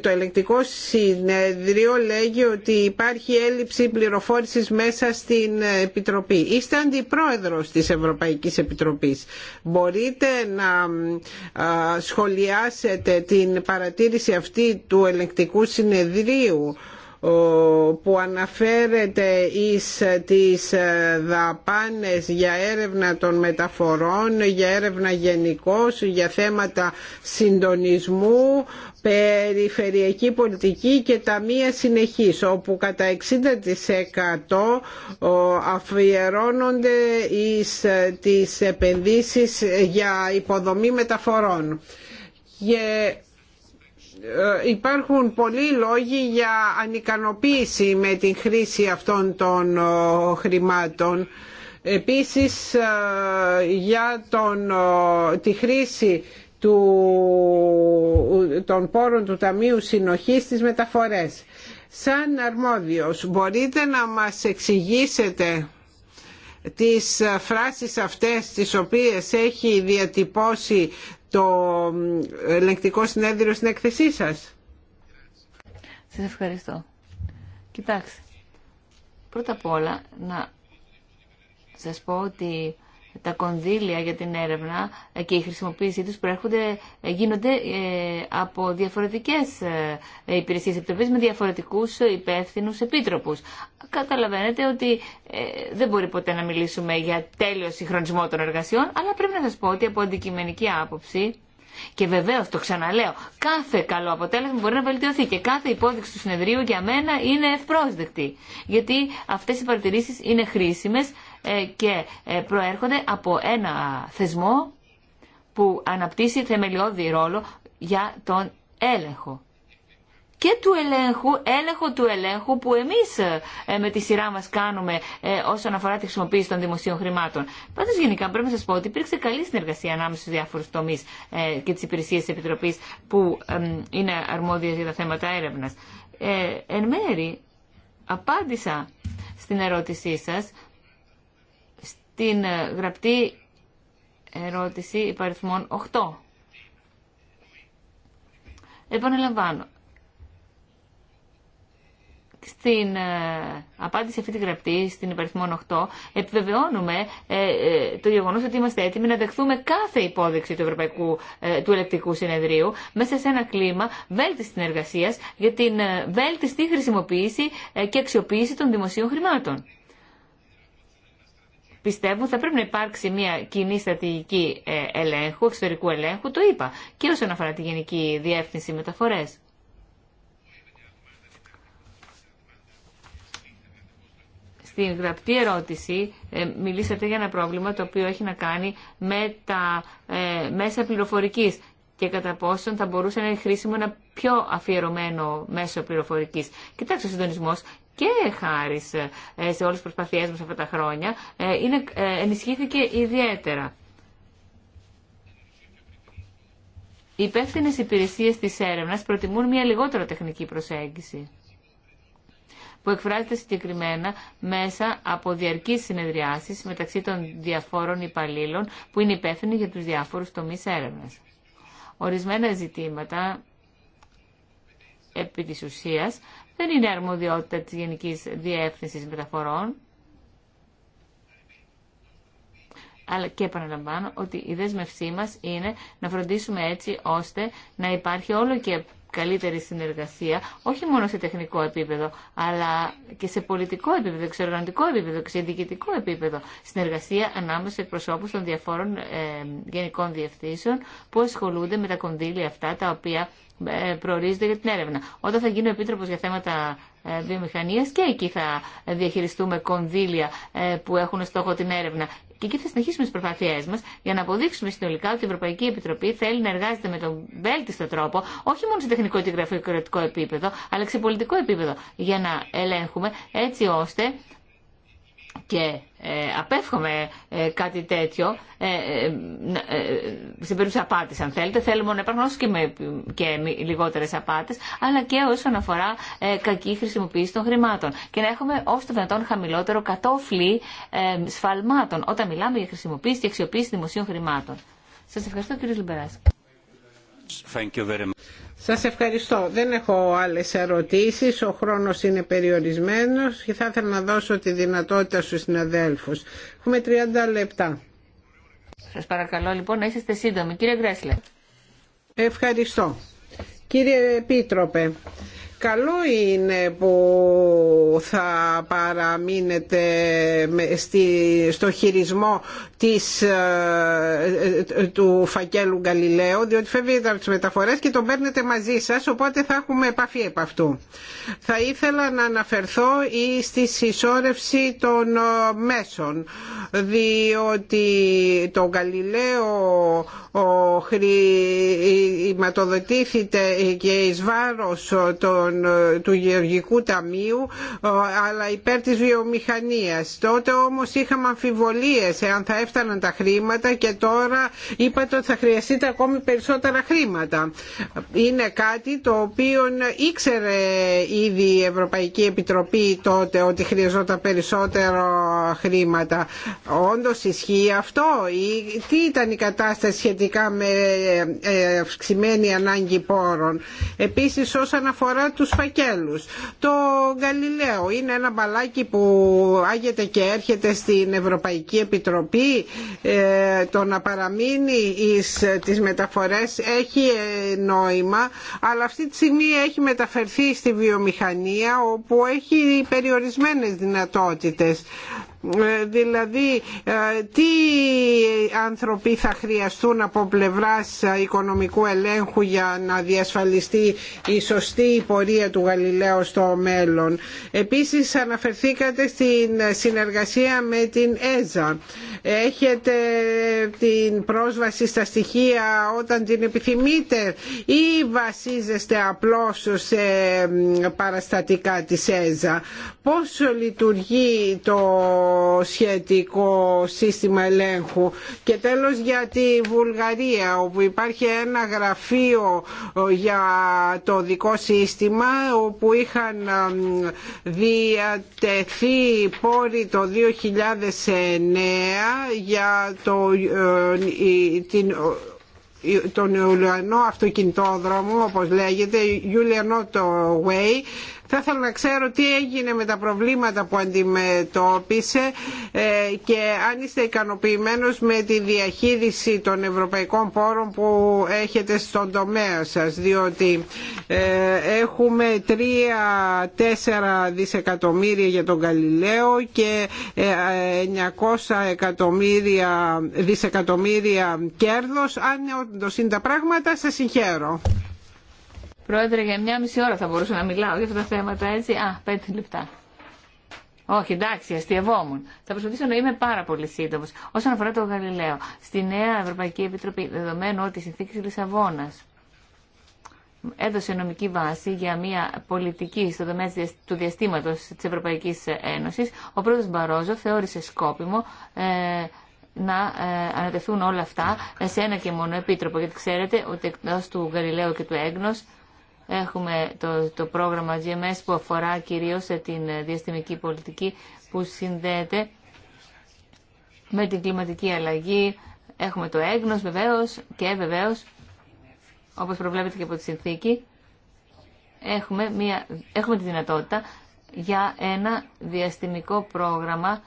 το Ελεκτικό συνεδρίο λέγει ότι υπάρχει έλλειψη πληροφόρησης μέσα στην Επιτροπή. Είστε αντιπρόεδρος της Ευρωπαϊκής Επιτροπής. Μπορείτε να σχολιάσετε την παρατήρηση αυτή του Ελεκτικού συνεδρίου που αναφέρεται εις τις δαπάνες για έρευνα των μεταφορών, για έρευνα γενικώ, για θέματα συντονισμού, περιφερειακή πολιτική και ταμεία συνεχής όπου κατά 60% αφιερώνονται εις τις επενδύσεις για υποδομή μεταφορών. Και ε, υπάρχουν πολλοί λόγοι για ανικανοποίηση με την χρήση αυτών των χρημάτων. Επίσης ε, για τον, τη χρήση του, των πόρων του Ταμείου Συνοχής στις μεταφορές. Σαν αρμόδιος, μπορείτε να μας εξηγήσετε τις φράσεις αυτές τις οποίες έχει διατυπώσει το ελεγκτικό συνέδριο στην έκθεσή σας. Σας ευχαριστώ. Κοιτάξτε, πρώτα απ' όλα να σας πω ότι τα κονδύλια για την έρευνα και η χρησιμοποίησή τους προέρχονται, ε, γίνονται ε, από διαφορετικές ε, υπηρεσίες επιτροπής με διαφορετικούς υπεύθυνου επιτροπούς. Καταλαβαίνετε ότι δεν μπορεί ποτέ να μιλήσουμε για τέλειο συγχρονισμό των εργασιών, αλλά πρέπει να σας πω ότι από αντικειμενική άποψη και βεβαίω το ξαναλέω, κάθε καλό αποτέλεσμα μπορεί να βελτιωθεί και κάθε υπόδειξη του συνεδρίου για μένα είναι ευπρόσδεκτη. Γιατί αυτέ οι παρατηρήσει είναι χρήσιμε ε, και ε, προέρχονται από ένα θεσμό που αναπτύσσει θεμελιώδη ρόλο για τον έλεγχο. Και του ελέγχου, έλεγχο του ελέγχου που εμείς ε, με τη σειρά μας κάνουμε ε, όσον αφορά τη χρησιμοποίηση των δημοσίων χρημάτων. Πάντως γενικά πρέπει να σας πω ότι υπήρξε καλή συνεργασία ανάμεσα στους διάφορους τομείς ε, και τις υπηρεσίες της Επιτροπής που είναι αρμόδιες για τα θέματα έρευνας. Εν μέρη απάντησα στην ερώτησή σας την ε, γραπτή ερώτηση υπαριθμών 8. Επαναλαμβάνω. Στην ε, απάντηση αυτή τη γραπτή, στην υπαριθμόν 8, επιβεβαιώνουμε ε, το γεγονός ότι είμαστε έτοιμοι να δεχθούμε κάθε υπόδειξη του Ευρωπαϊκού του Ελεκτικού Συνεδρίου μέσα σε ένα κλίμα βέλτιστη συνεργασίας για την βέλτιστη χρησιμοποίηση και αξιοποίηση των δημοσίων χρημάτων πιστεύουν θα πρέπει να υπάρξει μια κοινή στρατηγική ε, ελέγχου, εξωτερικού ελέγχου, το είπα, και όσον αφορά τη Γενική Διεύθυνση Μεταφορές. Στην γραπτή ερώτηση ε, μιλήσατε για ένα πρόβλημα το οποίο έχει να κάνει με τα ε, μέσα πληροφορικής και κατά πόσον θα μπορούσε να είναι χρήσιμο ένα πιο αφιερωμένο μέσο πληροφορικής. Κοιτάξτε, ο συντονισμό και χάρη σε ε, όλες τις προσπαθειές μας αυτά τα χρόνια ε, είναι, ε, ενισχύθηκε ιδιαίτερα. Οι υπεύθυνε υπηρεσίε τη έρευνα προτιμούν μια λιγότερο τεχνική προσέγγιση που εκφράζεται συγκεκριμένα μέσα από διαρκείς συνεδριάσεις μεταξύ των διαφόρων υπαλλήλων που είναι υπεύθυνοι για τους διάφορους τομείς έρευνας. Ορισμένα ζητήματα επί της ουσίας δεν είναι αρμοδιότητα της Γενικής Διεύθυνσης Μεταφορών. Αλλά και επαναλαμβάνω ότι η δέσμευσή μας είναι να φροντίσουμε έτσι ώστε να υπάρχει όλο και καλύτερη συνεργασία, όχι μόνο σε τεχνικό επίπεδο, αλλά και σε πολιτικό επίπεδο, σε οργανωτικό επίπεδο, σε διοικητικό επίπεδο. Συνεργασία ανάμεσα σε εκπροσώπους των διαφόρων ε, γενικών διευθύνσεων που ασχολούνται με τα κονδύλια αυτά τα οποία ε, προορίζονται για την έρευνα. Όταν θα ο επίτροπο για θέματα ε, βιομηχανίας, και εκεί θα διαχειριστούμε κονδύλια που έχουν στόχο την έρευνα και εκεί θα συνεχίσουμε τι προσπαθίε μα για να αποδείξουμε συνολικά ότι η Ευρωπαϊκή Επιτροπή θέλει να εργάζεται με τον βέλτιστο τρόπο, όχι μόνο σε τεχνικό και γραφειοκρατικό επίπεδο, αλλά και σε πολιτικό επίπεδο, για να ελέγχουμε έτσι ώστε και ε, απέφχομαι ε, κάτι τέτοιο ε, στην περίπτωση απάτη, αν θέλετε. Θέλουμε να υπάρχουν όσο και, με, και λιγότερε απάτε, αλλά και όσον αφορά κακή χρησιμοποίηση των χρημάτων. Και να έχουμε όσο το δυνατόν χαμηλότερο κατόφλι σφαλμάτων όταν μιλάμε για χρησιμοποίηση και αξιοποίηση δημοσίων χρημάτων. Σα ευχαριστώ, κύριε Λιμπεράς. Σας ευχαριστώ. Δεν έχω άλλες ερωτήσεις. Ο χρόνος είναι περιορισμένος και θα ήθελα να δώσω τη δυνατότητα στους συναδέλφους. Έχουμε 30 λεπτά. Σας παρακαλώ λοιπόν να είστε σύντομοι. Κύριε Γκρέσλε. Ευχαριστώ. Κύριε Επίτροπε, Καλό είναι που θα παραμείνετε στο χειρισμό της, ε, ε, του φακέλου Γαλιλαίου διότι φεύγετε από τις μεταφορές και τον παίρνετε μαζί σας οπότε θα έχουμε επαφή επ' αυτού. Θα ήθελα να αναφερθώ ή στη συσσόρευση των ε, μέσων διότι το Γαλιλαίο χρηματοδοτήθηκε και εις βάρος των ε, του Γεωργικού Ταμείου ε, αλλά υπέρ της βιομηχανίας. Τότε όμως είχαμε αμφιβολίες εάν θα έφταναν τα χρήματα και τώρα είπατε ότι θα χρειαστείτε ακόμη περισσότερα χρήματα. Είναι κάτι το οποίο ήξερε ήδη η Ευρωπαϊκή Επιτροπή τότε ότι χρειαζόταν περισσότερο χρήματα. Όντως ισχύει αυτό ή τι ήταν η κατάσταση σχετικά με ε, αυξημένη ανάγκη πόρων. Επίσης όσον αφορά τους φακέλους. Το Γαλιλαίο είναι ένα μπαλάκι που άγεται και έρχεται στην Ευρωπαϊκή Επιτροπή. Ε, το να παραμείνει εις τις μεταφορές έχει ε, νόημα, αλλά αυτή τη στιγμή έχει μεταφερθεί στη βιομηχανία όπου έχει περιορισμένες δυνατότητες. Ε, δηλαδή ε, τι άνθρωποι θα χρειαστούν από πλευράς οικονομικού ελέγχου για να διασφαλιστεί η σωστή πορεία του Γαλιλαίου στο μέλλον. Επίσης αναφερθήκατε στην συνεργασία με την ΕΖΑ. Έχετε την πρόσβαση στα στοιχεία όταν την επιθυμείτε ή βασίζεστε απλώς σε παραστατικά της ΕΖΑ. Πώς λειτουργεί το σχετικό σύστημα ελέγχου. Και τέλος για τη Βουλγαρία όπου υπάρχει ένα γραφείο ε, για το δικό σύστημα όπου είχαν ε, διατεθεί πόροι το 2009 για το, ε, την τον Ιουλιανό αυτοκινητόδρομο όπως λέγεται Ιουλιανό το Way θα ήθελα να ξέρω τι έγινε με τα προβλήματα που αντιμετώπισε ε, και αν είστε ικανοποιημένος με τη διαχείριση των ευρωπαϊκών πόρων που έχετε στον τομέα σας διότι ε, έχουμε 3-4 δισεκατομμύρια για τον Γαλιλαίο και 900 ε, εκατομμύρια, δισεκατομμύρια κέρδος αν όντως είναι τα πράγματα σας συγχαίρω. Πρόεδρε, για μια μισή ώρα θα μπορούσα να μιλάω για αυτά τα θέματα, έτσι. Α, πέντε λεπτά. Όχι, εντάξει, αστειευόμουν. Θα προσπαθήσω να είμαι πάρα πολύ σύντομο. Όσον αφορά το Γαλιλαίο, στη νέα Ευρωπαϊκή Επιτροπή, δεδομένου ότι η συνθήκη τη Λισαβόνα έδωσε νομική βάση για μια πολιτική στο τομέα του διαστήματο τη Ευρωπαϊκή Ένωση, ο πρόεδρο Μπαρόζο θεώρησε σκόπιμο ε, να ε, ανατεθούν όλα αυτά σε ένα και μόνο επίτροπο. Γιατί ξέρετε ότι εκτό του Γαλιλαίου και του Έγνωσου. Έχουμε το, το πρόγραμμα GMS που αφορά κυρίως σε την διαστημική πολιτική που συνδέεται με την κλιματική αλλαγή. Έχουμε το έγνος βεβαίως και βεβαίως, όπως προβλέπεται και από τη συνθήκη, έχουμε, μια, έχουμε τη δυνατότητα για ένα διαστημικό πρόγραμμα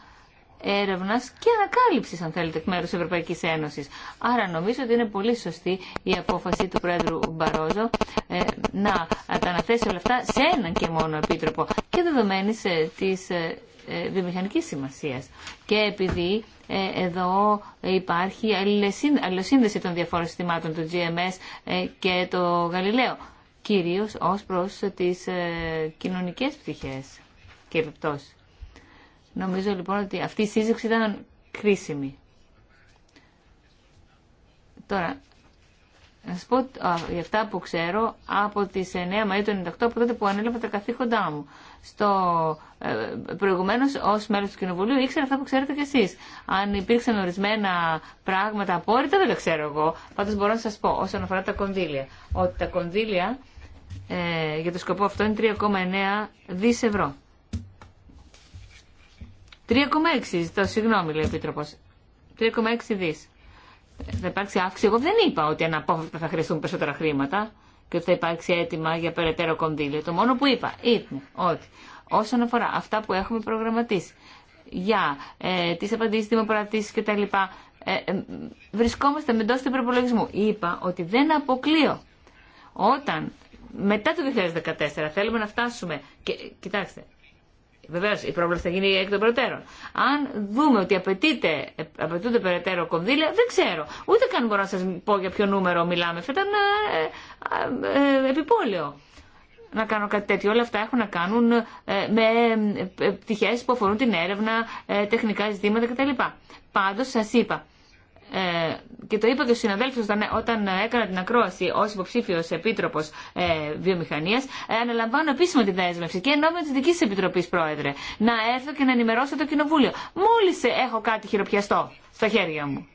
έρευνα και ανακάλυψη, αν θέλετε, εκ μέρου τη Ευρωπαϊκή Ένωση. Άρα νομίζω ότι είναι πολύ σωστή η απόφαση του Πρόεδρου Μπαρόζο ε, να τα αναθέσει όλα αυτά σε έναν και μόνο επίτροπο και δεδομένη ε, τη ε, βιομηχανική σημασία. Και επειδή εδώ υπάρχει αλληλοσύνδεση των διαφόρων συστημάτων του GMS και το Γαλιλαίο, κυρίως ως προς τις ε, κοινωνικές πτυχές και επιπτώσεις. Νομίζω λοιπόν ότι αυτή η σύζυξη ήταν κρίσιμη. Τώρα, να σα πω για αυτά που ξέρω από τι 9 Μαου του 1998, από τότε που ανέλαβα τα καθήκοντά μου. Στο, ε, προηγουμένως ως μέλος του Κοινοβουλίου ήξερα αυτά που ξέρετε κι εσείς. Αν υπήρξαν ορισμένα πράγματα απόρριτα δεν τα ξέρω εγώ. Πάντως μπορώ να σας πω όσον αφορά τα κονδύλια. Ότι τα κονδύλια ε, για το σκοπό αυτό είναι 3,9 δις ευρώ. 3,6, Ζητώ συγγνώμη λέει ο Επίτροπο. 3,6 δι. Θα υπάρξει αύξηση. Εγώ δεν είπα ότι αναπόφευκτα θα χρειαστούν περισσότερα χρήματα και ότι θα υπάρξει αίτημα για περαιτέρω κονδύλιο. Το μόνο που είπα ήταν ότι όσον αφορά αυτά που έχουμε προγραμματίσει για ε, τις απαντήσεις, κτλ. Ε, ε, βρισκόμαστε με του προπολογισμού. Είπα ότι δεν αποκλείω όταν μετά το 2014 θέλουμε να φτάσουμε και κοιτάξτε Βεβαίω, η πρόβλεψη θα γίνει εκ των προτέρων. Αν δούμε ότι απαιτούνται περαιτέρω κονδύλια, δεν ξέρω. Ούτε καν μπορώ να σα πω για ποιο νούμερο μιλάμε. Θα ήταν ε, ε, ε, επιπόλαιο να κάνω κάτι τέτοιο. Όλα αυτά έχουν να κάνουν με πτυχέ που αφορούν την έρευνα, τεχνικά ζητήματα κτλ. Πάντω, σα είπα, ε, και το είπα και στου συναδέλφου όταν έκανα την ακρόαση ως υποψήφιο επίτροπος ε, βιομηχανία, ε, αναλαμβάνω επίσημα τη δέσμευση και με τι δική τη επιτροπή, Πρόεδρε, να έρθω και να ενημερώσω το Κοινοβούλιο. Μόλις έχω κάτι χειροπιαστό στα χέρια μου.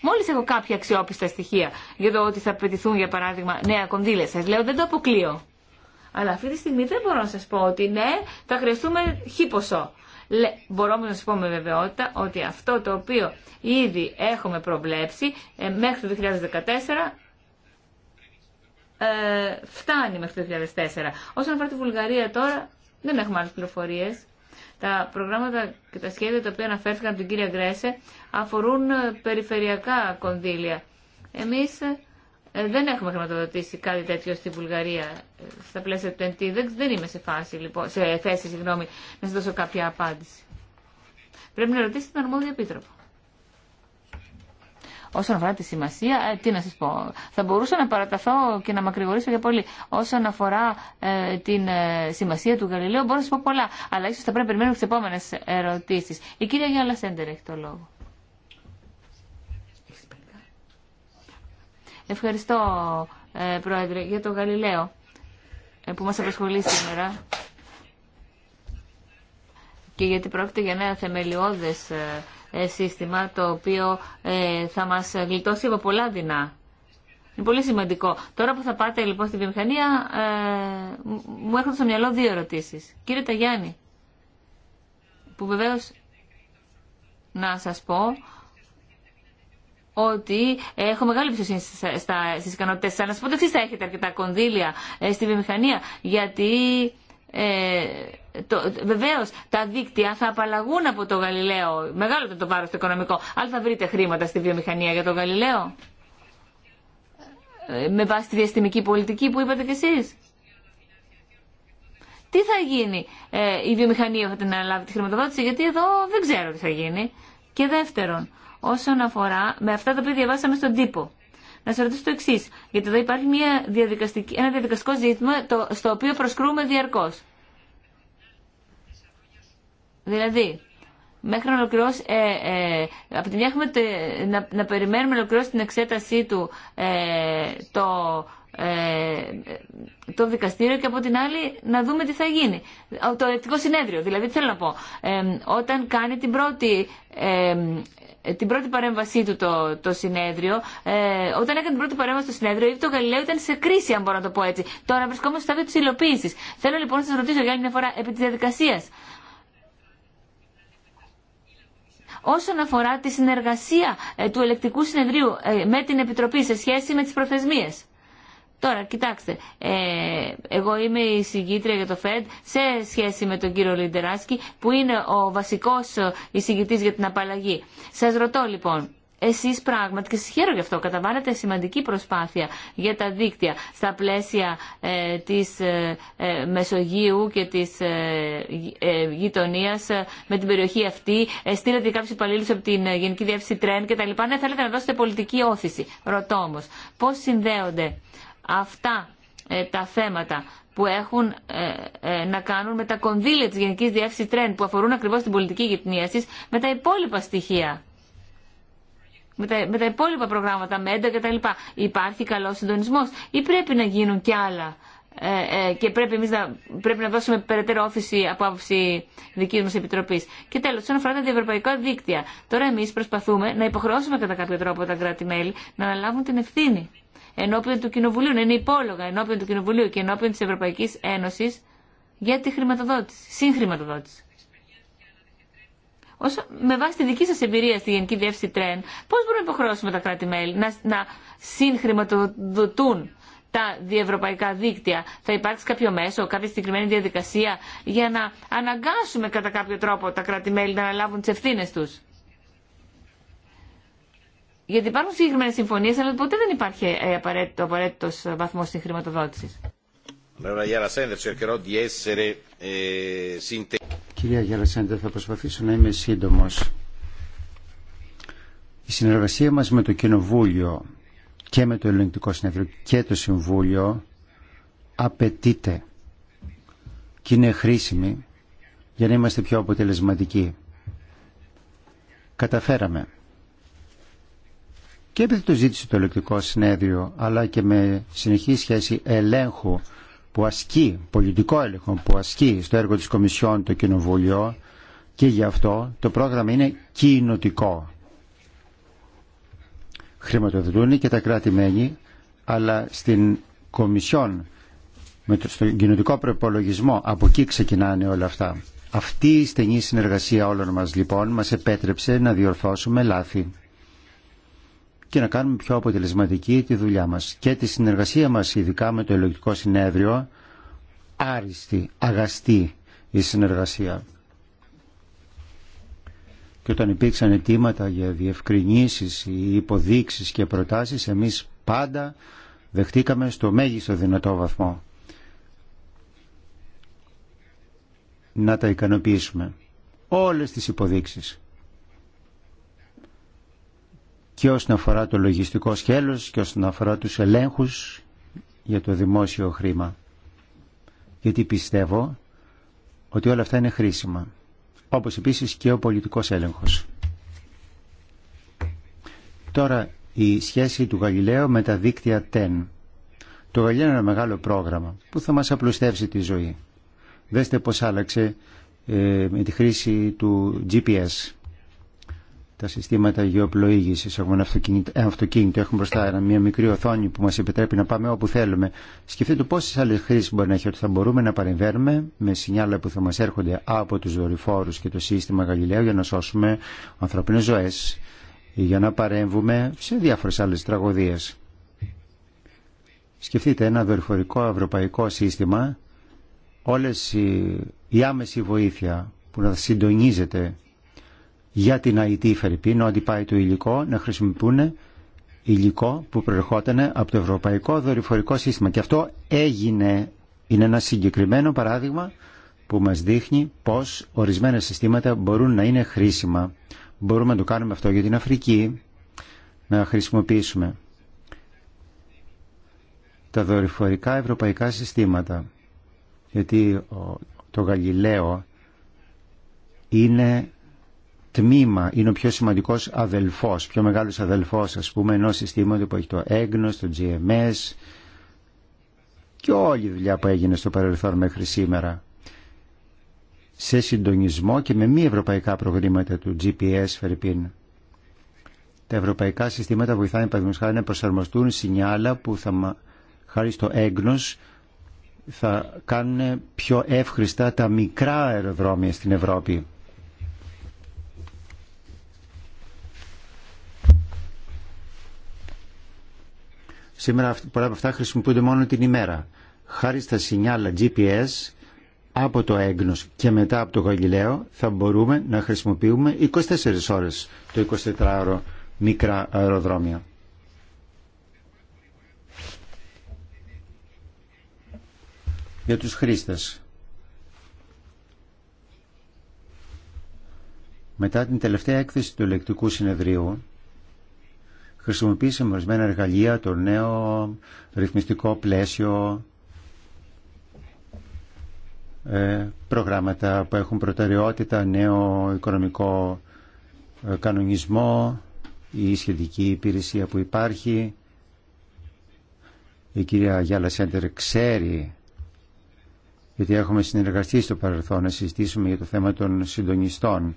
Μόλι έχω κάποια αξιόπιστα στοιχεία για το ότι θα απαιτηθούν για παράδειγμα, νέα κονδύλια, σα λέω δεν το αποκλείω. Αλλά αυτή τη στιγμή δεν μπορώ να σα πω ότι ναι, θα χρειαστούμε χίποσο. Μπορούμε να σας πω με βεβαιότητα ότι αυτό το οποίο ήδη έχουμε προβλέψει ε, μέχρι το 2014 ε, φτάνει μέχρι το 2004. Όσον αφορά τη Βουλγαρία τώρα, δεν έχουμε άλλες πληροφορίες. Τα προγράμματα και τα σχέδια τα οποία αναφέρθηκαν από την κυρία Γκρέσε αφορούν ε, περιφερειακά κονδύλια. Εμείς ε, δεν έχουμε χρηματοδοτήσει κάτι τέτοιο στη Βουλγαρία ε, στα πλαίσια του NT. Δεν, δεν είμαι σε, φάση, λοιπόν, σε θέση συγγνώμη, να σα δώσω κάποια απάντηση. Πρέπει να ρωτήσετε τον αρμόδιο επίτροπο. Όσον αφορά τη σημασία, ε, τι να σας πω, θα μπορούσα να παραταθώ και να μακρηγορήσω για πολύ. Όσον αφορά ε, την ε, σημασία του Γαλιλαίου, μπορώ να σας πω πολλά, αλλά ίσως θα πρέπει να περιμένουμε τις επόμενες ερωτήσεις. Η κυρία Γιάννα Σέντερ έχει το λόγο. Ευχαριστώ, ε, Πρόεδρε, για το Γαλιλαίο ε, που μας απασχολεί σήμερα και γιατί πρόκειται για ένα θεμελιώδες ε, σύστημα το οποίο θα μας γλιτώσει από πολλά δεινά. Είναι πολύ σημαντικό. Τώρα που θα πάτε λοιπόν στη βιομηχανία μου έρχονται στο μυαλό δύο ερωτήσεις. Κύριε Ταγιάννη, που βεβαίως να σας πω ότι έχω μεγάλη εμπιστοσύνη στι ικανότητε σα πω ότι εσεί θα έχετε αρκετά κονδύλια ε, στη βιομηχανία, γιατί ε, βεβαίω τα δίκτυα θα απαλλαγούν από το Γαλιλαίο. Μεγάλο το βάρο το οικονομικό. Αλλά θα βρείτε χρήματα στη βιομηχανία για το Γαλιλαίο. Ε, με βάση τη διαστημική πολιτική που είπατε κι εσεί. Τι θα γίνει, ε, η βιομηχανία θα την αναλάβει τη χρηματοδότηση, γιατί εδώ δεν ξέρω τι θα γίνει. Και δεύτερον, όσον αφορά με αυτά τα οποία διαβάσαμε στον τύπο. Να σα ρωτήσω το εξή, γιατί εδώ υπάρχει μια διαδικαστική, ένα διαδικαστικό ζήτημα το, στο οποίο προσκρούμε διαρκώ. Δηλαδή, μέχρι να ολοκληρώσει, ε, ε, από τη μια έχουμε να, να περιμένουμε να ολοκληρώσει την εξέτασή του ε, το, ε, το δικαστήριο και από την άλλη να δούμε τι θα γίνει. Το ελεκτικό συνέδριο, δηλαδή τι θέλω να πω. Ε, όταν κάνει την πρώτη ε, ε, την πρώτη παρέμβασή του το, το συνέδριο, ε, όταν έκανε την πρώτη παρέμβαση το συνέδριο, είπε το Γαλιλαίο ήταν σε κρίση, αν μπορώ να το πω έτσι. Τώρα βρισκόμαστε στο στάδιο τη υλοποίηση. Θέλω λοιπόν να σα ρωτήσω για άλλη μια φορά επί τη διαδικασία. Όσον αφορά τη συνεργασία ε, του ελεκτικού συνεδρίου ε, με την Επιτροπή σε σχέση με τις προθεσμίες. Τώρα, κοιτάξτε, ε, εγώ είμαι η συγγήτρια για το ΦΕΔ σε σχέση με τον κύριο Λιντεράσκι, που είναι ο βασικός εισηγητής για την απαλλαγή. Σας ρωτώ λοιπόν, εσείς πράγματι, και σας χαίρω γι' αυτό, καταβάλλετε σημαντική προσπάθεια για τα δίκτυα στα πλαίσια ε, της ε, ε, Μεσογείου και της ε, ε, με την περιοχή αυτή. Στείλετε κάποιους υπαλλήλους από την Γενική Διεύθυνση Τρέν και τα λοιπά. Ναι, θέλετε να δώσετε πολιτική όθηση. Ρωτώ όμως, πώς συνδέονται αυτά ε, τα θέματα που έχουν ε, ε, να κάνουν με τα κονδύλια της Γενικής Διεύθυνσης Τρέν που αφορούν ακριβώς την πολιτική γυπνίασης με τα υπόλοιπα στοιχεία. Με τα, με υπόλοιπα προγράμματα, με έντα κτλ. Υπάρχει καλός συντονισμός ή πρέπει να γίνουν κι άλλα και πρέπει, εμείς να, πρέπει να δώσουμε περαιτέρω όφηση από άποψη δική μας επιτροπή. Και τέλος, όσον αφορά τα διευρωπαϊκά δίκτυα, τώρα εμεί προσπαθούμε να υποχρεώσουμε κατά κάποιο τρόπο τα κράτη-μέλη να αναλάβουν την ευθύνη ενώπιον του Κοινοβουλίου, να είναι υπόλογα ενώπιον του Κοινοβουλίου και ενώπιον τη Ευρωπαϊκή Ένωση για τη χρηματοδότηση, συγχρηματοδότηση. Όσο, με βάση τη δική σα εμπειρία στη Γενική Διεύθυνση Τρέν, πώ μπορούμε να υποχρεώσουμε τα κράτη-μέλη να, να συγχρηματοδοτούν τα διευρωπαϊκά δίκτυα. Θα υπάρξει κάποιο μέσο, κάποια συγκεκριμένη διαδικασία για να αναγκάσουμε κατά κάποιο τρόπο τα κράτη-μέλη να αναλάβουν τι ευθύνε του. Γιατί υπάρχουν συγκεκριμένε συμφωνίε, αλλά ποτέ δεν υπάρχει ε, απαραίτητο απαραίτητο βαθμό χρηματοδότηση. Κυρία Γιάννα θα προσπαθήσω να είμαι σύντομο. Η συνεργασία μας με το Κοινοβούλιο και με το Ελληνικό Συνέδριο και το Συμβούλιο απαιτείται και είναι χρήσιμη για να είμαστε πιο αποτελεσματικοί. Καταφέραμε και επειδή το ζήτησε το ελεκτικό συνέδριο αλλά και με συνεχή σχέση ελέγχου που ασκεί, πολιτικό έλεγχο που ασκεί στο έργο της Κομισιόν το Κοινοβούλιο και γι' αυτό το πρόγραμμα είναι κοινοτικό. Χρηματοδοτούν και τα κράτη-μέλη αλλά στην Κομισιόν με το, στον κοινοτικό προπολογισμό από εκεί ξεκινάνε όλα αυτά. Αυτή η στενή συνεργασία όλων μας λοιπόν μας επέτρεψε να διορθώσουμε λάθη και να κάνουμε πιο αποτελεσματική τη δουλειά μας και τη συνεργασία μας ειδικά με το Ελεκτικό Συνέδριο άριστη, αγαστή η συνεργασία. Και όταν υπήρξαν αιτήματα για διευκρινήσεις ή υποδείξεις και προτάσεις εμείς πάντα δεχτήκαμε στο μέγιστο δυνατό βαθμό να τα ικανοποιήσουμε όλες τις υποδείξεις και όσον αφορά το λογιστικό σκέλος και όσον αφορά τους ελέγχους για το δημόσιο χρήμα. Γιατί πιστεύω ότι όλα αυτά είναι χρήσιμα. Όπως επίσης και ο πολιτικός έλεγχος. Τώρα η σχέση του Γαλιλαίου με τα δίκτυα TEN. Το Γαλιλαίο είναι ένα μεγάλο πρόγραμμα που θα μας απλουστεύσει τη ζωή. Δέστε πώς άλλαξε ε, με τη χρήση του GPS τα συστήματα γεωπλοήγησης. Έχουμε ένα αυτοκίνητο, έχουμε μπροστά ένα, μια μικρή οθόνη που μα επιτρέπει να πάμε όπου θέλουμε. Σκεφτείτε πόσε άλλε χρήσει μπορεί να έχει ότι θα μπορούμε να παρεμβαίνουμε με σινιάλα που θα μα έρχονται από του δορυφόρου και το σύστημα Γαλιλαίου για να σώσουμε ανθρωπινε ζωέ ή για να παρέμβουμε σε διάφορε άλλε τραγωδίε. Σκεφτείτε ένα δορυφορικό ευρωπαϊκό σύστημα, όλες οι, η άμεση βοήθεια που να συντονίζεται για την ΑΕΤ Φερρυπίνο, ότι πάει το υλικό, να χρησιμοποιούν υλικό που προερχόταν από το Ευρωπαϊκό Δορυφορικό Σύστημα. Και αυτό έγινε, είναι ένα συγκεκριμένο παράδειγμα που μας δείχνει πως ορισμένα συστήματα μπορούν να είναι χρήσιμα. Μπορούμε να το κάνουμε αυτό για την Αφρική, να χρησιμοποιήσουμε τα δορυφορικά ευρωπαϊκά συστήματα. Γιατί το Γαλιλαίο είναι τμήμα είναι ο πιο σημαντικός αδελφός, πιο μεγάλος αδελφός ας πούμε ενός συστήματος που έχει το έγνος, το GMS και όλη η δουλειά που έγινε στο παρελθόν μέχρι σήμερα σε συντονισμό και με μη ευρωπαϊκά προγράμματα του GPS Φερρυπίν. Τα ευρωπαϊκά συστήματα βοηθάνε παραδείγματος να προσαρμοστούν σινιάλα που θα, χάρη στο έγνος θα κάνουν πιο εύχριστα τα μικρά αεροδρόμια στην Ευρώπη. Σήμερα πολλά από αυτά χρησιμοποιούνται μόνο την ημέρα. Χάρη στα σινιάλα GPS από το έγνος και μετά από το γαγγελέο θα μπορούμε να χρησιμοποιούμε 24 ώρες το 24ωρο μικρά αεροδρόμια. Για τους χρήστες. Μετά την τελευταία έκθεση του ηλεκτρικού συνεδρίου χρησιμοποίησαμε ορισμένα εργαλεία, το νέο ρυθμιστικό πλαίσιο, ε, προγράμματα που έχουν προτεραιότητα, νέο οικονομικό ε, κανονισμό, η σχετική υπηρεσία που υπάρχει. Η κυρία Γιάλα Σέντερ ξέρει γιατί έχουμε συνεργαστεί στο παρελθόν να συζητήσουμε για το θέμα των συντονιστών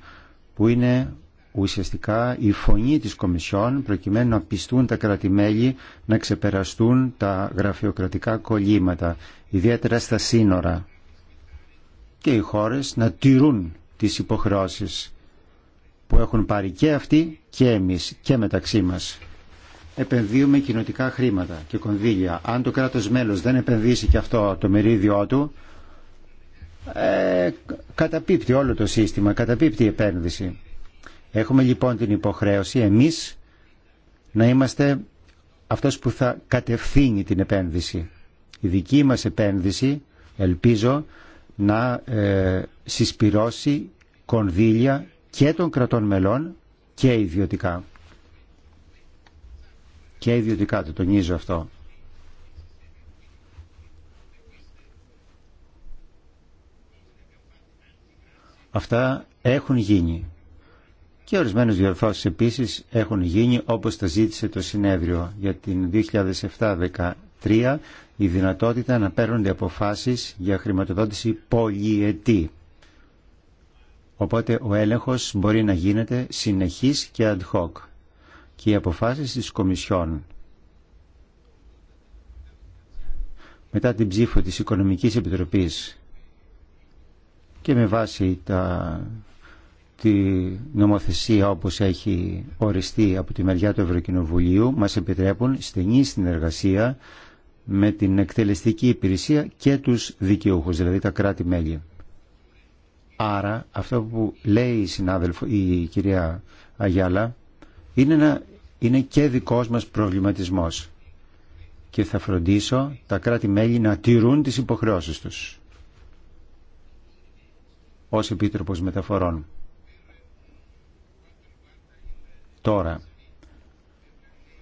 που είναι ουσιαστικά η φωνή της Κομισιόν προκειμένου να πιστούν τα κρατημέλη να ξεπεραστούν τα γραφειοκρατικά κολλήματα, ιδιαίτερα στα σύνορα και οι χώρες να τηρούν τις υποχρεώσεις που έχουν πάρει και αυτοί και εμείς και μεταξύ μας. Επενδύουμε κοινοτικά χρήματα και κονδύλια. Αν το κράτος μέλος δεν επενδύσει και αυτό το μερίδιό του, ε, καταπίπτει όλο το σύστημα, καταπίπτει η επένδυση. Έχουμε λοιπόν την υποχρέωση εμείς να είμαστε αυτός που θα κατευθύνει την επένδυση. Η δική μας επένδυση, ελπίζω, να ε, συσπυρώσει κονδύλια και των κρατών μελών και ιδιωτικά. Και ιδιωτικά, το τονίζω αυτό. Αυτά έχουν γίνει και ορισμένες διορθώσεις επίσης έχουν γίνει όπως τα ζήτησε το συνέδριο για την 2007 2013 η δυνατότητα να παίρνονται αποφάσεις για χρηματοδότηση πολυετή. Οπότε ο έλεγχος μπορεί να γίνεται συνεχής και ad hoc και οι αποφάσεις της Κομισιόν μετά την ψήφο της Οικονομικής Επιτροπής και με βάση τα τη νομοθεσία όπως έχει οριστεί από τη μεριά του Ευρωκοινοβουλίου μας επιτρέπουν στενή συνεργασία με την εκτελεστική υπηρεσία και τους δικαιούχους, δηλαδή τα κράτη-μέλη. Άρα αυτό που λέει η, η κυρία Αγιάλα είναι, ένα, είναι και δικός μας προβληματισμός και θα φροντίσω τα κράτη-μέλη να τηρούν τις υποχρεώσεις τους ως Επίτροπος Μεταφορών. Τώρα,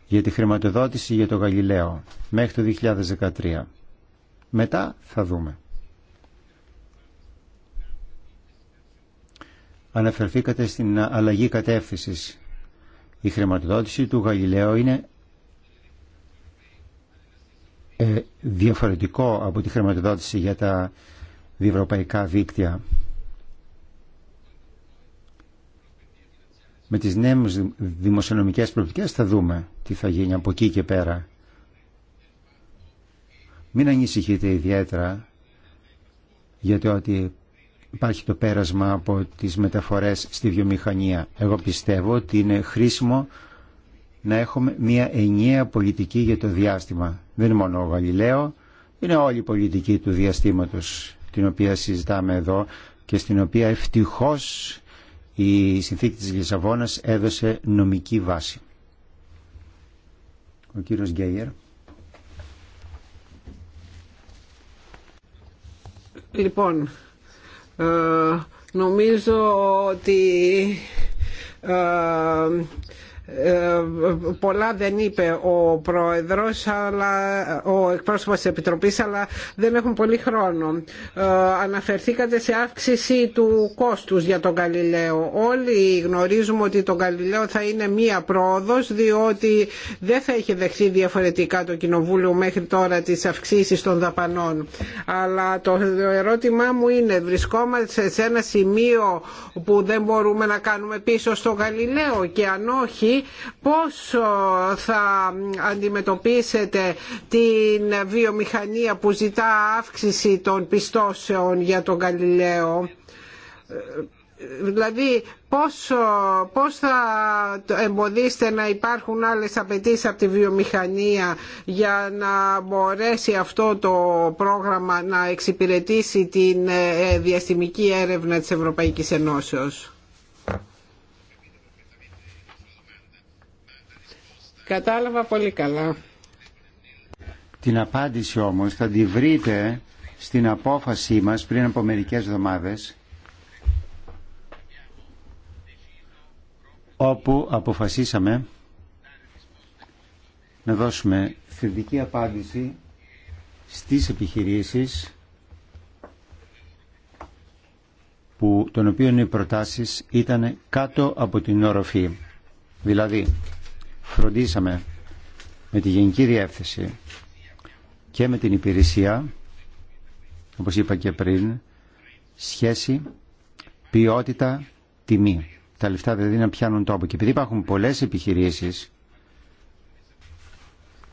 για τη χρηματοδότηση για το Γαλιλαίο μέχρι το 2013. Μετά θα δούμε. Αναφερθήκατε στην αλλαγή κατεύθυνσης. Η χρηματοδότηση του Γαλιλαίου είναι ε, διαφορετικό από τη χρηματοδότηση για τα διευρωπαϊκά δίκτυα. με τις νέες δημοσιονομικές προοπτικές θα δούμε τι θα γίνει από εκεί και πέρα. Μην ανησυχείτε ιδιαίτερα γιατί ότι υπάρχει το πέρασμα από τις μεταφορές στη βιομηχανία. Εγώ πιστεύω ότι είναι χρήσιμο να έχουμε μια ενιαία πολιτική για το διάστημα. Δεν είναι μόνο ο Γαλιλαίο, είναι όλη η πολιτική του διαστήματος την οποία συζητάμε εδώ και στην οποία ευτυχώς η συνθήκη της Λισαβόνας έδωσε νομική βάση. Ο κύριος Γκέιερ. Λοιπόν, ε, νομίζω ότι ε, ε, πολλά δεν είπε ο πρόεδρος αλλά ο εκπρόσωπος της Επιτροπής αλλά δεν έχουν πολύ χρόνο ε, αναφερθήκατε σε αύξηση του κόστους για τον Καλλιλέο όλοι γνωρίζουμε ότι τον Καλλιλέο θα είναι μία πρόοδος διότι δεν θα έχει δεχθεί διαφορετικά το Κοινοβούλιο μέχρι τώρα τις αυξήσεις των δαπανών αλλά το ερώτημά μου είναι βρισκόμαστε σε ένα σημείο που δεν μπορούμε να κάνουμε πίσω στο Γαλιλαίο και αν όχι πώς θα αντιμετωπίσετε την βιομηχανία που ζητά αύξηση των πιστώσεων για τον Γαλιλαίο δηλαδή πώς, πώς θα εμποδίσετε να υπάρχουν άλλες απαιτήσει από τη βιομηχανία για να μπορέσει αυτό το πρόγραμμα να εξυπηρετήσει την ε, διαστημική έρευνα της Ευρωπαϊκής Ενώσεως. Κατάλαβα πολύ καλά. Την απάντηση όμως θα τη βρείτε στην απόφασή μας πριν από μερικές εβδομάδες όπου αποφασίσαμε να δώσουμε θετική απάντηση στις επιχειρήσεις που, των οποίων οι προτάσεις ήταν κάτω από την οροφή. Δηλαδή, φροντίσαμε με τη Γενική Διεύθυνση και με την υπηρεσία, όπως είπα και πριν, σχέση, ποιότητα, τιμή. Τα λεφτά δηλαδή να πιάνουν τόπο. Και επειδή υπάρχουν πολλές επιχειρήσεις,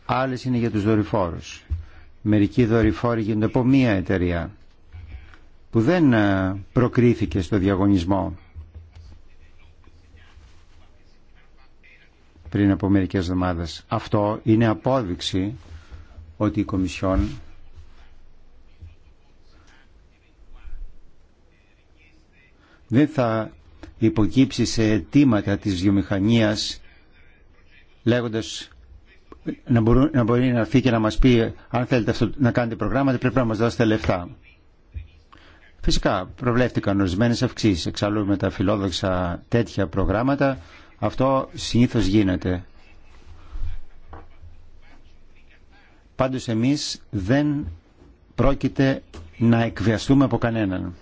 άλλες είναι για τους δορυφόρους. Μερικοί δορυφόροι γίνονται από μία εταιρεία που δεν ε, προκρίθηκε στο διαγωνισμό πριν από μερικές εβδομάδες. Αυτό είναι απόδειξη ότι η Κομισιόν δεν θα υποκύψει σε αιτήματα της βιομηχανίας λέγοντας να, μπορούν, να μπορεί να έρθει και να μας πει αν θέλετε να κάνετε προγράμματα πρέπει να μας δώσετε λεφτά. Φυσικά προβλέφτηκαν ορισμένε αυξήσει. Εξάλλου με τα φιλόδοξα τέτοια προγράμματα αυτό συνήθως γίνεται. Πάντως εμείς δεν πρόκειται να εκβιαστούμε από κανέναν.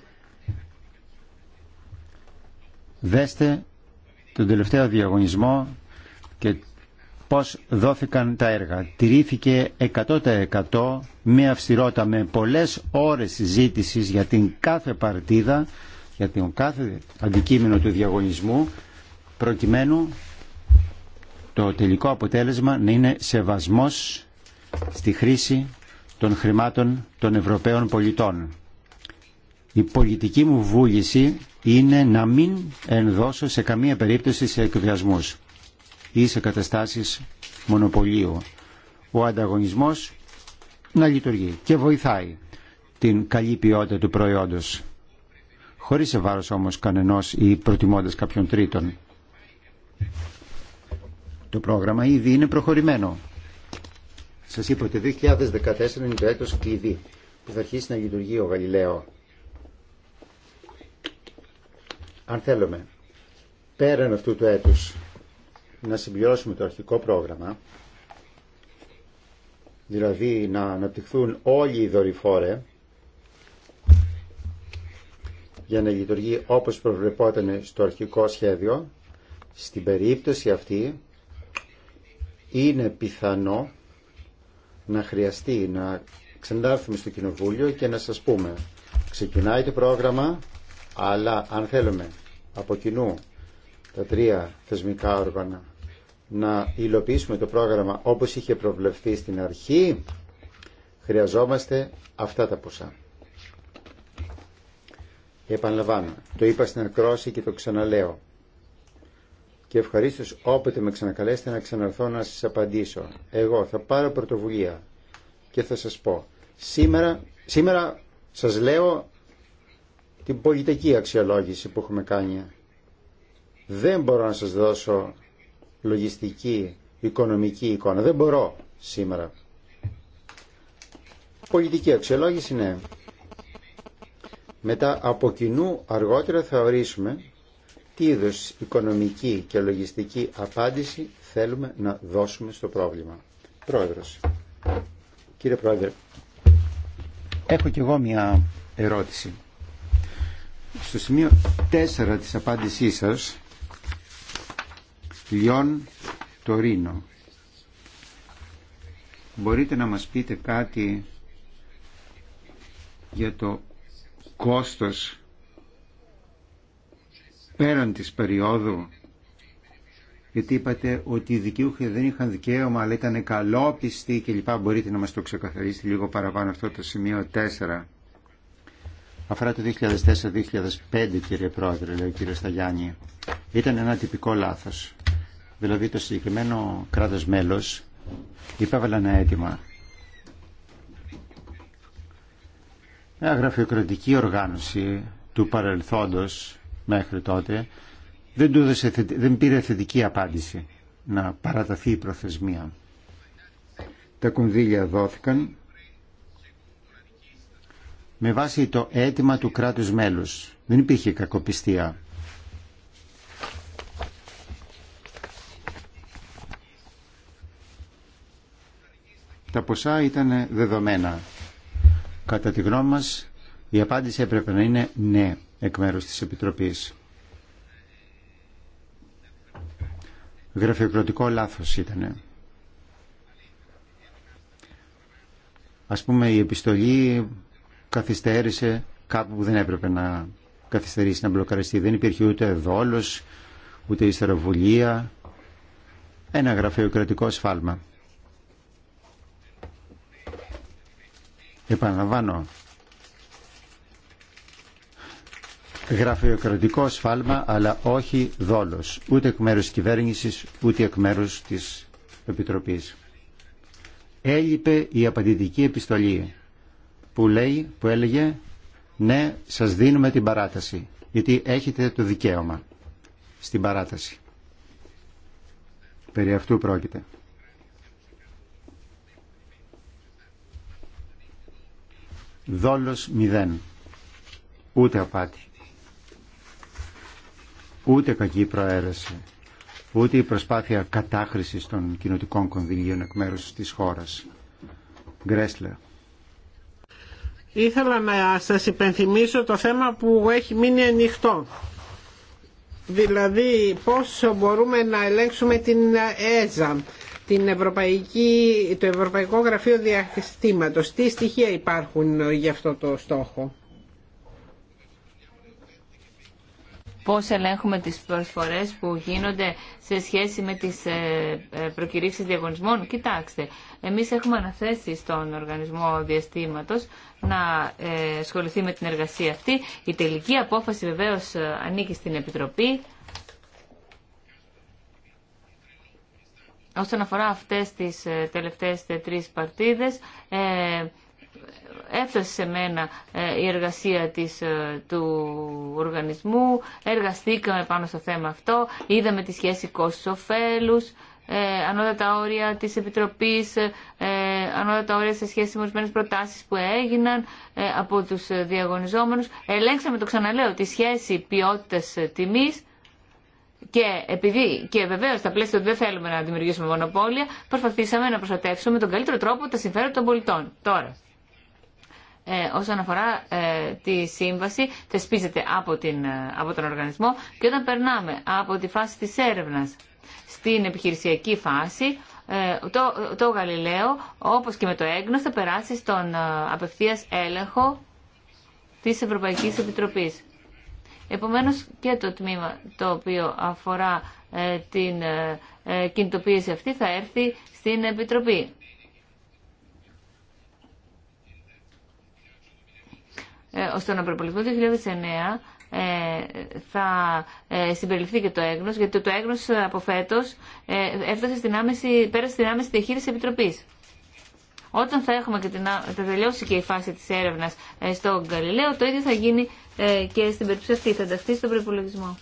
Δέστε τον τελευταίο διαγωνισμό και πώς δόθηκαν τα έργα. Τηρήθηκε 100% με αυστηρότητα, με πολλές ώρες συζήτησης για την κάθε παρτίδα, για τον κάθε αντικείμενο του διαγωνισμού προκειμένου το τελικό αποτέλεσμα να είναι σεβασμός στη χρήση των χρημάτων των Ευρωπαίων πολιτών. Η πολιτική μου βούληση είναι να μην ενδώσω σε καμία περίπτωση σε εκβιασμούς ή σε καταστάσεις μονοπωλίου. Ο ανταγωνισμός να λειτουργεί και βοηθάει την καλή ποιότητα του προϊόντος, χωρίς βάρος όμως κανενός ή προτιμώντας κάποιον τρίτον. Το πρόγραμμα ήδη είναι προχωρημένο. Σας είπα ότι το 2014 είναι το έτος κλειδί που θα αρχίσει να λειτουργεί ο Γαλιλαίο. Αν θέλουμε, πέραν αυτού του έτους, να συμπληρώσουμε το αρχικό πρόγραμμα, δηλαδή να αναπτυχθούν όλοι οι δορυφόρε για να λειτουργεί όπως προβλεπόταν στο αρχικό σχέδιο στην περίπτωση αυτή είναι πιθανό να χρειαστεί να ξανάρθουμε στο Κοινοβούλιο και να σας πούμε ξεκινάει το πρόγραμμα αλλά αν θέλουμε από κοινού τα τρία θεσμικά όργανα να υλοποιήσουμε το πρόγραμμα όπως είχε προβλεφθεί στην αρχή χρειαζόμαστε αυτά τα ποσά. Επαναλαμβάνω, το είπα στην Ακρόση και το ξαναλέω και ευχαρίστω όποτε με ξανακαλέσετε να ξαναρθώ να σα απαντήσω. Εγώ θα πάρω πρωτοβουλία και θα σας πω. Σήμερα, σήμερα σας λέω την πολιτική αξιολόγηση που έχουμε κάνει. Δεν μπορώ να σας δώσω λογιστική, οικονομική εικόνα. Δεν μπορώ σήμερα. Πολιτική αξιολόγηση, ναι. Μετά από κοινού αργότερα θα ορίσουμε τι οικονομική και λογιστική απάντηση θέλουμε να δώσουμε στο πρόβλημα. Πρόεδρος. Κύριε Πρόεδρε, έχω κι εγώ μια ερώτηση. Στο σημείο 4 της απάντησής σας, Λιόν Τωρίνο, μπορείτε να μας πείτε κάτι για το κόστος πέραν της περίοδου γιατί είπατε ότι οι δικαιούχοι δεν είχαν δικαίωμα αλλά ήταν καλόπιστοι λοιπά Μπορείτε να μας το ξεκαθαρίσετε λίγο παραπάνω αυτό το σημείο 4. Αφορά το 2004-2005 κύριε Πρόεδρε, λέει ο κύριο Σταγιάννη. Ήταν ένα τυπικό λάθος. Δηλαδή το συγκεκριμένο κράτος μέλος υπέβαλε ένα αίτημα. Μια γραφειοκρατική οργάνωση του παρελθόντος μέχρι τότε δεν, πήρε θετική απάντηση να παραταθεί η προθεσμία. Τα κονδύλια δόθηκαν με βάση το αίτημα του κράτους μέλους. Δεν υπήρχε κακοπιστία. Τα ποσά ήταν δεδομένα. Κατά τη γνώμη μας η απάντηση έπρεπε να είναι ναι εκ μέρους της Επιτροπής. Γραφειοκρατικό λάθος ήταν. Ας πούμε η επιστολή καθυστέρησε κάπου που δεν έπρεπε να καθυστερήσει να μπλοκαριστεί. Δεν υπήρχε ούτε δόλος, ούτε ιστεροβουλία. Ένα γραφειοκρατικό σφάλμα. Επαναλαμβάνω, γραφειοκρατικό σφάλμα αλλά όχι δόλος ούτε εκ μέρους της κυβέρνησης ούτε εκ μέρους της Επιτροπής. Έλειπε η απαντητική επιστολή που, λέει, που έλεγε ναι σας δίνουμε την παράταση γιατί έχετε το δικαίωμα στην παράταση. Περί αυτού πρόκειται. Δόλος μηδέν. Ούτε απάτη ούτε κακή προαίρεση, ούτε η προσπάθεια κατάχρησης των κοινοτικών κονδυλίων εκ μέρους της χώρας. Γκρέσλερ. Ήθελα να σας υπενθυμίσω το θέμα που έχει μείνει ανοιχτό. Δηλαδή πώς μπορούμε να ελέγξουμε την ΕΖΑ, την Ευρωπαϊκή, το Ευρωπαϊκό Γραφείο Διαστήματος. Τι στοιχεία υπάρχουν για αυτό το στόχο. πώς ελέγχουμε τις προσφορές που γίνονται σε σχέση με τις ε, ε, προκηρύξεις διαγωνισμών. Κοιτάξτε, εμείς έχουμε αναθέσει στον οργανισμό διαστήματος να ε, ασχοληθεί με την εργασία αυτή. Η τελική απόφαση βεβαίως ανήκει στην Επιτροπή. Όσον αφορά αυτές τις τελευταίες τρεις παρτίδες, έφτασε σε μένα ε, η εργασία της, ε, του οργανισμού, εργαστήκαμε πάνω στο θέμα αυτό, είδαμε τη σχέση κόστος-οφέλους, ε, ανώτατα όρια της Επιτροπής, ε, ε ανώτατα όρια σε σχέση με ορισμένε προτάσεις που έγιναν από τους διαγωνιζόμενους. Ελέγξαμε, το ξαναλέω, τη σχέση ποιότητας τιμής και, επειδή, και βεβαίως στα πλαίσια ότι δεν θέλουμε να δημιουργήσουμε μονοπόλια, προσπαθήσαμε να προστατεύσουμε τον καλύτερο τρόπο τα συμφέροντα των πολιτών. Τώρα, ε, όσον αφορά ε, τη σύμβαση θεσπίζεται από, την, ε, από τον οργανισμό και όταν περνάμε από τη φάση της έρευνας στην επιχειρησιακή φάση ε, το, το Γαλιλαίο όπως και με το έγκνος θα περάσει στον ε, απευθείας έλεγχο της Ευρωπαϊκής Επιτροπής. Επομένως και το τμήμα το οποίο αφορά την κινητοποίηση αυτή θα έρθει στην Επιτροπή. ε, τον προπολογισμό 2009 θα ε, συμπεριληφθεί και το έγνος, γιατί το έγνος ε, από φέτος ε, έφτασε στην άμεση, πέρασε στην άμεση διαχείριση επιτροπής. Όταν θα έχουμε και την, τελειώσει και η φάση της έρευνας στο Γαλιλαίο, το ίδιο θα γίνει και στην περίπτωση αυτή, θα ενταχθεί στον προπολογισμό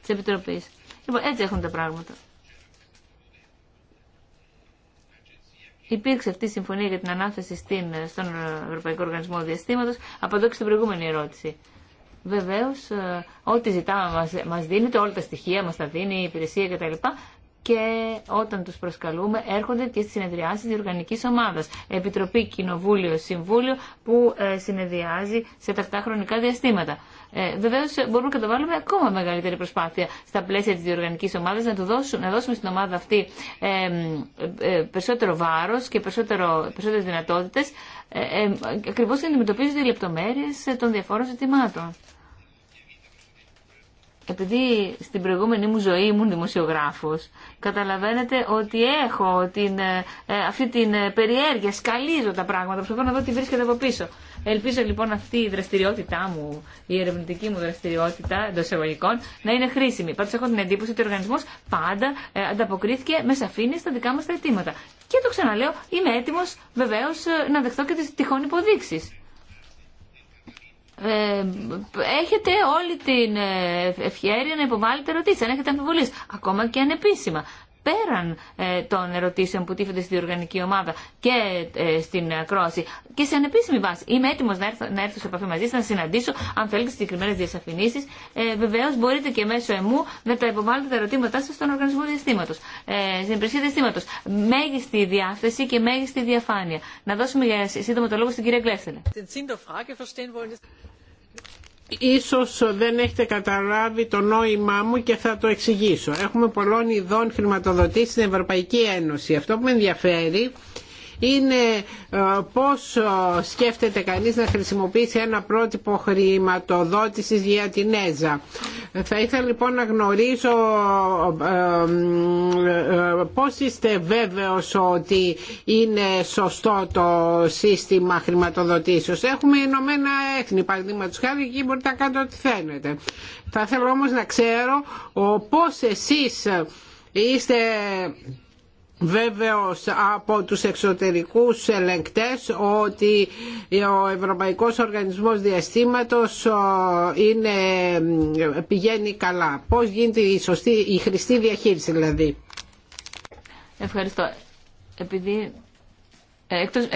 της Επιτροπής. Λοιπόν, έτσι έχουν τα πράγματα. υπήρξε αυτή η συμφωνία για την ανάθεση στην, στον Ευρωπαϊκό Οργανισμό Διαστήματο. Απαντώ και στην προηγούμενη ερώτηση. Βεβαίω, ε, ό,τι ζητάμε μας, δίνεται, όλα τα στοιχεία μας τα δίνει, η υπηρεσία κτλ. Και όταν τους προσκαλούμε έρχονται και συνεδριάσει τη οργανική ομάδα, Επιτροπή, Κοινοβούλιο, Συμβούλιο που ε, συνεδριάζει σε τακτά χρονικά διαστήματα. Ε, Βεβαίω ε, μπορούμε να βάλουμε ακόμα μεγαλύτερη προσπάθεια στα πλαίσια τη διοργανική ομάδα να, δώσουμε, να δώσουμε στην ομάδα αυτή ε, ε, περισσότερο βάρο και περισσότερε δυνατότητε ε, ακριβώ για να αντιμετωπίζονται οι λεπτομέρειε των διαφόρων ζητημάτων επειδή στην προηγούμενη μου ζωή ήμουν δημοσιογράφος, καταλαβαίνετε ότι έχω την, ε, ε, αυτή την ε, περιέργεια, σκαλίζω τα πράγματα, προσπαθώ να δω τι βρίσκεται από πίσω. Ελπίζω λοιπόν αυτή η δραστηριότητά μου, η ερευνητική μου δραστηριότητα εντό εισαγωγικών, να είναι χρήσιμη. Πάντω έχω την εντύπωση ότι ο οργανισμό πάντα ε, ανταποκρίθηκε με σαφήνεια στα δικά μα τα αιτήματα. Και το ξαναλέω, είμαι έτοιμο βεβαίω να δεχτώ και τι τυχόν υποδείξει ε, έχετε όλη την ε, ευχαίρεια να υποβάλλετε ερωτήσει, αν έχετε αμφιβολίε. ακόμα και ανεπίσημα πέραν ε, των ερωτήσεων που τίθενται στη διοργανική ομάδα και ε, στην ακρόαση και σε ανεπίσημη βάση. Είμαι έτοιμο να, έρθω, σε επαφή μαζί σα, να συναντήσω, αν θέλετε, συγκεκριμένε διασαφηνήσει. Ε, Βεβαίω μπορείτε και μέσω εμού να τα υποβάλλετε τα ερωτήματά σα στον οργανισμό διαστήματο, ε, στην υπηρεσία διαστήματο. Μέγιστη διάθεση και μέγιστη διαφάνεια. Να δώσουμε σύντομα το λόγο στην κυρία Γκλέφτελε. Ίσως δεν έχετε καταλάβει το νόημά μου και θα το εξηγήσω. Έχουμε πολλών ειδών χρηματοδοτήσει στην Ευρωπαϊκή Ένωση. Αυτό που με ενδιαφέρει είναι ε, πώς ε, σκέφτεται κανείς να χρησιμοποιήσει ένα πρότυπο χρηματοδότησης για την ΕΖΑ. Θα ήθελα λοιπόν να γνωρίζω ε, πώς είστε βέβαιος ότι είναι σωστό το σύστημα χρηματοδοτήσεως. Έχουμε ενωμένα Έθνη παραδείγματος χάρη εκεί μπορείτε να κάνετε ό,τι θέλετε. Θα θέλω όμως να ξέρω πώς εσείς είστε βέβαιος από τους εξωτερικούς ελεγκτές ότι ο Ευρωπαϊκός Οργανισμός Διαστήματος είναι, πηγαίνει καλά. Πώς γίνεται η, σωστή, η χρηστή διαχείριση δηλαδή. Ευχαριστώ. Επειδή ε, ε, εκτός,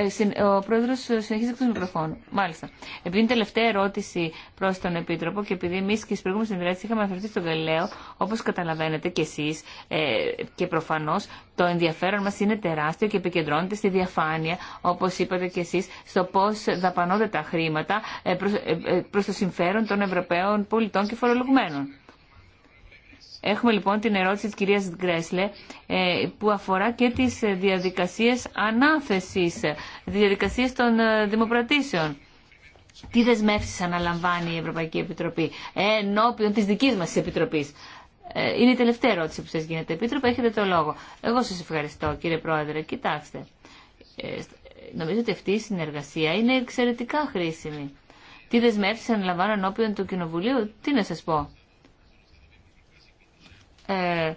ο πρόεδρο συνεχίζει εκτό μικροφώνου. Μάλιστα. Επειδή είναι τελευταία ερώτηση προ τον Επίτροπο και επειδή εμεί και στι προηγούμενε συνδράσει είχαμε αναφερθεί στον Γαλιλαίο, όπω καταλαβαίνετε κι εσεί ε, και προφανώ το ενδιαφέρον μα είναι τεράστιο και επικεντρώνεται στη διαφάνεια, όπω είπατε κι εσεί, στο πώ δαπανώνται τα χρήματα προ το συμφέρον των Ευρωπαίων πολιτών και φορολογουμένων. Έχουμε λοιπόν την ερώτηση της κυρίας Γκρέσλε ε, που αφορά και τις διαδικασίες ανάθεσης, διαδικασίες των ε, δημοπρατήσεων. Τι δεσμεύσεις αναλαμβάνει η Ευρωπαϊκή Επιτροπή ε, ενώπιον της δικής μας Επιτροπής. Είναι η τελευταία ερώτηση που σας γίνεται. Επίτροπε, έχετε το λόγο. Εγώ σας ευχαριστώ κύριε Πρόεδρε. Κοιτάξτε, νομίζω ότι αυτή η συνεργασία είναι εξαιρετικά χρήσιμη. Τι δεσμεύσεις αναλαμβάνω ενώπιον του Κοινοβουλίου, τι να σας πω. Ε,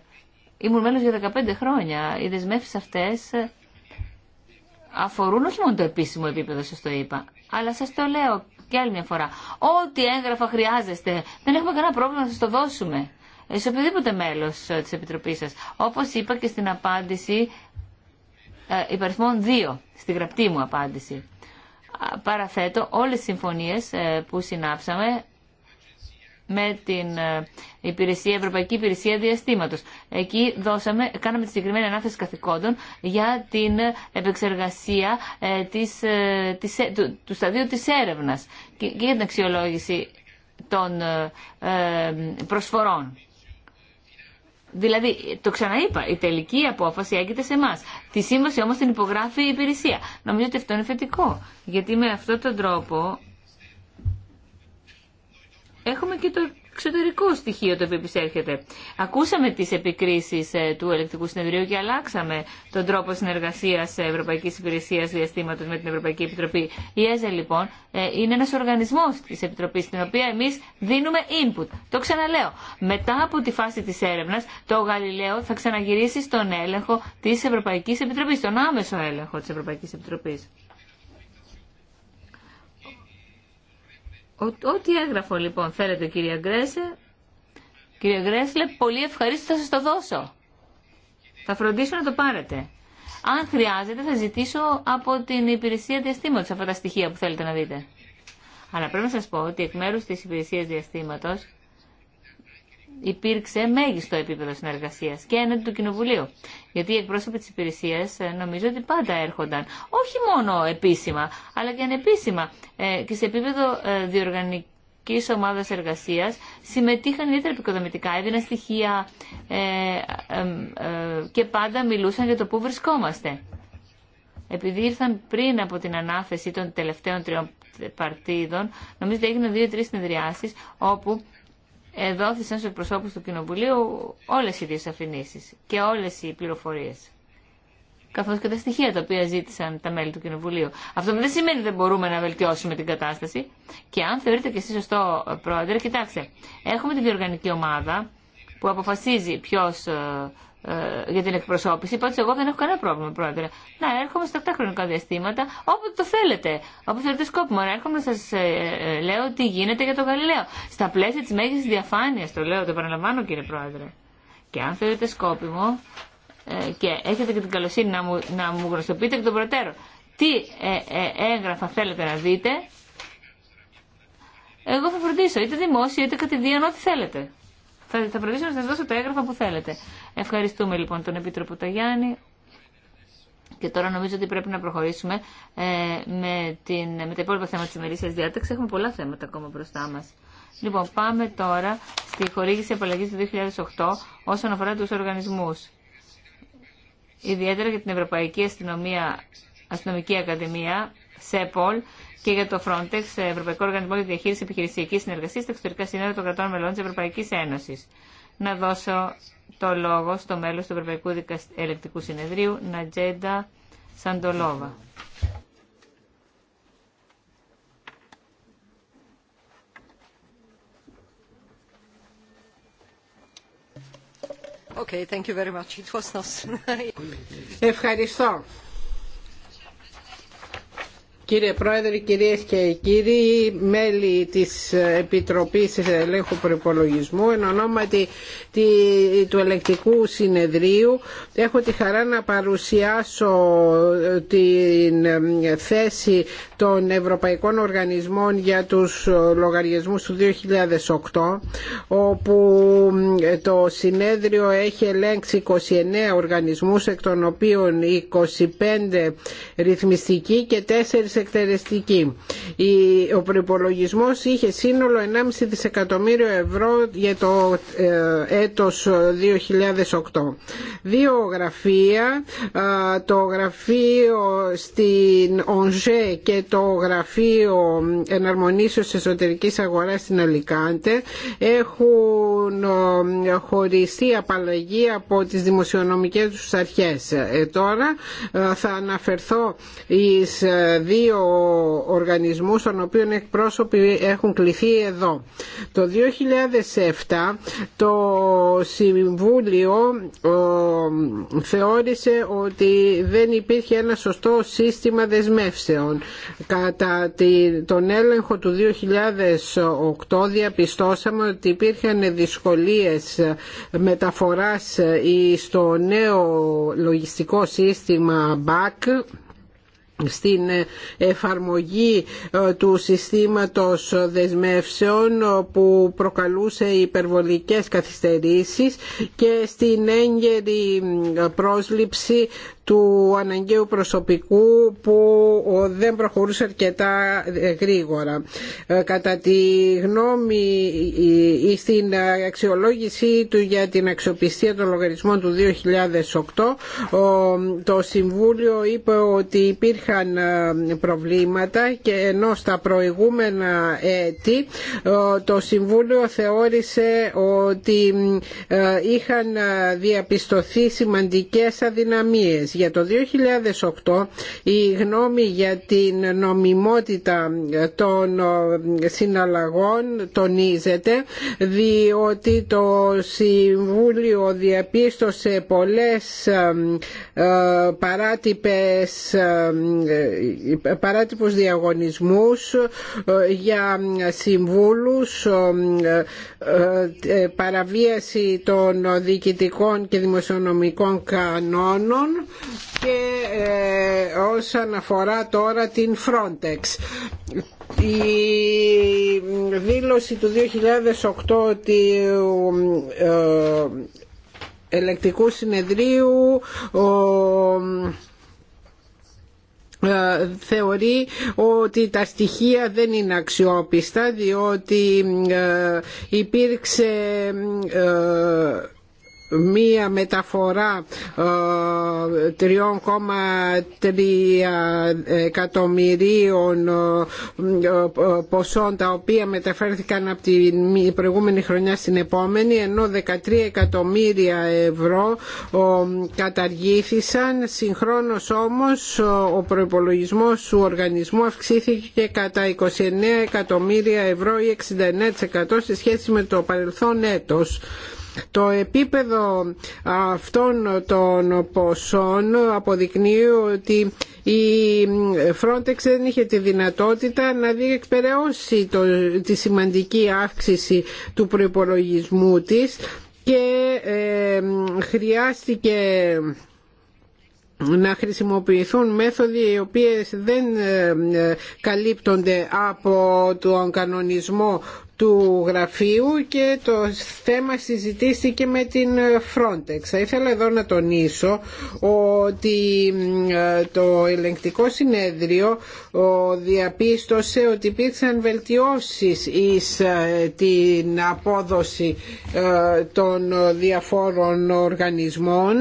ήμουν μέλος για 15 χρόνια. Οι δεσμεύσει αυτές ε, αφορούν όχι μόνο το επίσημο επίπεδο, σας το είπα, αλλά σας το λέω και άλλη μια φορά. Ό,τι έγγραφα χρειάζεστε, δεν έχουμε κανένα πρόβλημα να σας το δώσουμε. Ε, σε οποιοδήποτε μέλος ε, της Επιτροπής σας. Όπως είπα και στην απάντηση ε, υπαριθμών 2, στη γραπτή μου απάντηση. Παραθέτω όλες τις συμφωνίες που συνάψαμε με την ε, υπηρεσία, Ευρωπαϊκή Υπηρεσία Διαστήματος. Εκεί δώσαμε, κάναμε τη συγκεκριμένη ανάθεση καθηκόντων για την επεξεργασία ε, της, ε, της, του, σταδίου της έρευνας και, για την αξιολόγηση των προσφορών. Δηλαδή, το ξαναείπα, η τελική απόφαση έγκυται σε εμά. Τη σύμβαση όμω την υπογράφει η υπηρεσία. Νομίζω ότι αυτό είναι θετικό. Γιατί με αυτόν τον τρόπο έχουμε και το εξωτερικό στοιχείο το οποίο επισέρχεται. Ακούσαμε τις επικρίσεις ε, του Ελεκτικού Συνεδρίου και αλλάξαμε τον τρόπο συνεργασίας Ευρωπαϊκής Υπηρεσίας Διαστήματος με την Ευρωπαϊκή Επιτροπή. Η ΕΖΕ λοιπόν ε, είναι ένας οργανισμός της Επιτροπής στην οποία εμείς δίνουμε input. Το ξαναλέω. Μετά από τη φάση της έρευνας το Γαλιλαίο θα ξαναγυρίσει στον έλεγχο της Ευρωπαϊκής Επιτροπής, στον άμεσο έλεγχο της Ευρωπαϊκής Επιτροπής. Ό,τι έγραφο λοιπόν θέλετε κυρία Γκρέσε. κυρία Γκρέσλε, πολύ ευχαρίστω θα σας το δώσω. Θα φροντίσω να το πάρετε. Αν χρειάζεται θα ζητήσω από την υπηρεσία διαστήματος αυτά τα στοιχεία που θέλετε να δείτε. Αλλά πρέπει να σας πω ότι εκ μέρους της υπηρεσίας διαστήματος υπήρξε μέγιστο επίπεδο συνεργασία και έναντι του Κοινοβουλίου. Γιατί οι εκπρόσωποι τη υπηρεσία ε, νομίζω ότι πάντα έρχονταν, όχι μόνο επίσημα, αλλά και ανεπίσημα ε, και σε επίπεδο ε, διοργανική και ομάδα εργασία συμμετείχαν ιδιαίτερα επικοδομητικά, έδιναν στοιχεία και πάντα μιλούσαν για το πού βρισκόμαστε. Επειδή ήρθαν πριν από την ανάθεση των τελευταίων τριών παρτίδων, νομίζω ότι έγιναν δύο-τρει συνεδριάσει όπου δόθησαν στους προσώπους του Κοινοβουλίου όλες οι διασαφηνήσεις και όλες οι πληροφορίες. Καθώς και τα στοιχεία τα οποία ζήτησαν τα μέλη του Κοινοβουλίου. Αυτό δεν σημαίνει ότι δεν μπορούμε να βελτιώσουμε την κατάσταση. Και αν θεωρείτε και εσείς σωστό, Πρόεδρε, κοιτάξτε, έχουμε τη διοργανική ομάδα που αποφασίζει ποιος ε, ε, για την εκπροσώπηση. Πάντω, εγώ δεν έχω κανένα πρόβλημα, πρόεδρε. Να έρχομαι στα 7 χρονικά διαστήματα, όποτε το θέλετε. Όπου θέλετε σκόπιμο, να έρχομαι να σα ε, ε, λέω τι γίνεται για το Γαλιλαίο. Στα πλαίσια τη μέγιστη διαφάνεια, το λέω, το επαναλαμβάνω, κύριε πρόεδρε. Και αν θέλετε σκόπιμο, ε, και έχετε και την καλοσύνη να μου, να μου γνωστοποιείτε εκ των προτέρων τι ε, έγγραφα θέλετε να δείτε, εγώ θα φροντίσω είτε δημόσιο είτε κατηδίαν ό,τι θέλετε. Θα, θα να σα δώσω το έγγραφο που θέλετε. Ευχαριστούμε λοιπόν τον Επίτροπο Ταγιάννη. Και τώρα νομίζω ότι πρέπει να προχωρήσουμε ε, με, την, με τα υπόλοιπα θέματα της ημερήσια διάταξης. Έχουμε πολλά θέματα ακόμα μπροστά μας. Λοιπόν, πάμε τώρα στη χορήγηση απαλλαγή του 2008 όσον αφορά τους οργανισμούς. Ιδιαίτερα για την Ευρωπαϊκή Αστυνομία, Αστυνομική Ακαδημία, ΣΕΠΟΛ και για το Frontex, Ευρωπαϊκό Οργανισμό για τη Διαχείριση Επιχειρησιακή Συνεργασία στα εξωτερικά Συνέδρια των κρατών μελών τη Ευρωπαϊκή Ένωση. Να δώσω το λόγο στο μέλο του Ευρωπαϊκού Ελεκτικού Συνεδρίου, Νατζέντα Σαντολόβα. Okay, thank you very much. It was nice. Ευχαριστώ. Κύριε Πρόεδρε, κυρίες και κύριοι, μέλη της Επιτροπής Ελέγχου Προπολογισμού, εν ονόματι του Ελεκτικού Συνεδρίου, έχω τη χαρά να παρουσιάσω ε, την ε, θέση των Ευρωπαϊκών Οργανισμών για τους ε, λογαριασμούς του 2008, όπου το συνέδριο έχει ελέγξει 29 οργανισμούς, εκ των οποίων 25 ρυθμιστικοί και 4 εκτερεστική. Ο προπολογισμό είχε σύνολο 1,5 δισεκατομμύριο ευρώ για το ε, έτος 2008. Δύο γραφεία, ε, το γραφείο στην Ονζέ και το γραφείο εναρμονίσεως εσωτερικής αγοράς στην Αλικάντε έχουν ε, χωριστεί απαλλαγή από τις δημοσιονομικές τους αρχές. Τώρα θα αναφερθώ εις δύο ο οργανισμούς των οποίων εκπρόσωποι έχουν κληθεί εδώ. Το 2007 το Συμβούλιο θεώρησε ότι δεν υπήρχε ένα σωστό σύστημα δεσμεύσεων. Κατά τον έλεγχο του 2008 διαπιστώσαμε ότι υπήρχαν δυσκολίες μεταφοράς στο νέο λογιστικό σύστημα BAC στην ε, εφαρμογή ε, του συστήματος δεσμεύσεων ε, που προκαλούσε υπερβολικές καθυστερήσεις και στην έγκαιρη πρόσληψη του αναγκαίου προσωπικού που δεν προχωρούσε αρκετά ε, γρήγορα. Ε, κατά τη γνώμη ή ε, στην αξιολόγησή του για την αξιοπιστία των λογαριασμών του 2008 το Συμβούλιο είπε ότι υπήρχαν προβλήματα και ενώ στα προηγούμενα έτη το Συμβούλιο θεώρησε ότι είχαν διαπιστωθεί σημαντικές αδυναμίες για το 2008 η γνώμη για την νομιμότητα των ε, συναλλαγών τονίζεται διότι το Συμβούλιο διαπίστωσε πολλές ε, ε, παράτυπες, παράτυπους διαγωνισμούς για συμβούλους παραβίαση των διοικητικών και δημοσιονομικών κανόνων και ε, όσον αφορά τώρα την Frontex. Η δήλωση του 2008 του ε, ελεκτικού συνεδρίου ε, θεωρεί ότι τα στοιχεία δεν είναι αξιόπιστα διότι υπήρξε μία μεταφορά 3,3 ε, εκατομμυρίων ε, ε, ποσών τα οποία μεταφέρθηκαν από την προηγούμενη χρονιά στην επόμενη ενώ 13 εκατομμύρια ευρώ καταργήθησαν συγχρόνως όμως ο προϋπολογισμός του οργανισμού αυξήθηκε κατά 29 εκατομμύρια ευρώ ή 69% σε σχέση με το παρελθόν έτος. Το επίπεδο αυτών των ποσών αποδεικνύει ότι η Frontex δεν είχε τη δυνατότητα να διεκπαιρεώσει το, τη σημαντική αύξηση του προϋπολογισμού της και ε, χρειάστηκε να χρησιμοποιηθούν μέθοδοι οι οποίες δεν ε, καλύπτονται από τον κανονισμό του γραφείου και το θέμα συζητήθηκε με την Frontex. Θα ήθελα εδώ να τονίσω ότι το ελεγκτικό συνέδριο διαπίστωσε ότι υπήρξαν βελτιώσεις εις ε, την απόδοση ε, των διαφόρων οργανισμών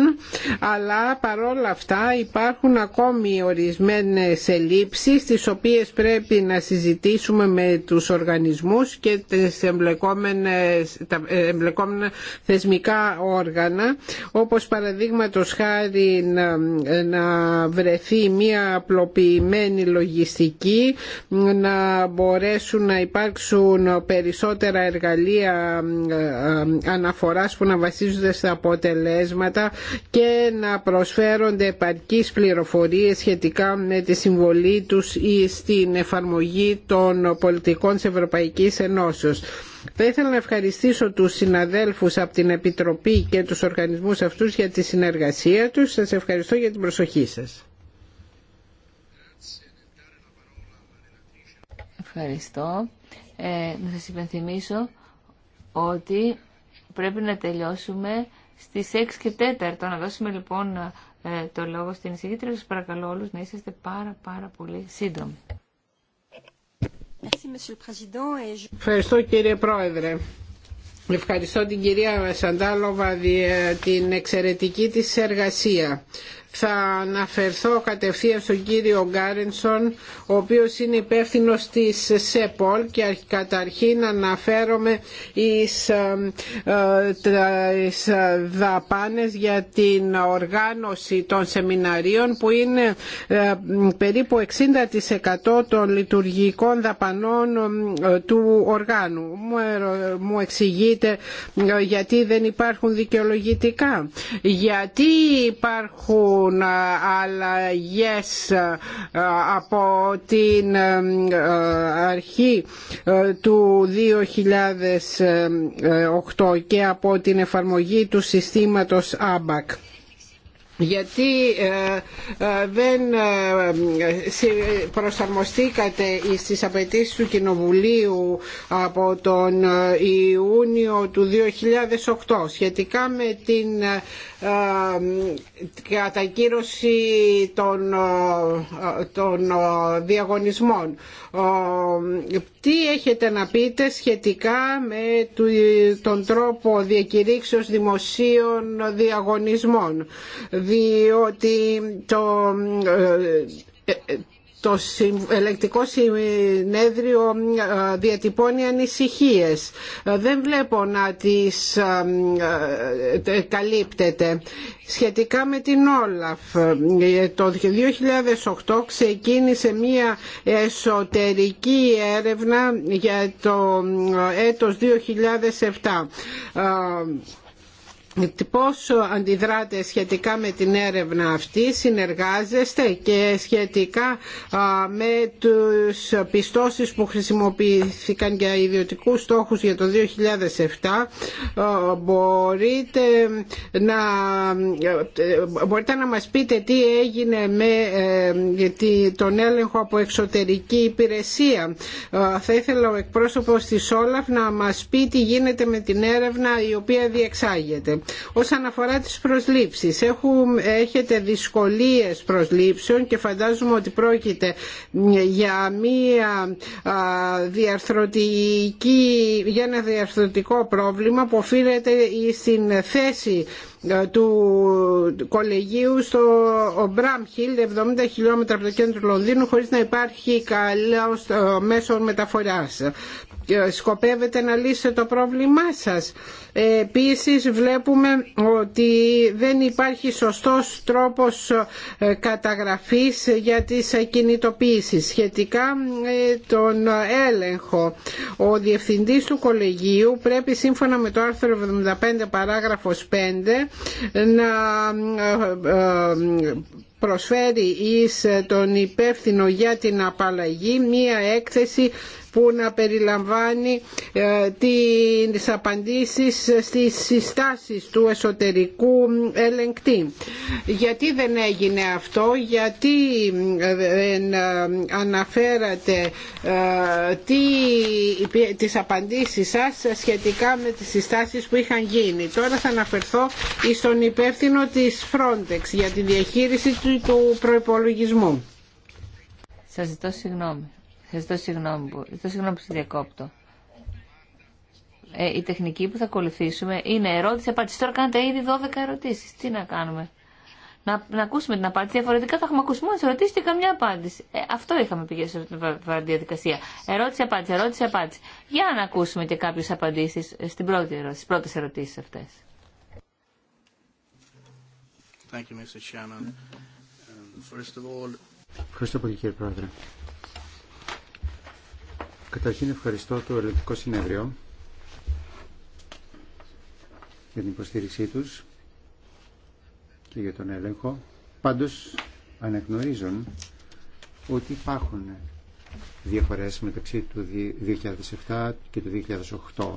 αλλά παρόλα αυτά υπάρχουν ακόμη ορισμένες ελλείψεις τις οποίες πρέπει να συζητήσουμε με τους οργανισμούς και τις εμπλεκόμενες, εμπλεκόμενα θεσμικά όργανα όπως παραδείγματος χάρη να, να βρεθεί μια απλοποιημένη λογιστική να μπορέσουν να υπάρξουν περισσότερα εργαλεία ε, ε, αναφοράς που να βασίζονται στα αποτελέσματα και να προσφέρονται επαρκείς πληροφορίες σχετικά με τη συμβολή τους ή στην εφαρμογή των πολιτικών της Ευρωπαϊκής Ενώσης θα ήθελα να ευχαριστήσω τους συναδέλφους από την Επιτροπή και τους οργανισμούς αυτούς για τη συνεργασία τους. Σας ευχαριστώ για την προσοχή σας. Ευχαριστώ. Ε, να σας υπενθυμίσω ότι πρέπει να τελειώσουμε στις 6 και 4. Να δώσουμε λοιπόν ε, το λόγο στην εισηγήτρια. Σας παρακαλώ όλους να είστε πάρα πάρα πολύ σύντομοι. Ευχαριστώ κύριε Πρόεδρε. Ευχαριστώ την κυρία Σαντάλοβα για ε, την εξαιρετική της εργασία θα αναφερθώ κατευθείαν στον κύριο Γκάρενσον ο οποίος είναι υπεύθυνο της ΣΕΠΟΛ και καταρχήν αναφέρομαι εις δαπάνε ε, ε, δαπάνες για την οργάνωση των σεμιναρίων που είναι ε, περίπου 60% των λειτουργικών δαπανών του οργάνου. Μου εξηγείτε γιατί δεν υπάρχουν δικαιολογητικά. Γιατί υπάρχουν υπάρχουν ε, αλλαγές ε, από την ε, αρχή του 2008 και από την εφαρμογή του συστήματος ABAC γιατί ε, ε, δεν ε, προσαρμοστήκατε στις απαιτήσεις του Κοινοβουλίου από τον Ιούνιο του 2008 σχετικά με την κατακύρωση των, των διαγωνισμών. Τι έχετε να πείτε σχετικά με τον τρόπο διακηρύξεως δημοσίων διαγωνισμών διότι το, το ελεκτικό συνέδριο ε, διατυπώνει ανησυχίες. Δεν βλέπω να τις ε, ε, καλύπτεται. Σχετικά με την Όλαφ, το 2008 ξεκίνησε μία εσωτερική έρευνα για το έτος 2007 πώς αντιδράτε σχετικά με την έρευνα αυτή, συνεργάζεστε και σχετικά με τους πιστώσεις που χρησιμοποιήθηκαν για ιδιωτικούς στόχους για το 2007 μπορείτε να, ε, μπορείτε να μας πείτε τι έγινε με ε, τον έλεγχο από εξωτερική υπηρεσία θα ήθελα ο εκπρόσωπος της Όλαφ να μας πει τι γίνεται με την έρευνα η οποία διεξάγεται Όσον αφορά τις προσλήψεις, έχουν έχετε δυσκολίες προσλήψεων και φαντάζομαι ότι πρόκειται για, μια, διαρθρωτική, για ένα διαρθρωτικό πρόβλημα που οφείλεται στην θέση του κολεγίου στο Μπραμχιλ 70 χιλιόμετρα από το κέντρο Λονδίνου χωρίς να υπάρχει καλό μέσο μεταφοράς. Ε, σκοπεύετε να λύσετε το πρόβλημά σας. Ε, επίσης βλέπουμε ότι δεν υπάρχει σωστός τρόπος ε, καταγραφής για τις κινητοποίησεις. Σχετικά με τον έλεγχο, ο Διευθυντής του Κολεγίου πρέπει σύμφωνα με το άρθρο 75 παράγραφος 5 να προσφέρει εις τον υπεύθυνο για την απαλλαγή μία έκθεση που να περιλαμβάνει ε, τις απαντήσεις στις συστάσεις του εσωτερικού ελεγκτή. Γιατί δεν έγινε αυτό, γιατί ε, δεν ε, αναφέρατε τι, τις απαντήσεις σας σχετικά με τις συστάσεις που είχαν γίνει. Τώρα θα αναφερθώ στον υπεύθυνο της Frontex για τη διαχείριση του προϋπολογισμού. Σας ζητώ συγγνώμη. Ζητώ συγγνώμη που, ζητώ συγγνώμη που διακόπτω. Ε, η τεχνική που θα ακολουθήσουμε είναι ερώτηση απάντηση. Τώρα κάνετε ήδη 12 ερωτήσει. Τι να κάνουμε. Να, να ακούσουμε την απάντηση. Διαφορετικά θα έχουμε ακούσει μόνο ερωτήσει και καμιά απάντηση. Ε, αυτό είχαμε πει σε την διαδικασία. Ερώτηση, απάντηση, ερώτηση, απάντηση. Για να ακούσουμε και κάποιε απαντήσει στι πρώτε ερωτήσει αυτέ. Ευχαριστώ πολύ κύριε Πρόεδρε. Καταρχήν ευχαριστώ το Ελληνικό Συνέδριο για την υποστήριξή τους και για τον έλεγχο. Πάντως αναγνωρίζουν ότι υπάρχουν διαφορές μεταξύ του 2007 και του 2008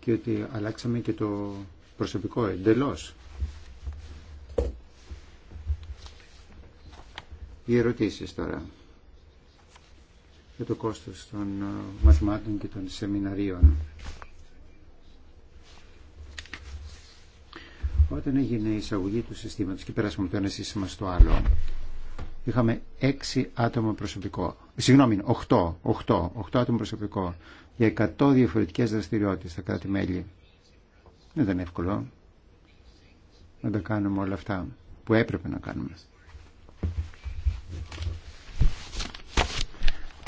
και ότι αλλάξαμε και το προσωπικό εντελώς. Οι ερωτήσεις τώρα για το κόστος των ε, μαθημάτων και των σεμιναρίων. Όταν έγινε η εισαγωγή του συστήματος και πέρασαμε το ένα σύστημα στο άλλο, είχαμε 6 άτομα προσωπικό. Ε, συγγνώμη, 8, 8, 8 άτομα προσωπικό για 100 διαφορετικές δραστηριότητες στα κράτη-μέλη. Ε, δεν ήταν εύκολο να τα κάνουμε όλα αυτά που έπρεπε να κάνουμε.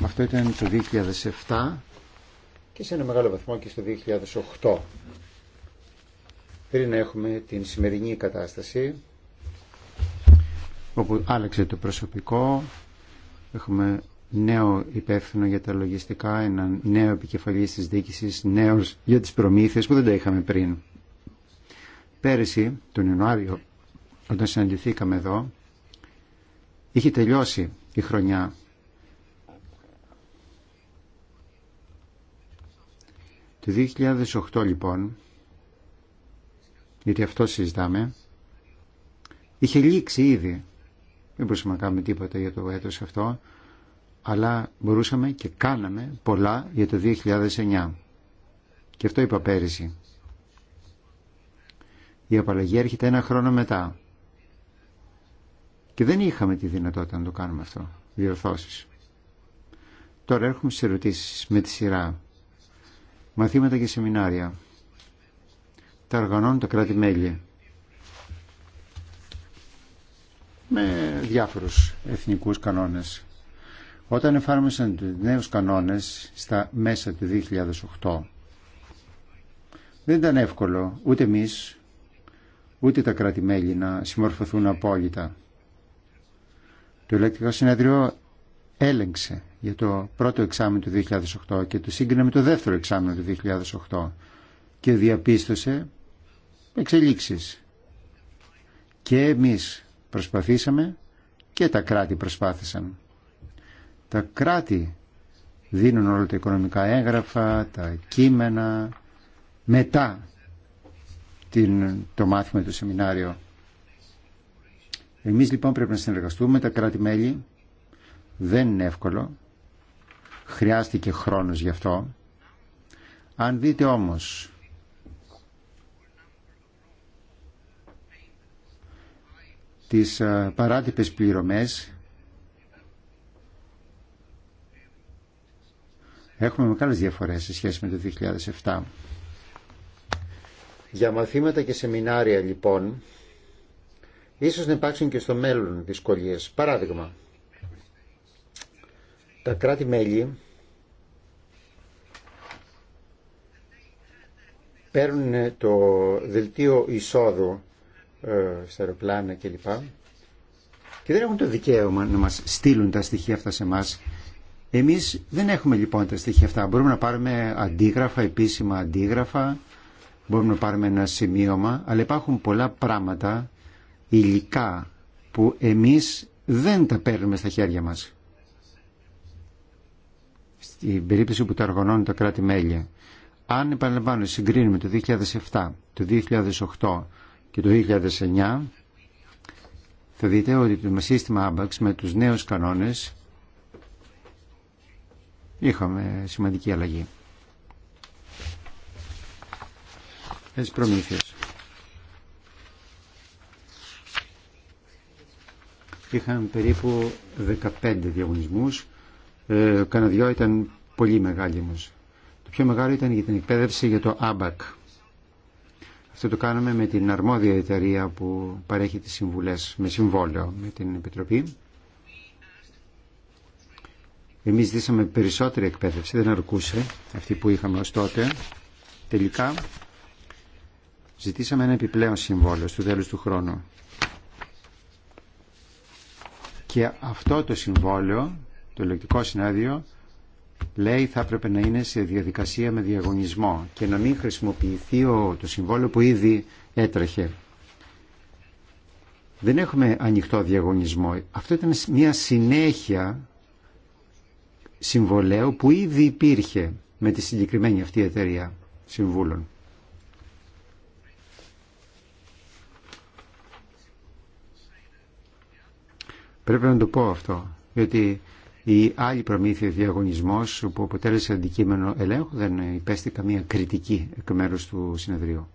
Αυτό ήταν το 2007 και σε ένα μεγάλο βαθμό και στο 2008. Πριν έχουμε την σημερινή κατάσταση όπου άλλαξε το προσωπικό, έχουμε νέο υπεύθυνο για τα λογιστικά, ένα νέο επικεφαλή της διοίκησης, νέος για τις προμήθειες που δεν τα είχαμε πριν. Πέρυσι, τον Ιανουάριο, όταν συναντηθήκαμε εδώ, είχε τελειώσει η χρονιά Το 2008 λοιπόν, γιατί αυτό συζητάμε, είχε λήξει ήδη. Δεν μπορούσαμε να κάνουμε τίποτα για το έτος αυτό, αλλά μπορούσαμε και κάναμε πολλά για το 2009. Και αυτό είπα πέρυσι. Η απαλλαγή έρχεται ένα χρόνο μετά. Και δεν είχαμε τη δυνατότητα να το κάνουμε αυτό, διορθώσεις. Τώρα έρχομαι στις ερωτήσεις με τη σειρά μαθήματα και σεμινάρια. Τα οργανώνουν τα κράτη-μέλη με διάφορους εθνικούς κανόνες. Όταν εφάρμοσαν τους νέους κανόνες στα μέσα του 2008, δεν ήταν εύκολο ούτε εμείς, ούτε τα κράτη-μέλη να συμμορφωθούν απόλυτα. Το ηλεκτρικό συνέδριο έλεγξε για το πρώτο εξάμεινο του 2008 και το σύγκρινα με το δεύτερο εξάμεινο του 2008 και διαπίστωσε εξελίξεις. Και εμείς προσπαθήσαμε και τα κράτη προσπάθησαν. Τα κράτη δίνουν όλα τα οικονομικά έγγραφα, τα κείμενα, μετά την, το μάθημα του σεμινάριο. Εμείς λοιπόν πρέπει να συνεργαστούμε τα κράτη-μέλη δεν είναι εύκολο. Χρειάστηκε χρόνος γι' αυτό. Αν δείτε όμως τις ε, παράτυπες πληρωμές έχουμε μεγάλες διαφορές σε σχέση με το 2007. Για μαθήματα και σεμινάρια λοιπόν ίσως να υπάρξουν και στο μέλλον δυσκολίες. Παράδειγμα, τα κράτη-μέλη παίρνουν το δελτίο εισόδου ε, στα αεροπλάνα κλπ. Και δεν έχουν το δικαίωμα να μας στείλουν τα στοιχεία αυτά σε εμά. Εμείς δεν έχουμε λοιπόν τα στοιχεία αυτά. Μπορούμε να πάρουμε αντίγραφα, επίσημα αντίγραφα, μπορούμε να πάρουμε ένα σημείωμα, αλλά υπάρχουν πολλά πράγματα υλικά που εμείς δεν τα παίρνουμε στα χέρια μας στην περίπτωση που τα οργανώνει τα κράτη-μέλη. Αν επαναλαμβάνω συγκρίνουμε το 2007, το 2008 και το 2009, θα δείτε ότι το σύστημα ABAX με τους νέους κανόνες είχαμε σημαντική αλλαγή. Έτσι προμήθειες. Είχαμε περίπου 15 διαγωνισμούς ε, Καναδιό ήταν πολύ μεγάλοι όμω. Το πιο μεγάλο ήταν για την εκπαίδευση για το ABAC. Αυτό το κάναμε με την αρμόδια εταιρεία που παρέχει τις συμβουλές με συμβόλαιο με την Επιτροπή. Εμείς ζήσαμε περισσότερη εκπαίδευση, δεν αρκούσε αυτή που είχαμε ως τότε. Τελικά ζητήσαμε ένα επιπλέον συμβόλαιο στο τέλος του χρόνου. Και αυτό το συμβόλαιο το ηλεκτρικό συνάδειο λέει θα έπρεπε να είναι σε διαδικασία με διαγωνισμό και να μην χρησιμοποιηθεί το συμβόλαιο που ήδη έτρεχε. Δεν έχουμε ανοιχτό διαγωνισμό. Αυτό ήταν μια συνέχεια συμβολέου που ήδη υπήρχε με τη συγκεκριμένη αυτή εταιρεία συμβούλων. Πρέπει να το πω αυτό, γιατί ή άλλη προμήθεια διαγωνισμό που αποτέλεσε αντικείμενο ελέγχου δεν υπέστη καμία κριτική εκ μέρου του συνεδρίου.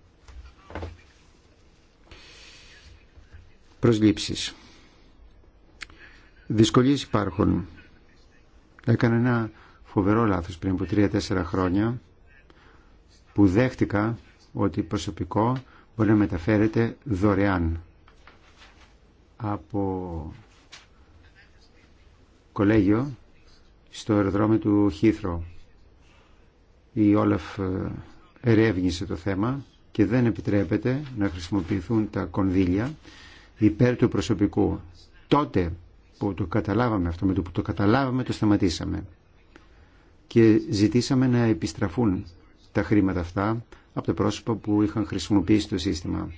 Προσλήψεις. Δυσκολίες υπάρχουν. Έκανα ένα φοβερό λάθο πριν από τρία-τέσσερα χρόνια που δέχτηκα ότι προσωπικό μπορεί να μεταφέρεται δωρεάν από κολέγιο στο αεροδρόμιο του Χίθρο. Η Όλαφ ε, ερεύνησε το θέμα και δεν επιτρέπεται να χρησιμοποιηθούν τα κονδύλια υπέρ του προσωπικού. Τότε που το καταλάβαμε αυτό, με το που το καταλάβαμε το σταματήσαμε και ζητήσαμε να επιστραφούν τα χρήματα αυτά από τα πρόσωπα που είχαν χρησιμοποιήσει το σύστημα.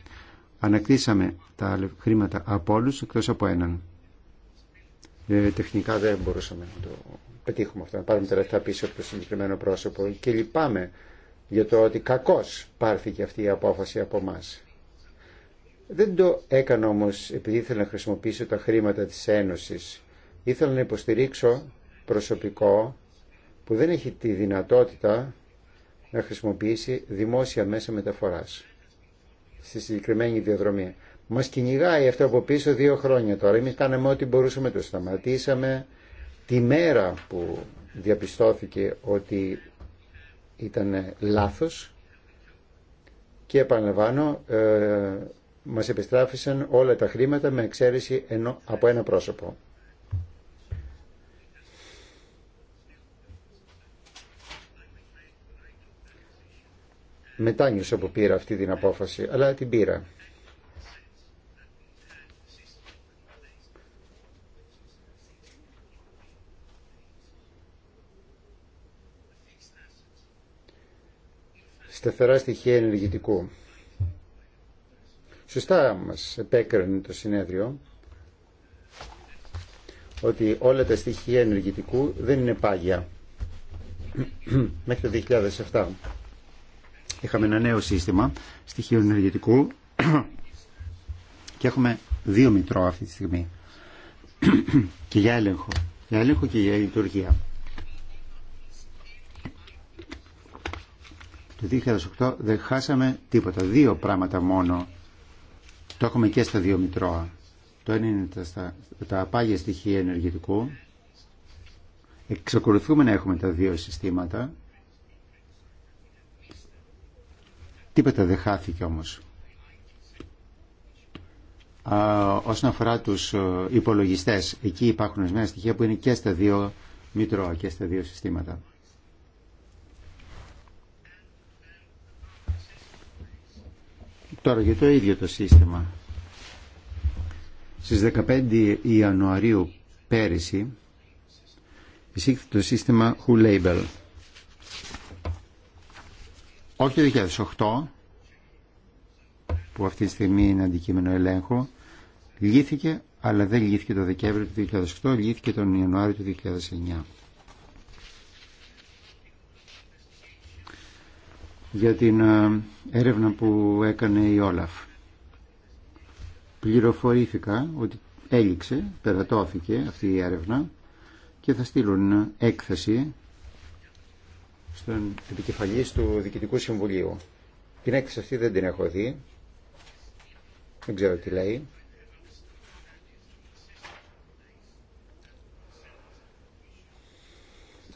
Ανακτήσαμε τα χρήματα από όλους εκτός από έναν. Ε, τεχνικά δεν μπορούσαμε να το πετύχουμε αυτό, να πάρουμε τα λεφτά πίσω από το συγκεκριμένο πρόσωπο και λυπάμαι για το ότι κακώς πάρθηκε αυτή η απόφαση από εμά. Δεν το έκανα όμως επειδή ήθελα να χρησιμοποιήσω τα χρήματα της Ένωσης. Ήθελα να υποστηρίξω προσωπικό που δεν έχει τη δυνατότητα να χρησιμοποιήσει δημόσια μέσα μεταφοράς στη συγκεκριμένη διαδρομή. Μας κυνηγάει αυτό από πίσω δύο χρόνια τώρα. Εμείς κάναμε ό,τι μπορούσαμε, το σταματήσαμε. Τη μέρα που διαπιστώθηκε ότι ήταν λάθος και επαναλαμβάνω ε, μας επιστράφησαν όλα τα χρήματα με εξαίρεση ενώ από ένα πρόσωπο. Μετάνιωσα που πήρα αυτή την απόφαση, αλλά την πήρα. σταθερά στοιχεία ενεργητικού. Σωστά μας επέκρινε το συνέδριο ότι όλα τα στοιχεία ενεργητικού δεν είναι πάγια. Μέχρι το 2007 είχαμε ένα νέο σύστημα στοιχείων ενεργητικού και έχουμε δύο μητρώα αυτή τη στιγμή και για έλεγχο. Για έλεγχο και για λειτουργία. Το 2008 δεν χάσαμε τίποτα. Δύο πράγματα μόνο. Το έχουμε και στα δύο Μητρώα. Το ένα είναι τα, τα πάγια στοιχεία ενεργητικού. Εξακολουθούμε να έχουμε τα δύο συστήματα. Τίποτα δεν χάθηκε όμως. όσον αφορά τους ε, υπολογιστές, εκεί υπάρχουν ορισμένα στοιχεία που είναι και στα δύο μητρώα και στα δύο συστήματα. Τώρα για το ίδιο το σύστημα. Στις 15 Ιανουαρίου πέρυσι εισήχθη το σύστημα Who Label. Όχι το 2008 που αυτή τη στιγμή είναι αντικείμενο ελέγχου λύθηκε αλλά δεν λύθηκε το Δεκέμβριο του 2008 λύθηκε τον Ιανουάριο του 2009. για την ε, έρευνα που έκανε η Όλαφ. Πληροφορήθηκα ότι έληξε, περατώθηκε αυτή η έρευνα και θα στείλουν έκθεση στον επικεφαλή του Διοικητικού Συμβουλίου. Την έκθεση αυτή δεν την έχω δει. Δεν ξέρω τι λέει.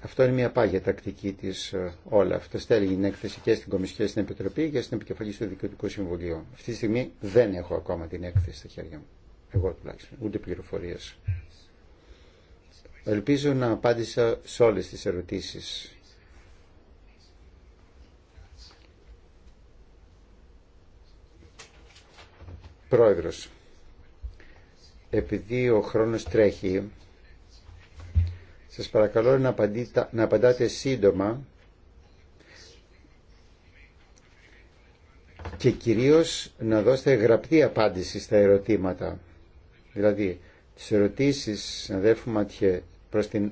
Αυτό είναι μια πάγια τακτική τη ε, όλα. Αυτό στέλνει την έκθεση και στην Κομισιόν στην Επιτροπή και στην Επικεφαλή του Δικαιωτικού Συμβουλίου. Αυτή τη στιγμή δεν έχω ακόμα την έκθεση στα χέρια μου. Εγώ τουλάχιστον. Ούτε πληροφορίε. Ελπίζω να απάντησα σε όλε τι ερωτήσει. Πρόεδρος, επειδή ο χρόνος τρέχει, σας παρακαλώ να, απαντήτα, να απαντάτε σύντομα και κυρίως να δώσετε γραπτή απάντηση στα ερωτήματα. Δηλαδή, τις ερωτήσεις αδερφού Ματιέ προς την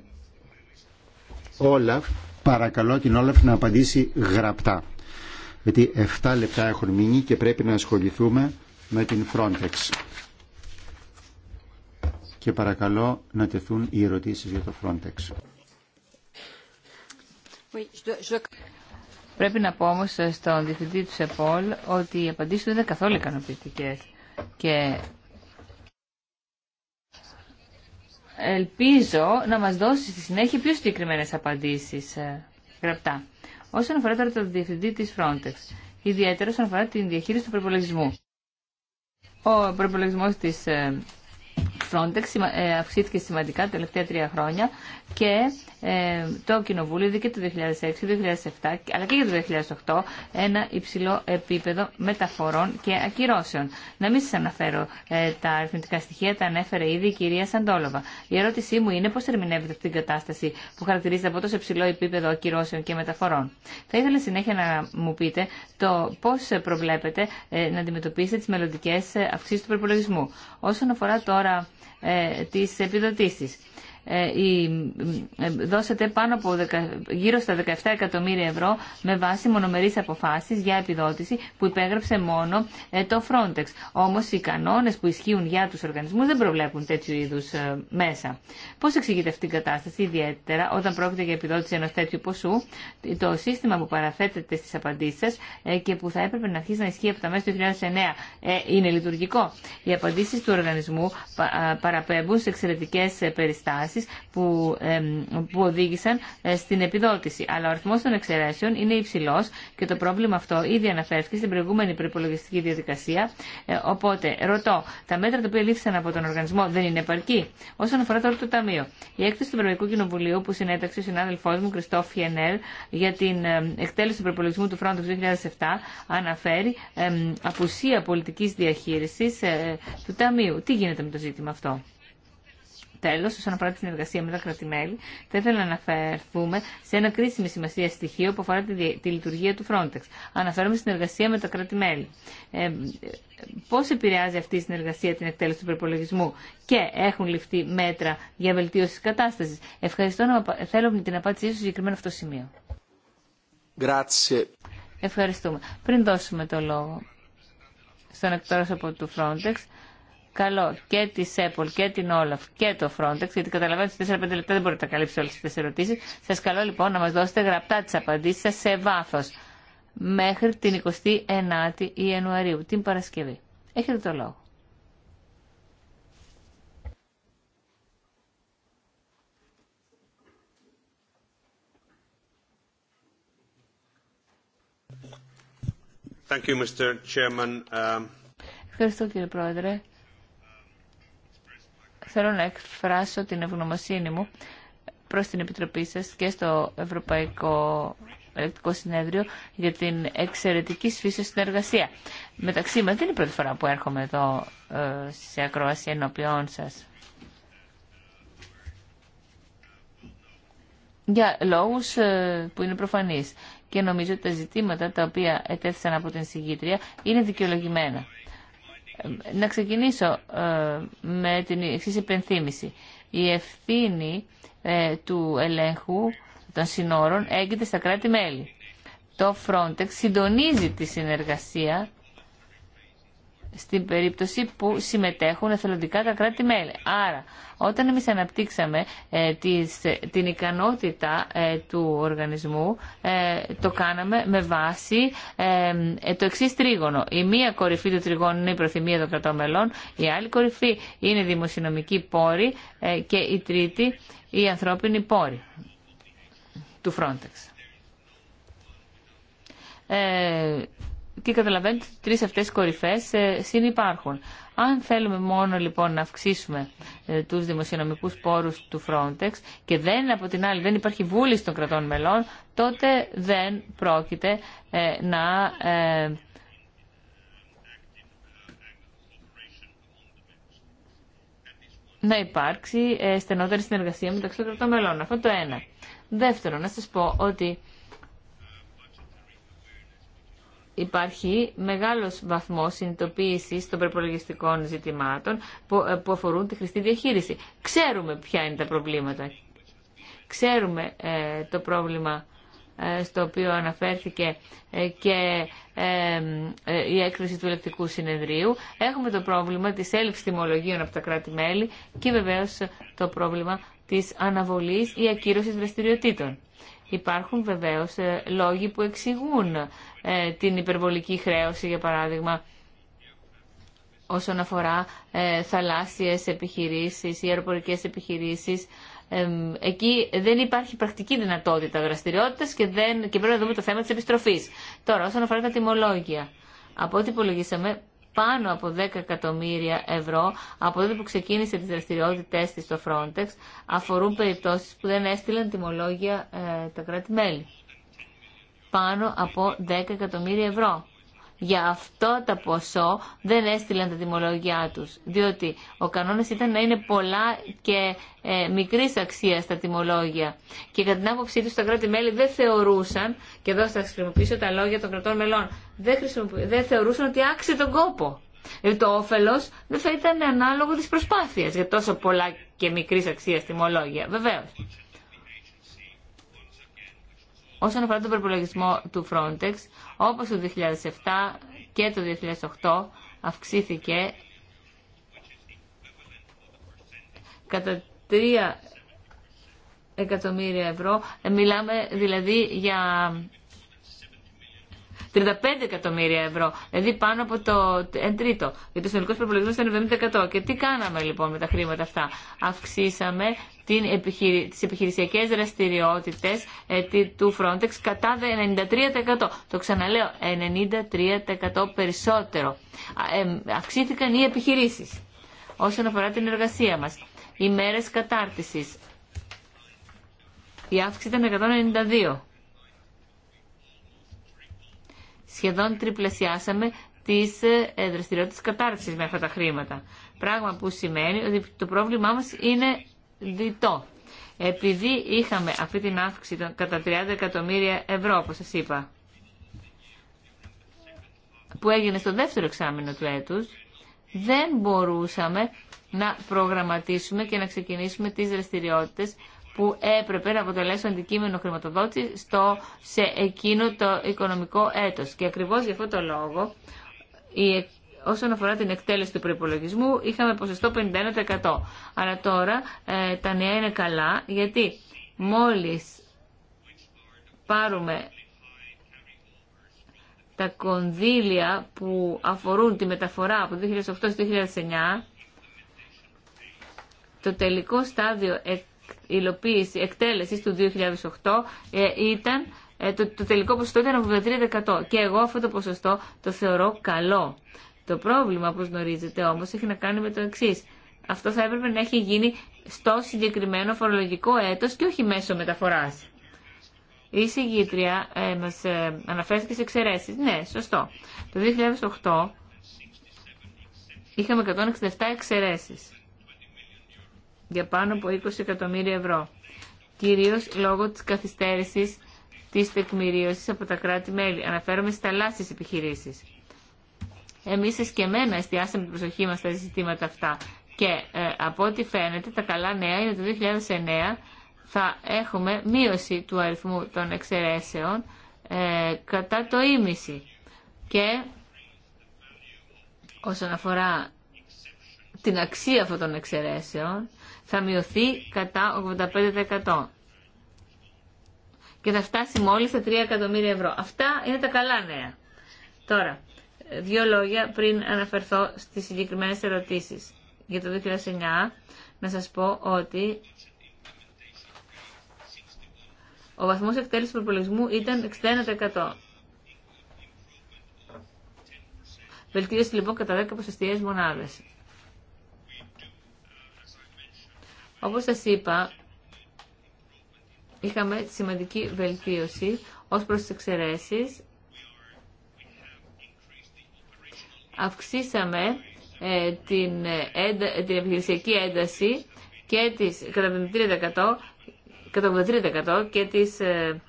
Όλαφ, παρακαλώ την Όλαφ να απαντήσει γραπτά. Γιατί 7 λεπτά έχουν μείνει και πρέπει να ασχοληθούμε με την Frontex και παρακαλώ να τεθούν οι ερωτήσεις για το Frontex. Πρέπει να πω όμω στον διευθυντή του ΣΕΠΟΛ ότι οι απαντήσει του δεν είναι καθόλου ικανοποιητικέ. Και ελπίζω να μα δώσει στη συνέχεια πιο συγκεκριμένε απαντήσει ε, γραπτά. Όσον αφορά τώρα τον διευθυντή τη Frontex, ιδιαίτερα όσον αφορά την διαχείριση του προπολογισμού. Ο προπολογισμό της ε, Frontex ε, αυξήθηκε σημαντικά τα τελευταία τρία χρόνια και ε, το Κοινοβούλιο και το 2006-2007 αλλά και για το 2008 ένα υψηλό επίπεδο μεταφορών και ακυρώσεων. Να μην σα αναφέρω ε, τα αριθμητικά στοιχεία, τα ανέφερε ήδη η κυρία Σαντόλοβα. Η ερώτησή μου είναι πώ ερμηνεύεται αυτή την κατάσταση που χαρακτηρίζεται από τόσο υψηλό επίπεδο ακυρώσεων και μεταφορών. Θα ήθελα συνέχεια να μου πείτε το πώ προβλέπετε ε, να αντιμετωπίσετε τι μελλοντικέ αυξήσει του προπολογισμού. Όσον αφορά τώρα τι επιδοτήσει. Ε, ε, δώσατε πάνω από γύρω στα 17 εκατομμύρια ευρώ με βάση μονομερείς αποφάσεις για επιδότηση που υπέγραψε μόνο ε, το Frontex. Όμως οι κανόνες που ισχύουν για τους οργανισμούς δεν προβλέπουν τέτοιου είδους μέσα. Πώς εξηγείται αυτή η κατάσταση ιδιαίτερα όταν πρόκειται για επιδότηση ενός τέτοιου ποσού το σύστημα που παραθέτεται στις απαντήσεις σας και που θα έπρεπε να αρχίσει να ισχύει από τα μέσα του 2009 είναι λειτουργικό. Οι απαντήσεις του οργανισμού παραπέμπουν σε εξαιρετικές περιστάσεις που, ε, που οδήγησαν ε, στην επιδότηση. Αλλά ο αριθμό των εξαιρέσεων είναι υψηλό και το πρόβλημα αυτό ήδη αναφέρθηκε στην προηγούμενη προπολογιστική διαδικασία. Ε, οπότε, ρωτώ, τα μέτρα τα οποία λήφθησαν από τον οργανισμό δεν είναι επαρκή. Όσον αφορά τώρα το Ταμείο, η έκθεση του Ευρωπαϊκού Κοινοβουλίου που συνέταξε ο συνάδελφό μου Κριστόφ Φιενέλ για την ε, εκτέλεση του προπολογισμού του Frontex 2007 αναφέρει ε, απουσία πολιτική διαχείριση του Ταμείου. Τι γίνεται με το ζήτημα αυτό. Τέλο, όσον αφορά τη συνεργασία με τα κρατημέλη, θα ήθελα να αναφερθούμε σε ένα κρίσιμη σημασία στοιχείο που αφορά τη, λειτουργία του Frontex. Αναφέρομαι στη συνεργασία με τα κρατημέλη. Ε, Πώ επηρεάζει αυτή η συνεργασία την εκτέλεση του προπολογισμού και έχουν ληφθεί μέτρα για βελτίωση τη κατάσταση. Ευχαριστώ να θέλω την απάντησή σου στο συγκεκριμένο αυτό σημείο. Ευχαριστούμε. Πριν δώσουμε το λόγο στον από του Frontex, Καλό και τη ΣΕΠΟΛ και την Όλαφ και το Frontex, γιατί καταλαβαίνετε ότι σε 4-5 λεπτά δεν μπορείτε να καλύψετε όλε τι ερωτήσει. Σα καλώ λοιπόν να μα δώσετε γραπτά τι απαντήσει σα σε βάθο μέχρι την 29η Ιανουαρίου, την Παρασκευή. Έχετε το λόγο. Thank you, Mr. Chairman. Um, Ευχαριστώ κύριε Πρόεδρε θέλω να εκφράσω την ευγνωμοσύνη μου προς την Επιτροπή σας και στο Ευρωπαϊκό Ελεκτικό Συνέδριο για την εξαιρετική σφίση συνεργασία. Μεταξύ μας δεν είναι η πρώτη φορά που έρχομαι εδώ ε, σε ακρόαση ενώπιόν σας. Για λόγους ε, που είναι προφανείς και νομίζω ότι τα ζητήματα τα οποία ετέθησαν από την συγκήτρια είναι δικαιολογημένα. Ε, να ξεκινήσω ε, με την εξή υπενθύμηση. Η ευθύνη ε, του ελέγχου των συνόρων έγκυται στα κράτη-μέλη. Το Frontex συντονίζει τη συνεργασία στην περίπτωση που συμμετέχουν εθελοντικά τα κράτη-μέλη. Άρα, όταν εμείς αναπτύξαμε ε, την ικανότητα ε, του οργανισμού, ε, το κάναμε με βάση το εξή τρίγωνο. Η μία κορυφή του τριγώνου είναι η προθυμία των κρατών μελών, η άλλη κορυφή είναι η δημοσιονομική πόρη και η τρίτη η ανθρώπινη πόρη του Frontex και καταλαβαίνετε ότι τρεις αυτές κορυφές ε, συνυπάρχουν. Αν θέλουμε μόνο λοιπόν να αυξήσουμε ε, τους δημοσιονομικούς πόρους του Frontex και δεν από την άλλη δεν υπάρχει βούληση των κρατών μελών, τότε δεν πρόκειται ε, να να υπάρξει στενότερη συνεργασία μεταξύ των κρατών μελών. Αυτό το ένα. Δεύτερο, να σας πω ότι υπάρχει μεγάλος βαθμός συνειδητοποίησης των προπολογιστικών ζητημάτων ε, που αφορούν τη χρηστή διαχείριση. Ξέρουμε ποια είναι τα προβλήματα. Ξέρουμε ε, το πρόβλημα στο οποίο αναφέρθηκε ε, και ε, ε, η έκθεση του Ελεκτικού Συνεδρίου. Έχουμε το πρόβλημα της έλλειψης τιμολογίων από τα κράτη-μέλη και βεβαίως το πρόβλημα της αναβολής ή ακύρωσης δραστηριοτήτων. Υπάρχουν βεβαίως λόγοι που εξηγούν την υπερβολική χρέωση, για παράδειγμα, όσον αφορά ε, θαλάσσιες επιχειρήσεις ή αεροπορικές επιχειρήσεις. εκεί δεν υπάρχει πρακτική δυνατότητα δραστηριότητα και, και πρέπει να δούμε το θέμα της επιστροφής. Τώρα, όσον αφορά τα τιμολόγια, από ό,τι υπολογίσαμε, πάνω από 10 εκατομμύρια ευρώ από τότε που ξεκίνησε τις δραστηριότητε της στο Frontex αφορούν περιπτώσεις που δεν έστειλαν τιμολόγια ε, τα κράτη-μέλη. Πάνω από 10 εκατομμύρια ευρώ για αυτό τα ποσό δεν έστειλαν τα τιμολόγια τους. Διότι ο κανόνας ήταν να είναι πολλά και ε, μικρής αξίας τα τιμολόγια. Και κατά την άποψή τους τα κράτη-μέλη δεν θεωρούσαν, και εδώ θα χρησιμοποιήσω τα λόγια των κρατών μελών, δεν, θεωρούσαν ότι άξιζε τον κόπο. Δηλαδή το όφελος δεν θα ήταν ανάλογο τη προσπάθεια για τόσο πολλά και μικρή αξία τιμολόγια. Βεβαίω. Όσον αφορά τον προπολογισμό του Frontex, όπως το 2007 και το 2008 αυξήθηκε κατά 3 εκατομμύρια ευρώ. Ε, μιλάμε δηλαδή για 35 εκατομμύρια ευρώ, δηλαδή πάνω από το 1 τρίτο. Γιατί ο συνολικό προπολογισμό ήταν 70%. Και τι κάναμε λοιπόν με τα χρήματα αυτά. Αυξήσαμε την επιχειρη... τις επιχειρησιακές δραστηριότητες ε, του Frontex κατά 93%. Το ξαναλέω, 93% περισσότερο. αυξήθηκαν οι επιχειρήσεις όσον αφορά την εργασία μας. Οι μέρες κατάρτισης. Η αύξηση ήταν 192. Σχεδόν τριπλασιάσαμε τις ε, δραστηριότητες κατάρτισης με αυτά τα χρήματα. Πράγμα που σημαίνει ότι το πρόβλημά μας είναι διτό. Επειδή είχαμε αυτή την αύξηση κατά 30 εκατομμύρια ευρώ, όπως σας είπα, που έγινε στο δεύτερο εξάμεινο του έτους, δεν μπορούσαμε να προγραμματίσουμε και να ξεκινήσουμε τις δραστηριότητες που έπρεπε να αποτελέσουν αντικείμενο χρηματοδότηση στο, σε εκείνο το οικονομικό έτος. Και ακριβώς για αυτό το λόγο η όσον αφορά την εκτέλεση του προπολογισμού, είχαμε ποσοστό 51%. Αλλά τώρα ε, τα νέα είναι καλά, γιατί μόλις πάρουμε τα κονδύλια που αφορούν τη μεταφορά από το 2008 στο 2009, το τελικό στάδιο υλοποίηση, εκτέλεσης του 2008 ε, ήταν ε, το, το τελικό ποσοστό ήταν 3%. Και εγώ αυτό το ποσοστό το θεωρώ καλό. Το πρόβλημα, όπως γνωρίζετε όμως, έχει να κάνει με το εξή. Αυτό θα έπρεπε να έχει γίνει στο συγκεκριμένο φορολογικό έτος και όχι μέσω μεταφοράς. Η συγγήτρια ε, μας ε, αναφέρθηκε σε εξαιρέσει. Ναι, σωστό. Το 2008 είχαμε 167 εξαιρέσει. για πάνω από 20 εκατομμύρια ευρώ. Κυρίως λόγω της καθυστέρησης της τεκμηρίωσης από τα κράτη-μέλη. Αναφέρομαι στις θαλάσσιες επιχειρήσεις εμείς εσκεμμένα εστιάσαμε την προσοχή μας στα ζητήματα αυτά. Και ε, από ό,τι φαίνεται τα καλά νέα είναι το 2009 θα έχουμε μείωση του αριθμού των εξαιρέσεων ε, κατά το ίμιση. Και όσον αφορά την αξία αυτών των εξαιρέσεων θα μειωθεί κατά 85% και θα φτάσει μόλις στα 3 εκατομμύρια ευρώ. Αυτά είναι τα καλά νέα. Τώρα, δύο λόγια πριν αναφερθώ στις συγκεκριμένες ερωτήσεις. Για το 2009 να σας πω ότι ο βαθμός εκτέλεσης προπολογισμού ήταν 61%. Βελτίωση λοιπόν κατά 10 ποσοστιαίες μονάδες. Όπως σας είπα, είχαμε σημαντική βελτίωση ως προς τις εξαιρέσεις αυξήσαμε ε, την, την επιχειρησιακή ένταση και τις, κατά κατά 83% και τις ε,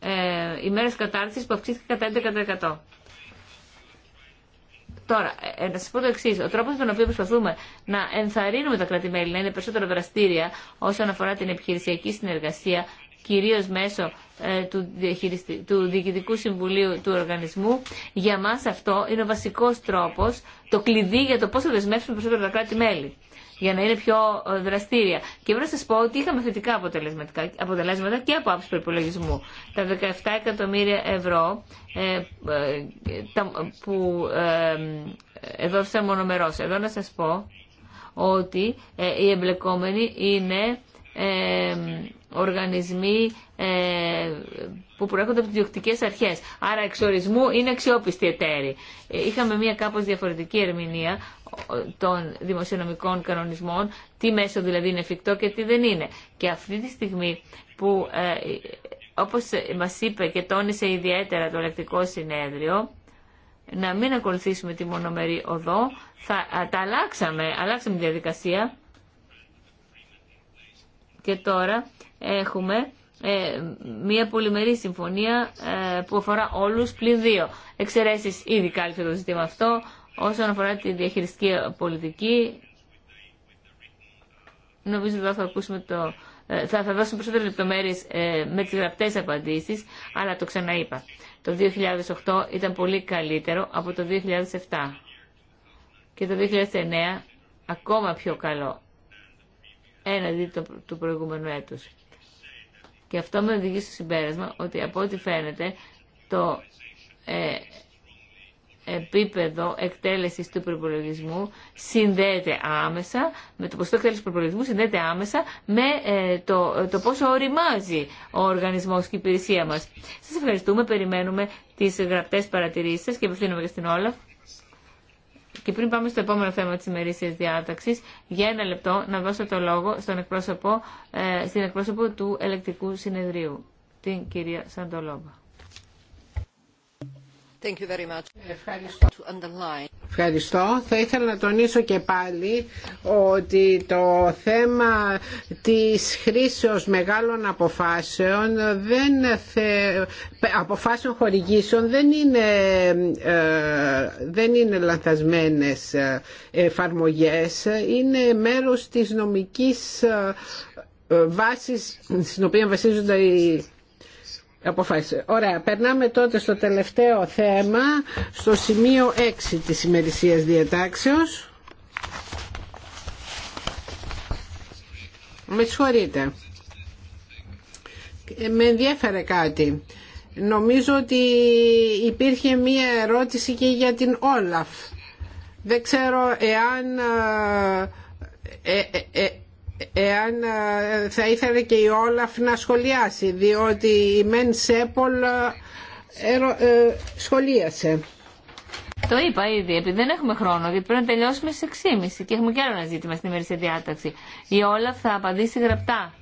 ε, ημέρες κατάρτισης που αυξήθηκε κατά 11%. Τώρα, ε, να σα πω το εξή. Ο τρόπο με τον οποίο προσπαθούμε να ενθαρρύνουμε τα κράτη-μέλη να είναι περισσότερο δραστήρια όσον αφορά την επιχειρησιακή συνεργασία κυρίως μέσω ε, του, του Διοικητικού Συμβουλίου του Οργανισμού. Για μας αυτό είναι ο βασικός τρόπος, το κλειδί για το πώς θα δεσμεύσουμε περισσότερο τα κράτη-μέλη για να είναι πιο ε, δραστήρια. Και πρέπει να σα πω ότι είχαμε θετικά αποτελέσματα και από άψη προπολογισμού. Τα 17 εκατομμύρια ευρώ ε, που Εδώ σε μονομερό. Εδώ να σα πω ότι οι εμπλεκόμενοι είναι ε, οργανισμοί ε, που προέρχονται από τι αρχές. Άρα εξορισμού είναι αξιόπιστη εταίροι. Ε, είχαμε μια κάπως διαφορετική ερμηνεία των δημοσιονομικών κανονισμών, τι μέσο δηλαδή είναι εφικτό και τι δεν είναι. Και αυτή τη στιγμή που όπως μας είπε και τόνισε ιδιαίτερα το ελεκτικό συνέδριο, να μην ακολουθήσουμε τη μονομερή οδό, θα, τα αλλάξαμε, αλλάξαμε τη διαδικασία και τώρα έχουμε ε, μια πολυμερή συμφωνία ε, που αφορά όλους πλην δύο. Εξαιρέσεις ήδη κάλυψε το ζήτημα αυτό όσον αφορά τη διαχειριστική πολιτική. Νομίζω ότι θα το... Ε, θα, θα δώσουμε περισσότερες λεπτομέρειες με τις γραπτές απαντήσεις, αλλά το ξαναείπα. Το 2008 ήταν πολύ καλύτερο από το 2007 και το 2009 ακόμα πιο καλό έναντι του το προηγούμενου έτους. Και αυτό με οδηγεί στο συμπέρασμα ότι από ό,τι φαίνεται το ε, επίπεδο εκτέλεσης του προπολογισμού συνδέεται άμεσα, με το ποσοστό εκτέλεσης του προπολογισμού συνδέεται άμεσα με ε, το, το πόσο οριμάζει ο οργανισμός και η υπηρεσία μας. Σας ευχαριστούμε, περιμένουμε τις γραπτές παρατηρήσεις σας και επευθύνομαι και στην όλα. Και πριν πάμε στο επόμενο θέμα της ημερήσια διάταξη για ένα λεπτό να δώσω το λόγο στον εκπρόσωπο, ε, στην εκπρόσωπο του ελεκτικού συνεδρίου, την κυρία Σαντολόμπα. Ευχαριστώ. Θα ήθελα να τονίσω και πάλι ότι το θέμα της χρήσεως μεγάλων αποφάσεων, δεν θε... αποφάσεων χορηγήσεων δεν είναι, ε, δεν είναι λανθασμένες ε, εφαρμογές. Είναι μέρος της νομικής ε, βάσης στην οποία βασίζονται οι Αποφάσισε. Ωραία, περνάμε τότε στο τελευταίο θέμα, στο σημείο 6 της ημερησίας διατάξεως. Με συγχωρείτε. Ε, με ενδιέφερε κάτι. Νομίζω ότι υπήρχε μία ερώτηση και για την Όλαφ. Δεν ξέρω εάν... Ε, ε, εάν ε, θα ήθελε και η Όλαφ να σχολιάσει διότι η Μεν Σέπολ ε, ε, σχολίασε. Το είπα ήδη, επειδή δεν έχουμε χρόνο, γιατί πρέπει να τελειώσουμε στι 6.30 και έχουμε και άλλο ένα ζήτημα στην ημερήσια διάταξη. Η Όλαφ θα απαντήσει γραπτά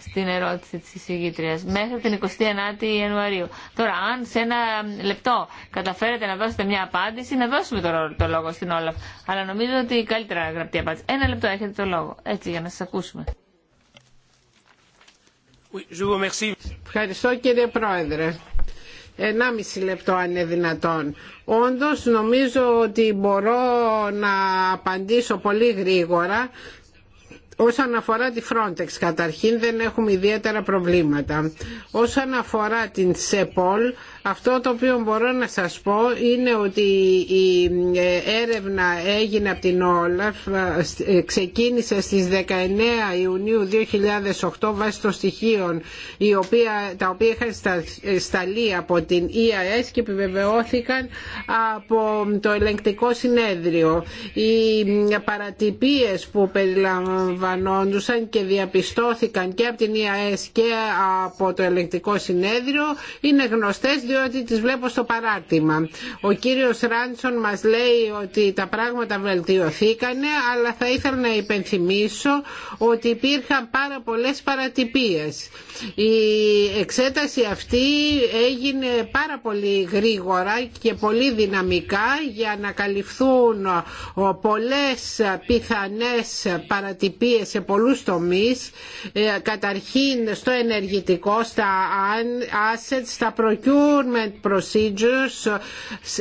στην ερώτηση της εισηγήτριας μέχρι την 29η Ιανουαρίου. Τώρα, αν σε ένα λεπτό καταφέρετε να δώσετε μια απάντηση, να δώσουμε το, το λόγο στην Όλαφ. Αλλά νομίζω ότι καλύτερα γραπτεί απάντηση. Ένα λεπτό έχετε το λόγο, έτσι για να σας ακούσουμε. Ευχαριστώ κύριε Πρόεδρε. Ένα μισή λεπτό αν είναι δυνατόν. Όντως νομίζω ότι μπορώ να απαντήσω πολύ γρήγορα Όσον αφορά τη Frontex, καταρχήν δεν έχουμε ιδιαίτερα προβλήματα. Όσον αφορά την ΣΕΠΟΛ, αυτό το οποίο μπορώ να σας πω είναι ότι η έρευνα έγινε από την Όλαφ, ε, ξεκίνησε στις 19 Ιουνίου 2008 βάσει των στοιχείων οποία, τα οποία είχαν ε, σταλεί από την ΙΑΕΣ e και επιβεβαιώθηκαν από το ελεγκτικό συνέδριο. Οι παρατυπίες που περιλαμβανόντουσαν και διαπιστώθηκαν και από την ΙΑΕΣ e και από το ελεγκτικό συνέδριο είναι γνωστές ότι τις βλέπω στο παράρτημα. Ο κύριος Ράντσον μας λέει ότι τα πράγματα βελτιωθήκανε αλλά θα ήθελα να υπενθυμίσω ότι υπήρχαν πάρα πολλές παρατυπίες. Η εξέταση αυτή έγινε πάρα πολύ γρήγορα και πολύ δυναμικά για να καλυφθούν πολλές πιθανές παρατυπίες σε πολλούς τομείς ε, καταρχήν στο ενεργητικό, στα assets, στα procure procurement procedures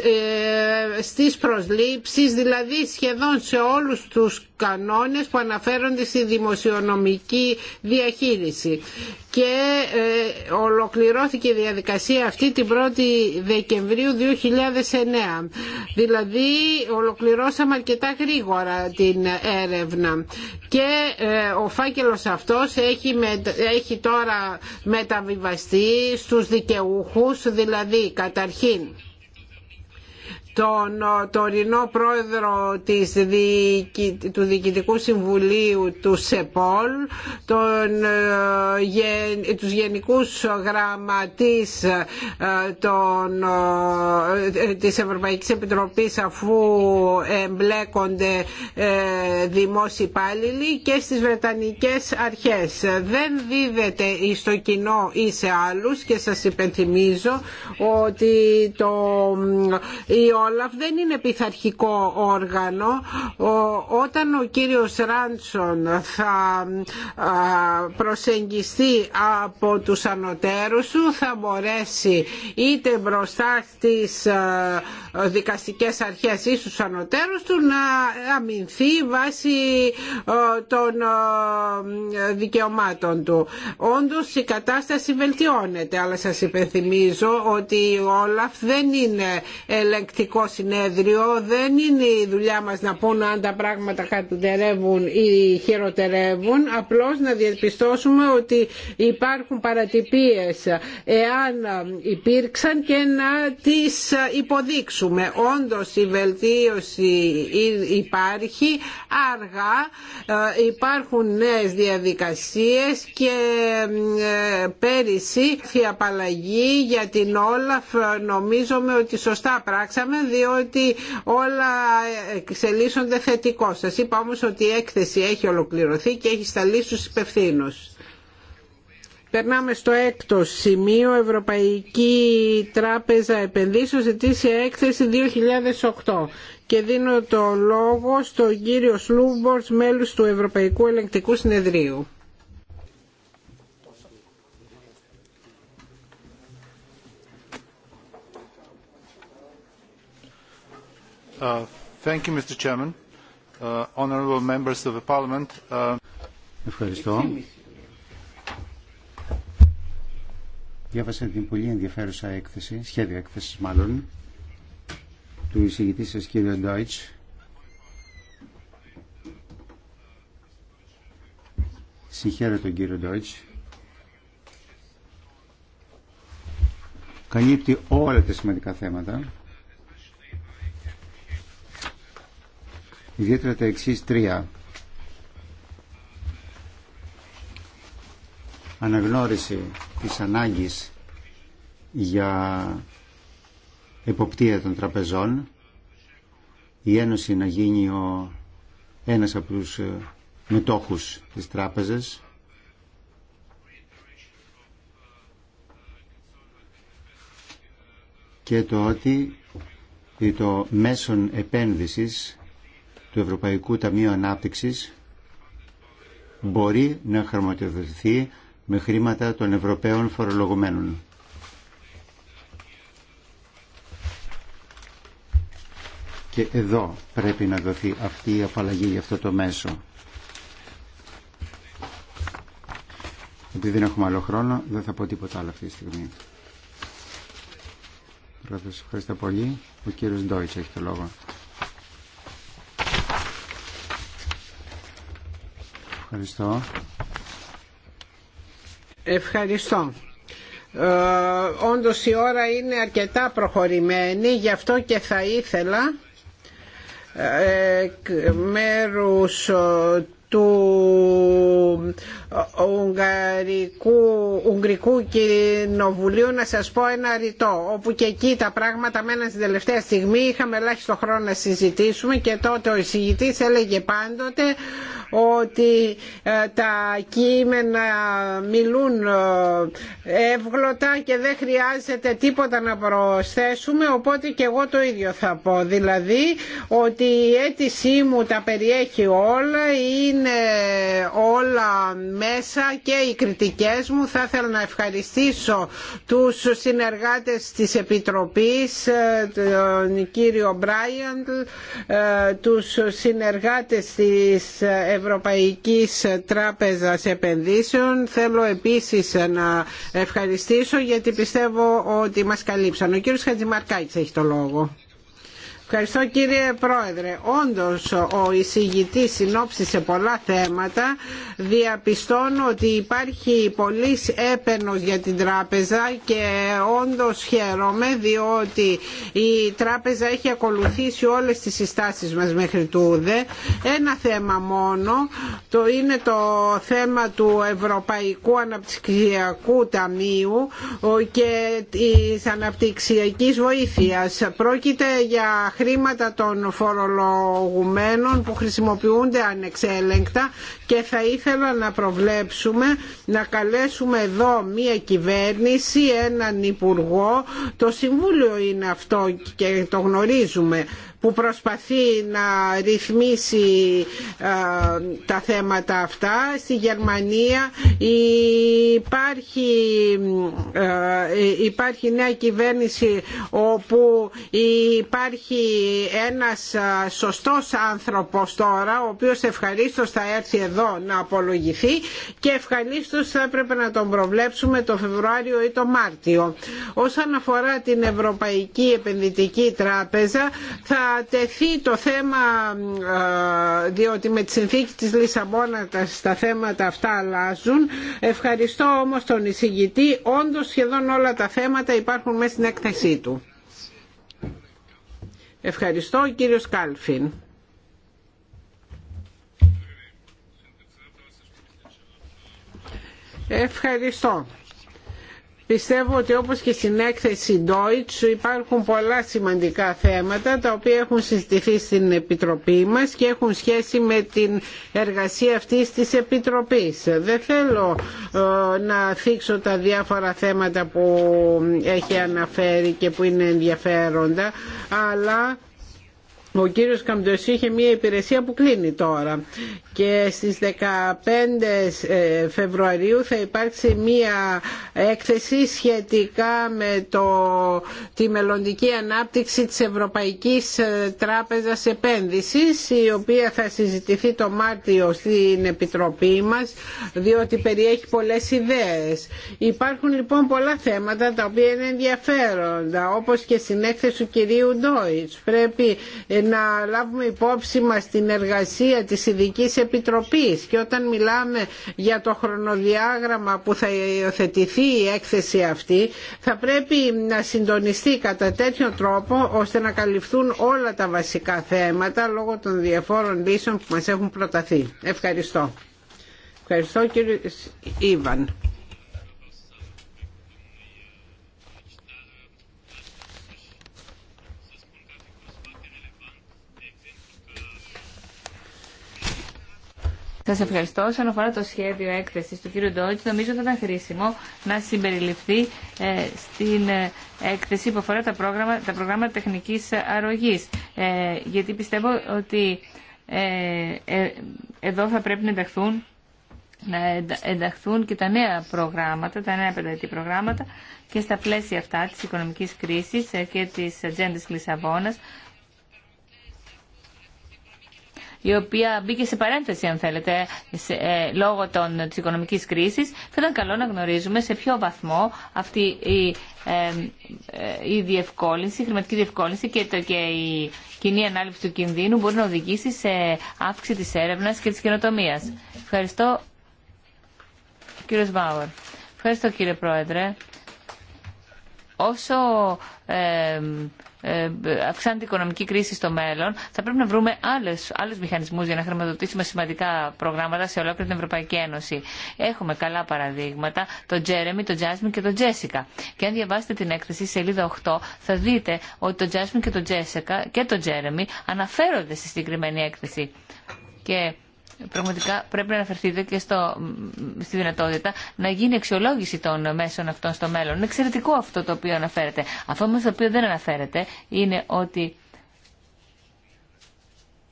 ε, στις προσλήψεις, δηλαδή σχεδόν σε όλους τους κανόνες που αναφέρονται στη δημοσιονομική διαχείριση και ε, ολοκληρώθηκε η διαδικασία αυτή την 1η Δεκεμβρίου 2009 δηλαδή ολοκληρώσαμε αρκετά γρήγορα την έρευνα και ε, ο φάκελος αυτός έχει, έχει τώρα μεταβιβαστεί στους δικαιούχους δηλαδή καταρχήν τον τωρινό πρόεδρο της, του Διοικητικού Συμβουλίου του ΣΕΠΟΛ, τον, ε, τους γενικούς γραμματείς ε, τον, ε, της Ευρωπαϊκής Επιτροπής αφού εμπλέκονται δημόσιοι υπάλληλοι και στις Βρετανικές αρχές. Δεν δίδεται στο κοινό ή σε άλλους και σας υπενθυμίζω ότι το, Όλαφ δεν είναι πειθαρχικό όργανο. Όταν ο κύριος Ράντσον θα προσεγγιστεί από τους ανωτέρους του θα μπορέσει είτε μπροστά στις δικαστικές αρχές ή στους ανωτέρους του να αμυνθεί βάσει των δικαιωμάτων του. Όντως η κατάσταση βελτιώνεται αλλά σας υπενθυμίζω ότι ο Όλαφ δεν είναι ελεγκτικό συνέδριο δεν είναι η δουλειά μας να πούν αν τα πράγματα κατουτερεύουν ή χειροτερεύουν απλώς να διαπιστώσουμε ότι υπάρχουν παρατυπίες εάν υπήρξαν και να τις υποδείξουμε όντως η βελτίωση υπάρχει αργά ε, υπάρχουν νέες διαδικασίες και ε, πέρυσι η απαλλαγή για την Όλαφ ε, νομίζουμε ότι σωστά πράξαμε διότι όλα εξελίσσονται θετικό. Σα είπα όμω ότι η έκθεση έχει ολοκληρωθεί και έχει σταλεί στους υπευθύνους. Περνάμε στο έκτο σημείο Ευρωπαϊκή Τράπεζα Επενδύσεων ζητήσει έκθεση 2008 και δίνω το λόγο στον κύριο Σλούμπορτ μέλο του Ευρωπαϊκού Ελεγκτικού Συνεδρίου. Uh, uh, Ευχαριστώ. Διάβασα την πολύ ενδιαφέρουσα έκθεση, σχέδιο έκθεσης μάλλον, του εισηγητή σας κύριο Ντόιτς. Συγχαίρω τον κύριο Ντόιτς. Καλύπτει όλα τα σημαντικά θέματα. ιδιαίτερα τα εξή τρία. Αναγνώριση της ανάγκης για εποπτεία των τραπεζών, η Ένωση να γίνει ο ένας από τους ε, μετόχους της τράπεζας, και το ότι το μέσον επένδυσης του Ευρωπαϊκού Ταμείου Ανάπτυξης μπορεί να χρηματοδοτηθεί με χρήματα των Ευρωπαίων φορολογουμένων. Και εδώ πρέπει να δοθεί αυτή η απαλλαγή για αυτό το μέσο. Επειδή δεν έχουμε άλλο χρόνο, δεν θα πω τίποτα άλλο αυτή τη στιγμή. Πρώτα, ευχαριστώ πολύ. Ο κύριος Ντόιτς έχει το λόγο. Ευχαριστώ. Ευχαριστώ. Ε, όντως η ώρα είναι αρκετά προχωρημένη, γι' αυτό και θα ήθελα μέρου ε, μέρους ε, του Ουγγαρικού, Ουγγρικού Κοινοβουλίου να σας πω ένα ρητό όπου και εκεί τα πράγματα μέναν στην τελευταία στιγμή είχαμε ελάχιστο χρόνο να συζητήσουμε και τότε ο εισηγητής έλεγε πάντοτε ότι ε, τα κείμενα μιλούν ε, εύγλωτα και δεν χρειάζεται τίποτα να προσθέσουμε οπότε και εγώ το ίδιο θα πω δηλαδή ότι η αίτησή μου τα περιέχει όλα είναι όλα μέσα και οι κριτικές μου θα ήθελα να ευχαριστήσω τους συνεργάτες της Επιτροπής ε, τον κύριο Μπράιαντ τους συνεργάτες της Ευρωπαϊκής Τράπεζας Επενδύσεων. Θέλω επίσης να ευχαριστήσω γιατί πιστεύω ότι μας καλύψαν. Ο κύριος Χατζημαρκάκης έχει το λόγο. Ευχαριστώ κύριε Πρόεδρε. Όντως ο εισηγητής συνόψισε πολλά θέματα. Διαπιστώνω ότι υπάρχει πολύ έπαινος για την τράπεζα και όντως χαίρομαι διότι η τράπεζα έχει ακολουθήσει όλες τις συστάσεις μας μέχρι τούδε. Ένα θέμα μόνο το είναι το θέμα του Ευρωπαϊκού Αναπτυξιακού Ταμείου και της αναπτυξιακής βοήθειας. Πρόκειται για χρήματα των φορολογουμένων που χρησιμοποιούνται ανεξέλεγκτα και θα ήθελα να προβλέψουμε να καλέσουμε εδώ μία κυβέρνηση, έναν υπουργό, το Συμβούλιο είναι αυτό και το γνωρίζουμε που προσπαθεί να ρυθμίσει ε, τα θέματα αυτά. Στη Γερμανία υπάρχει, ε, υπάρχει νέα κυβέρνηση όπου υπάρχει ένας ε, σωστός άνθρωπος τώρα ο οποίος ευχαρίστως θα έρθει εδώ να απολογηθεί και ευχαρίστως θα έπρεπε να τον προβλέψουμε το Φεβρουάριο ή το Μάρτιο. Όσον αφορά την Ευρωπαϊκή Επενδυτική Τράπεζα θα Ατεθεί το θέμα ε, διότι με τη συνθήκη της Λισαμπόνα τα θέματα αυτά αλλάζουν. Ευχαριστώ όμως τον εισηγητή. Όντως σχεδόν όλα τα θέματα υπάρχουν μέσα στην έκθεσή του. Ευχαριστώ κύριος Κάλφιν. Ευχαριστώ. Πιστεύω ότι όπως και στην έκθεση Deutsch υπάρχουν πολλά σημαντικά θέματα τα οποία έχουν συζητηθεί στην Επιτροπή μας και έχουν σχέση με την εργασία αυτής της Επιτροπής. Δεν θέλω ε, να θίξω τα διάφορα θέματα που έχει αναφέρει και που είναι ενδιαφέροντα αλλά ο κύριος Καμπτωσίου είχε μια υπηρεσία που κλείνει τώρα και στις 15 ε, Φεβρουαρίου θα υπάρξει μια έκθεση σχετικά με το, τη μελλοντική ανάπτυξη της Ευρωπαϊκής ε, Τράπεζας Επένδυσης η οποία θα συζητηθεί το Μάρτιο στην Επιτροπή μας διότι περιέχει πολλές ιδέες. Υπάρχουν λοιπόν πολλά θέματα τα οποία είναι ενδιαφέροντα όπως και στην έκθεση του κυρίου Ντόιτς. Πρέπει ε, να λάβουμε υπόψη μας την εργασία της ειδική Επιτροπής και όταν μιλάμε για το χρονοδιάγραμμα που θα υιοθετηθεί η έκθεση αυτή θα πρέπει να συντονιστεί κατά τέτοιο τρόπο ώστε να καλυφθούν όλα τα βασικά θέματα λόγω των διαφόρων λύσεων που μας έχουν προταθεί. Ευχαριστώ. Ευχαριστώ κύριε Ήβαν. Σα ευχαριστώ. σε αφορά το σχέδιο έκθεση του κύριου Ντόιτς, νομίζω θα ήταν χρήσιμο να συμπεριληφθεί ε, στην ε, έκθεση που αφορά τα, πρόγραμμα, τα προγράμματα τεχνικής αρρωγής. Ε, γιατί πιστεύω ότι εδώ θα πρέπει να ενταχθούν να και τα νέα προγράμματα, τα νέα πενταετή προγράμματα και στα πλαίσια αυτά της οικονομικής κρίσης και της Ατζέντα Λισαβόνας η οποία μπήκε σε παρένθεση, αν θέλετε, ε, λόγω των, της οικονομικής κρίσης, θα ήταν καλό να γνωρίζουμε σε ποιο βαθμό αυτή η, ε, ε, η διευκόλυνση, η χρηματική διευκόλυνση και, το, και η κοινή ανάληψη του κινδύνου μπορεί να οδηγήσει σε αύξηση της έρευνας και της καινοτομία. Ευχαριστώ, κύριος Ευχαριστώ, κύριε Πρόεδρε. Όσο... Ε, αυξάνεται η οικονομική κρίση στο μέλλον, θα πρέπει να βρούμε άλλου μηχανισμού για να χρηματοδοτήσουμε σημαντικά προγράμματα σε ολόκληρη την Ευρωπαϊκή Ένωση. Έχουμε καλά παραδείγματα, τον Τζέρεμι, τον Τζάσμιν και τον Τζέσικα. Και αν διαβάσετε την έκθεση, σελίδα 8, θα δείτε ότι τον Τζάσμιν και τον Τζέσικα και τον Τζέρεμι αναφέρονται στη συγκεκριμένη έκθεση. Και πραγματικά πρέπει να αναφερθείτε και στο, στη δυνατότητα να γίνει αξιολόγηση των μέσων αυτών στο μέλλον. Είναι εξαιρετικό αυτό το οποίο αναφέρεται. Αυτό όμω το οποίο δεν αναφέρεται είναι ότι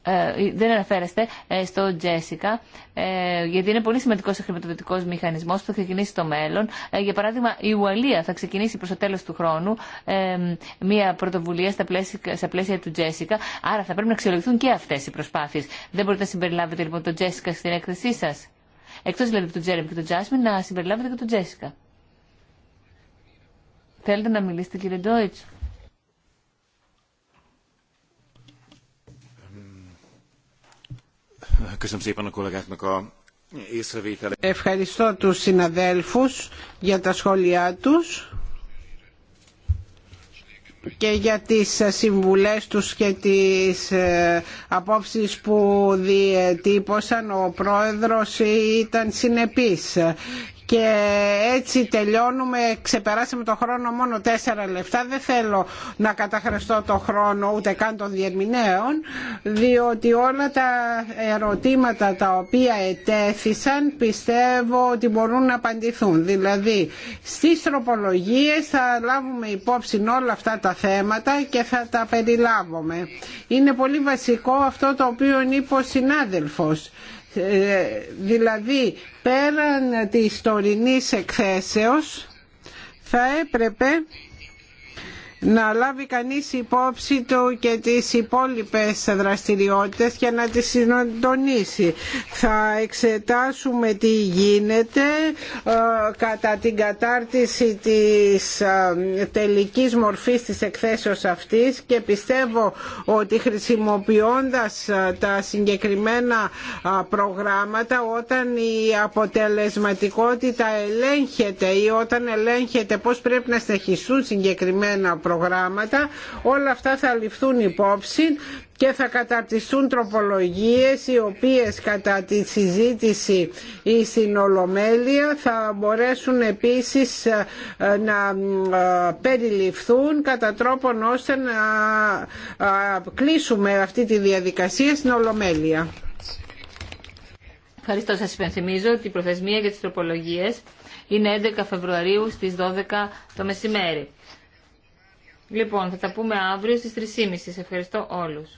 ε, δεν αναφέρεστε ε, στο Τζέσικα, ε, γιατί είναι πολύ σημαντικό ο χρηματοδοτικό μηχανισμό που θα ξεκινήσει στο μέλλον. για παράδειγμα, η Ουαλία θα ξεκινήσει προ το τέλο του χρόνου μια πρωτοβουλία στα πλαίσια, στα πλαίσια του Τζέσικα. Άρα θα πρέπει να αξιολογηθούν και αυτέ οι προσπάθειε. Δεν μπορείτε να συμπεριλάβετε λοιπόν το Τζέσικα στην έκθεσή σα. Εκτό δηλαδή του Τζέρεμ και του Τζάσμιν, να συμπεριλάβετε και το Τζέσικα. Θέλετε να μιλήσετε κύριε Ντόιτ. Ευχαριστώ τους συναδέλφους για τα σχόλιά τους και για τις συμβουλές τους και τις ε, απόψεις που διετύπωσαν ο πρόεδρος ήταν συνεπής και έτσι τελειώνουμε, ξεπεράσαμε το χρόνο μόνο τέσσερα λεπτά. Δεν θέλω να καταχρεστώ το χρόνο ούτε καν των διερμηνέων, διότι όλα τα ερωτήματα τα οποία ετέθησαν πιστεύω ότι μπορούν να απαντηθούν. Δηλαδή, στις τροπολογίες θα λάβουμε υπόψη όλα αυτά τα θέματα και θα τα περιλάβουμε. Είναι πολύ βασικό αυτό το οποίο είπε ο συνάδελφος δηλαδή πέραν της τωρινής εκθέσεως θα έπρεπε να λάβει κανείς υπόψη του και τις υπόλοιπες δραστηριότητες και να τις συντονίσει. Θα εξετάσουμε τι γίνεται ε, κατά την κατάρτιση της ε, τελικής μορφής της εκθέσεως αυτής και πιστεύω ότι χρησιμοποιώντας ε, τα συγκεκριμένα προγράμματα όταν η αποτελεσματικότητα ελέγχεται ή όταν ελέγχεται πώς πρέπει να συνεχιστούν συγκεκριμένα προγράμματα προγράμματα. Όλα αυτά θα ληφθούν υπόψη και θα καταρτιστούν τροπολογίες οι οποίες κατά τη συζήτηση ή στην Ολομέλεια θα μπορέσουν επίσης ε, να ε, περιληφθούν κατά τρόπον ώστε να ε, κλείσουμε αυτή τη διαδικασία στην Ολομέλεια. Ευχαριστώ. Σας υπενθυμίζω ότι η προθεσμία για τις τροπολογίες είναι 11 Φεβρουαρίου στις 12 το μεσημέρι. Λοιπόν, θα τα πούμε αύριο στις 3.30. Ευχαριστώ όλους.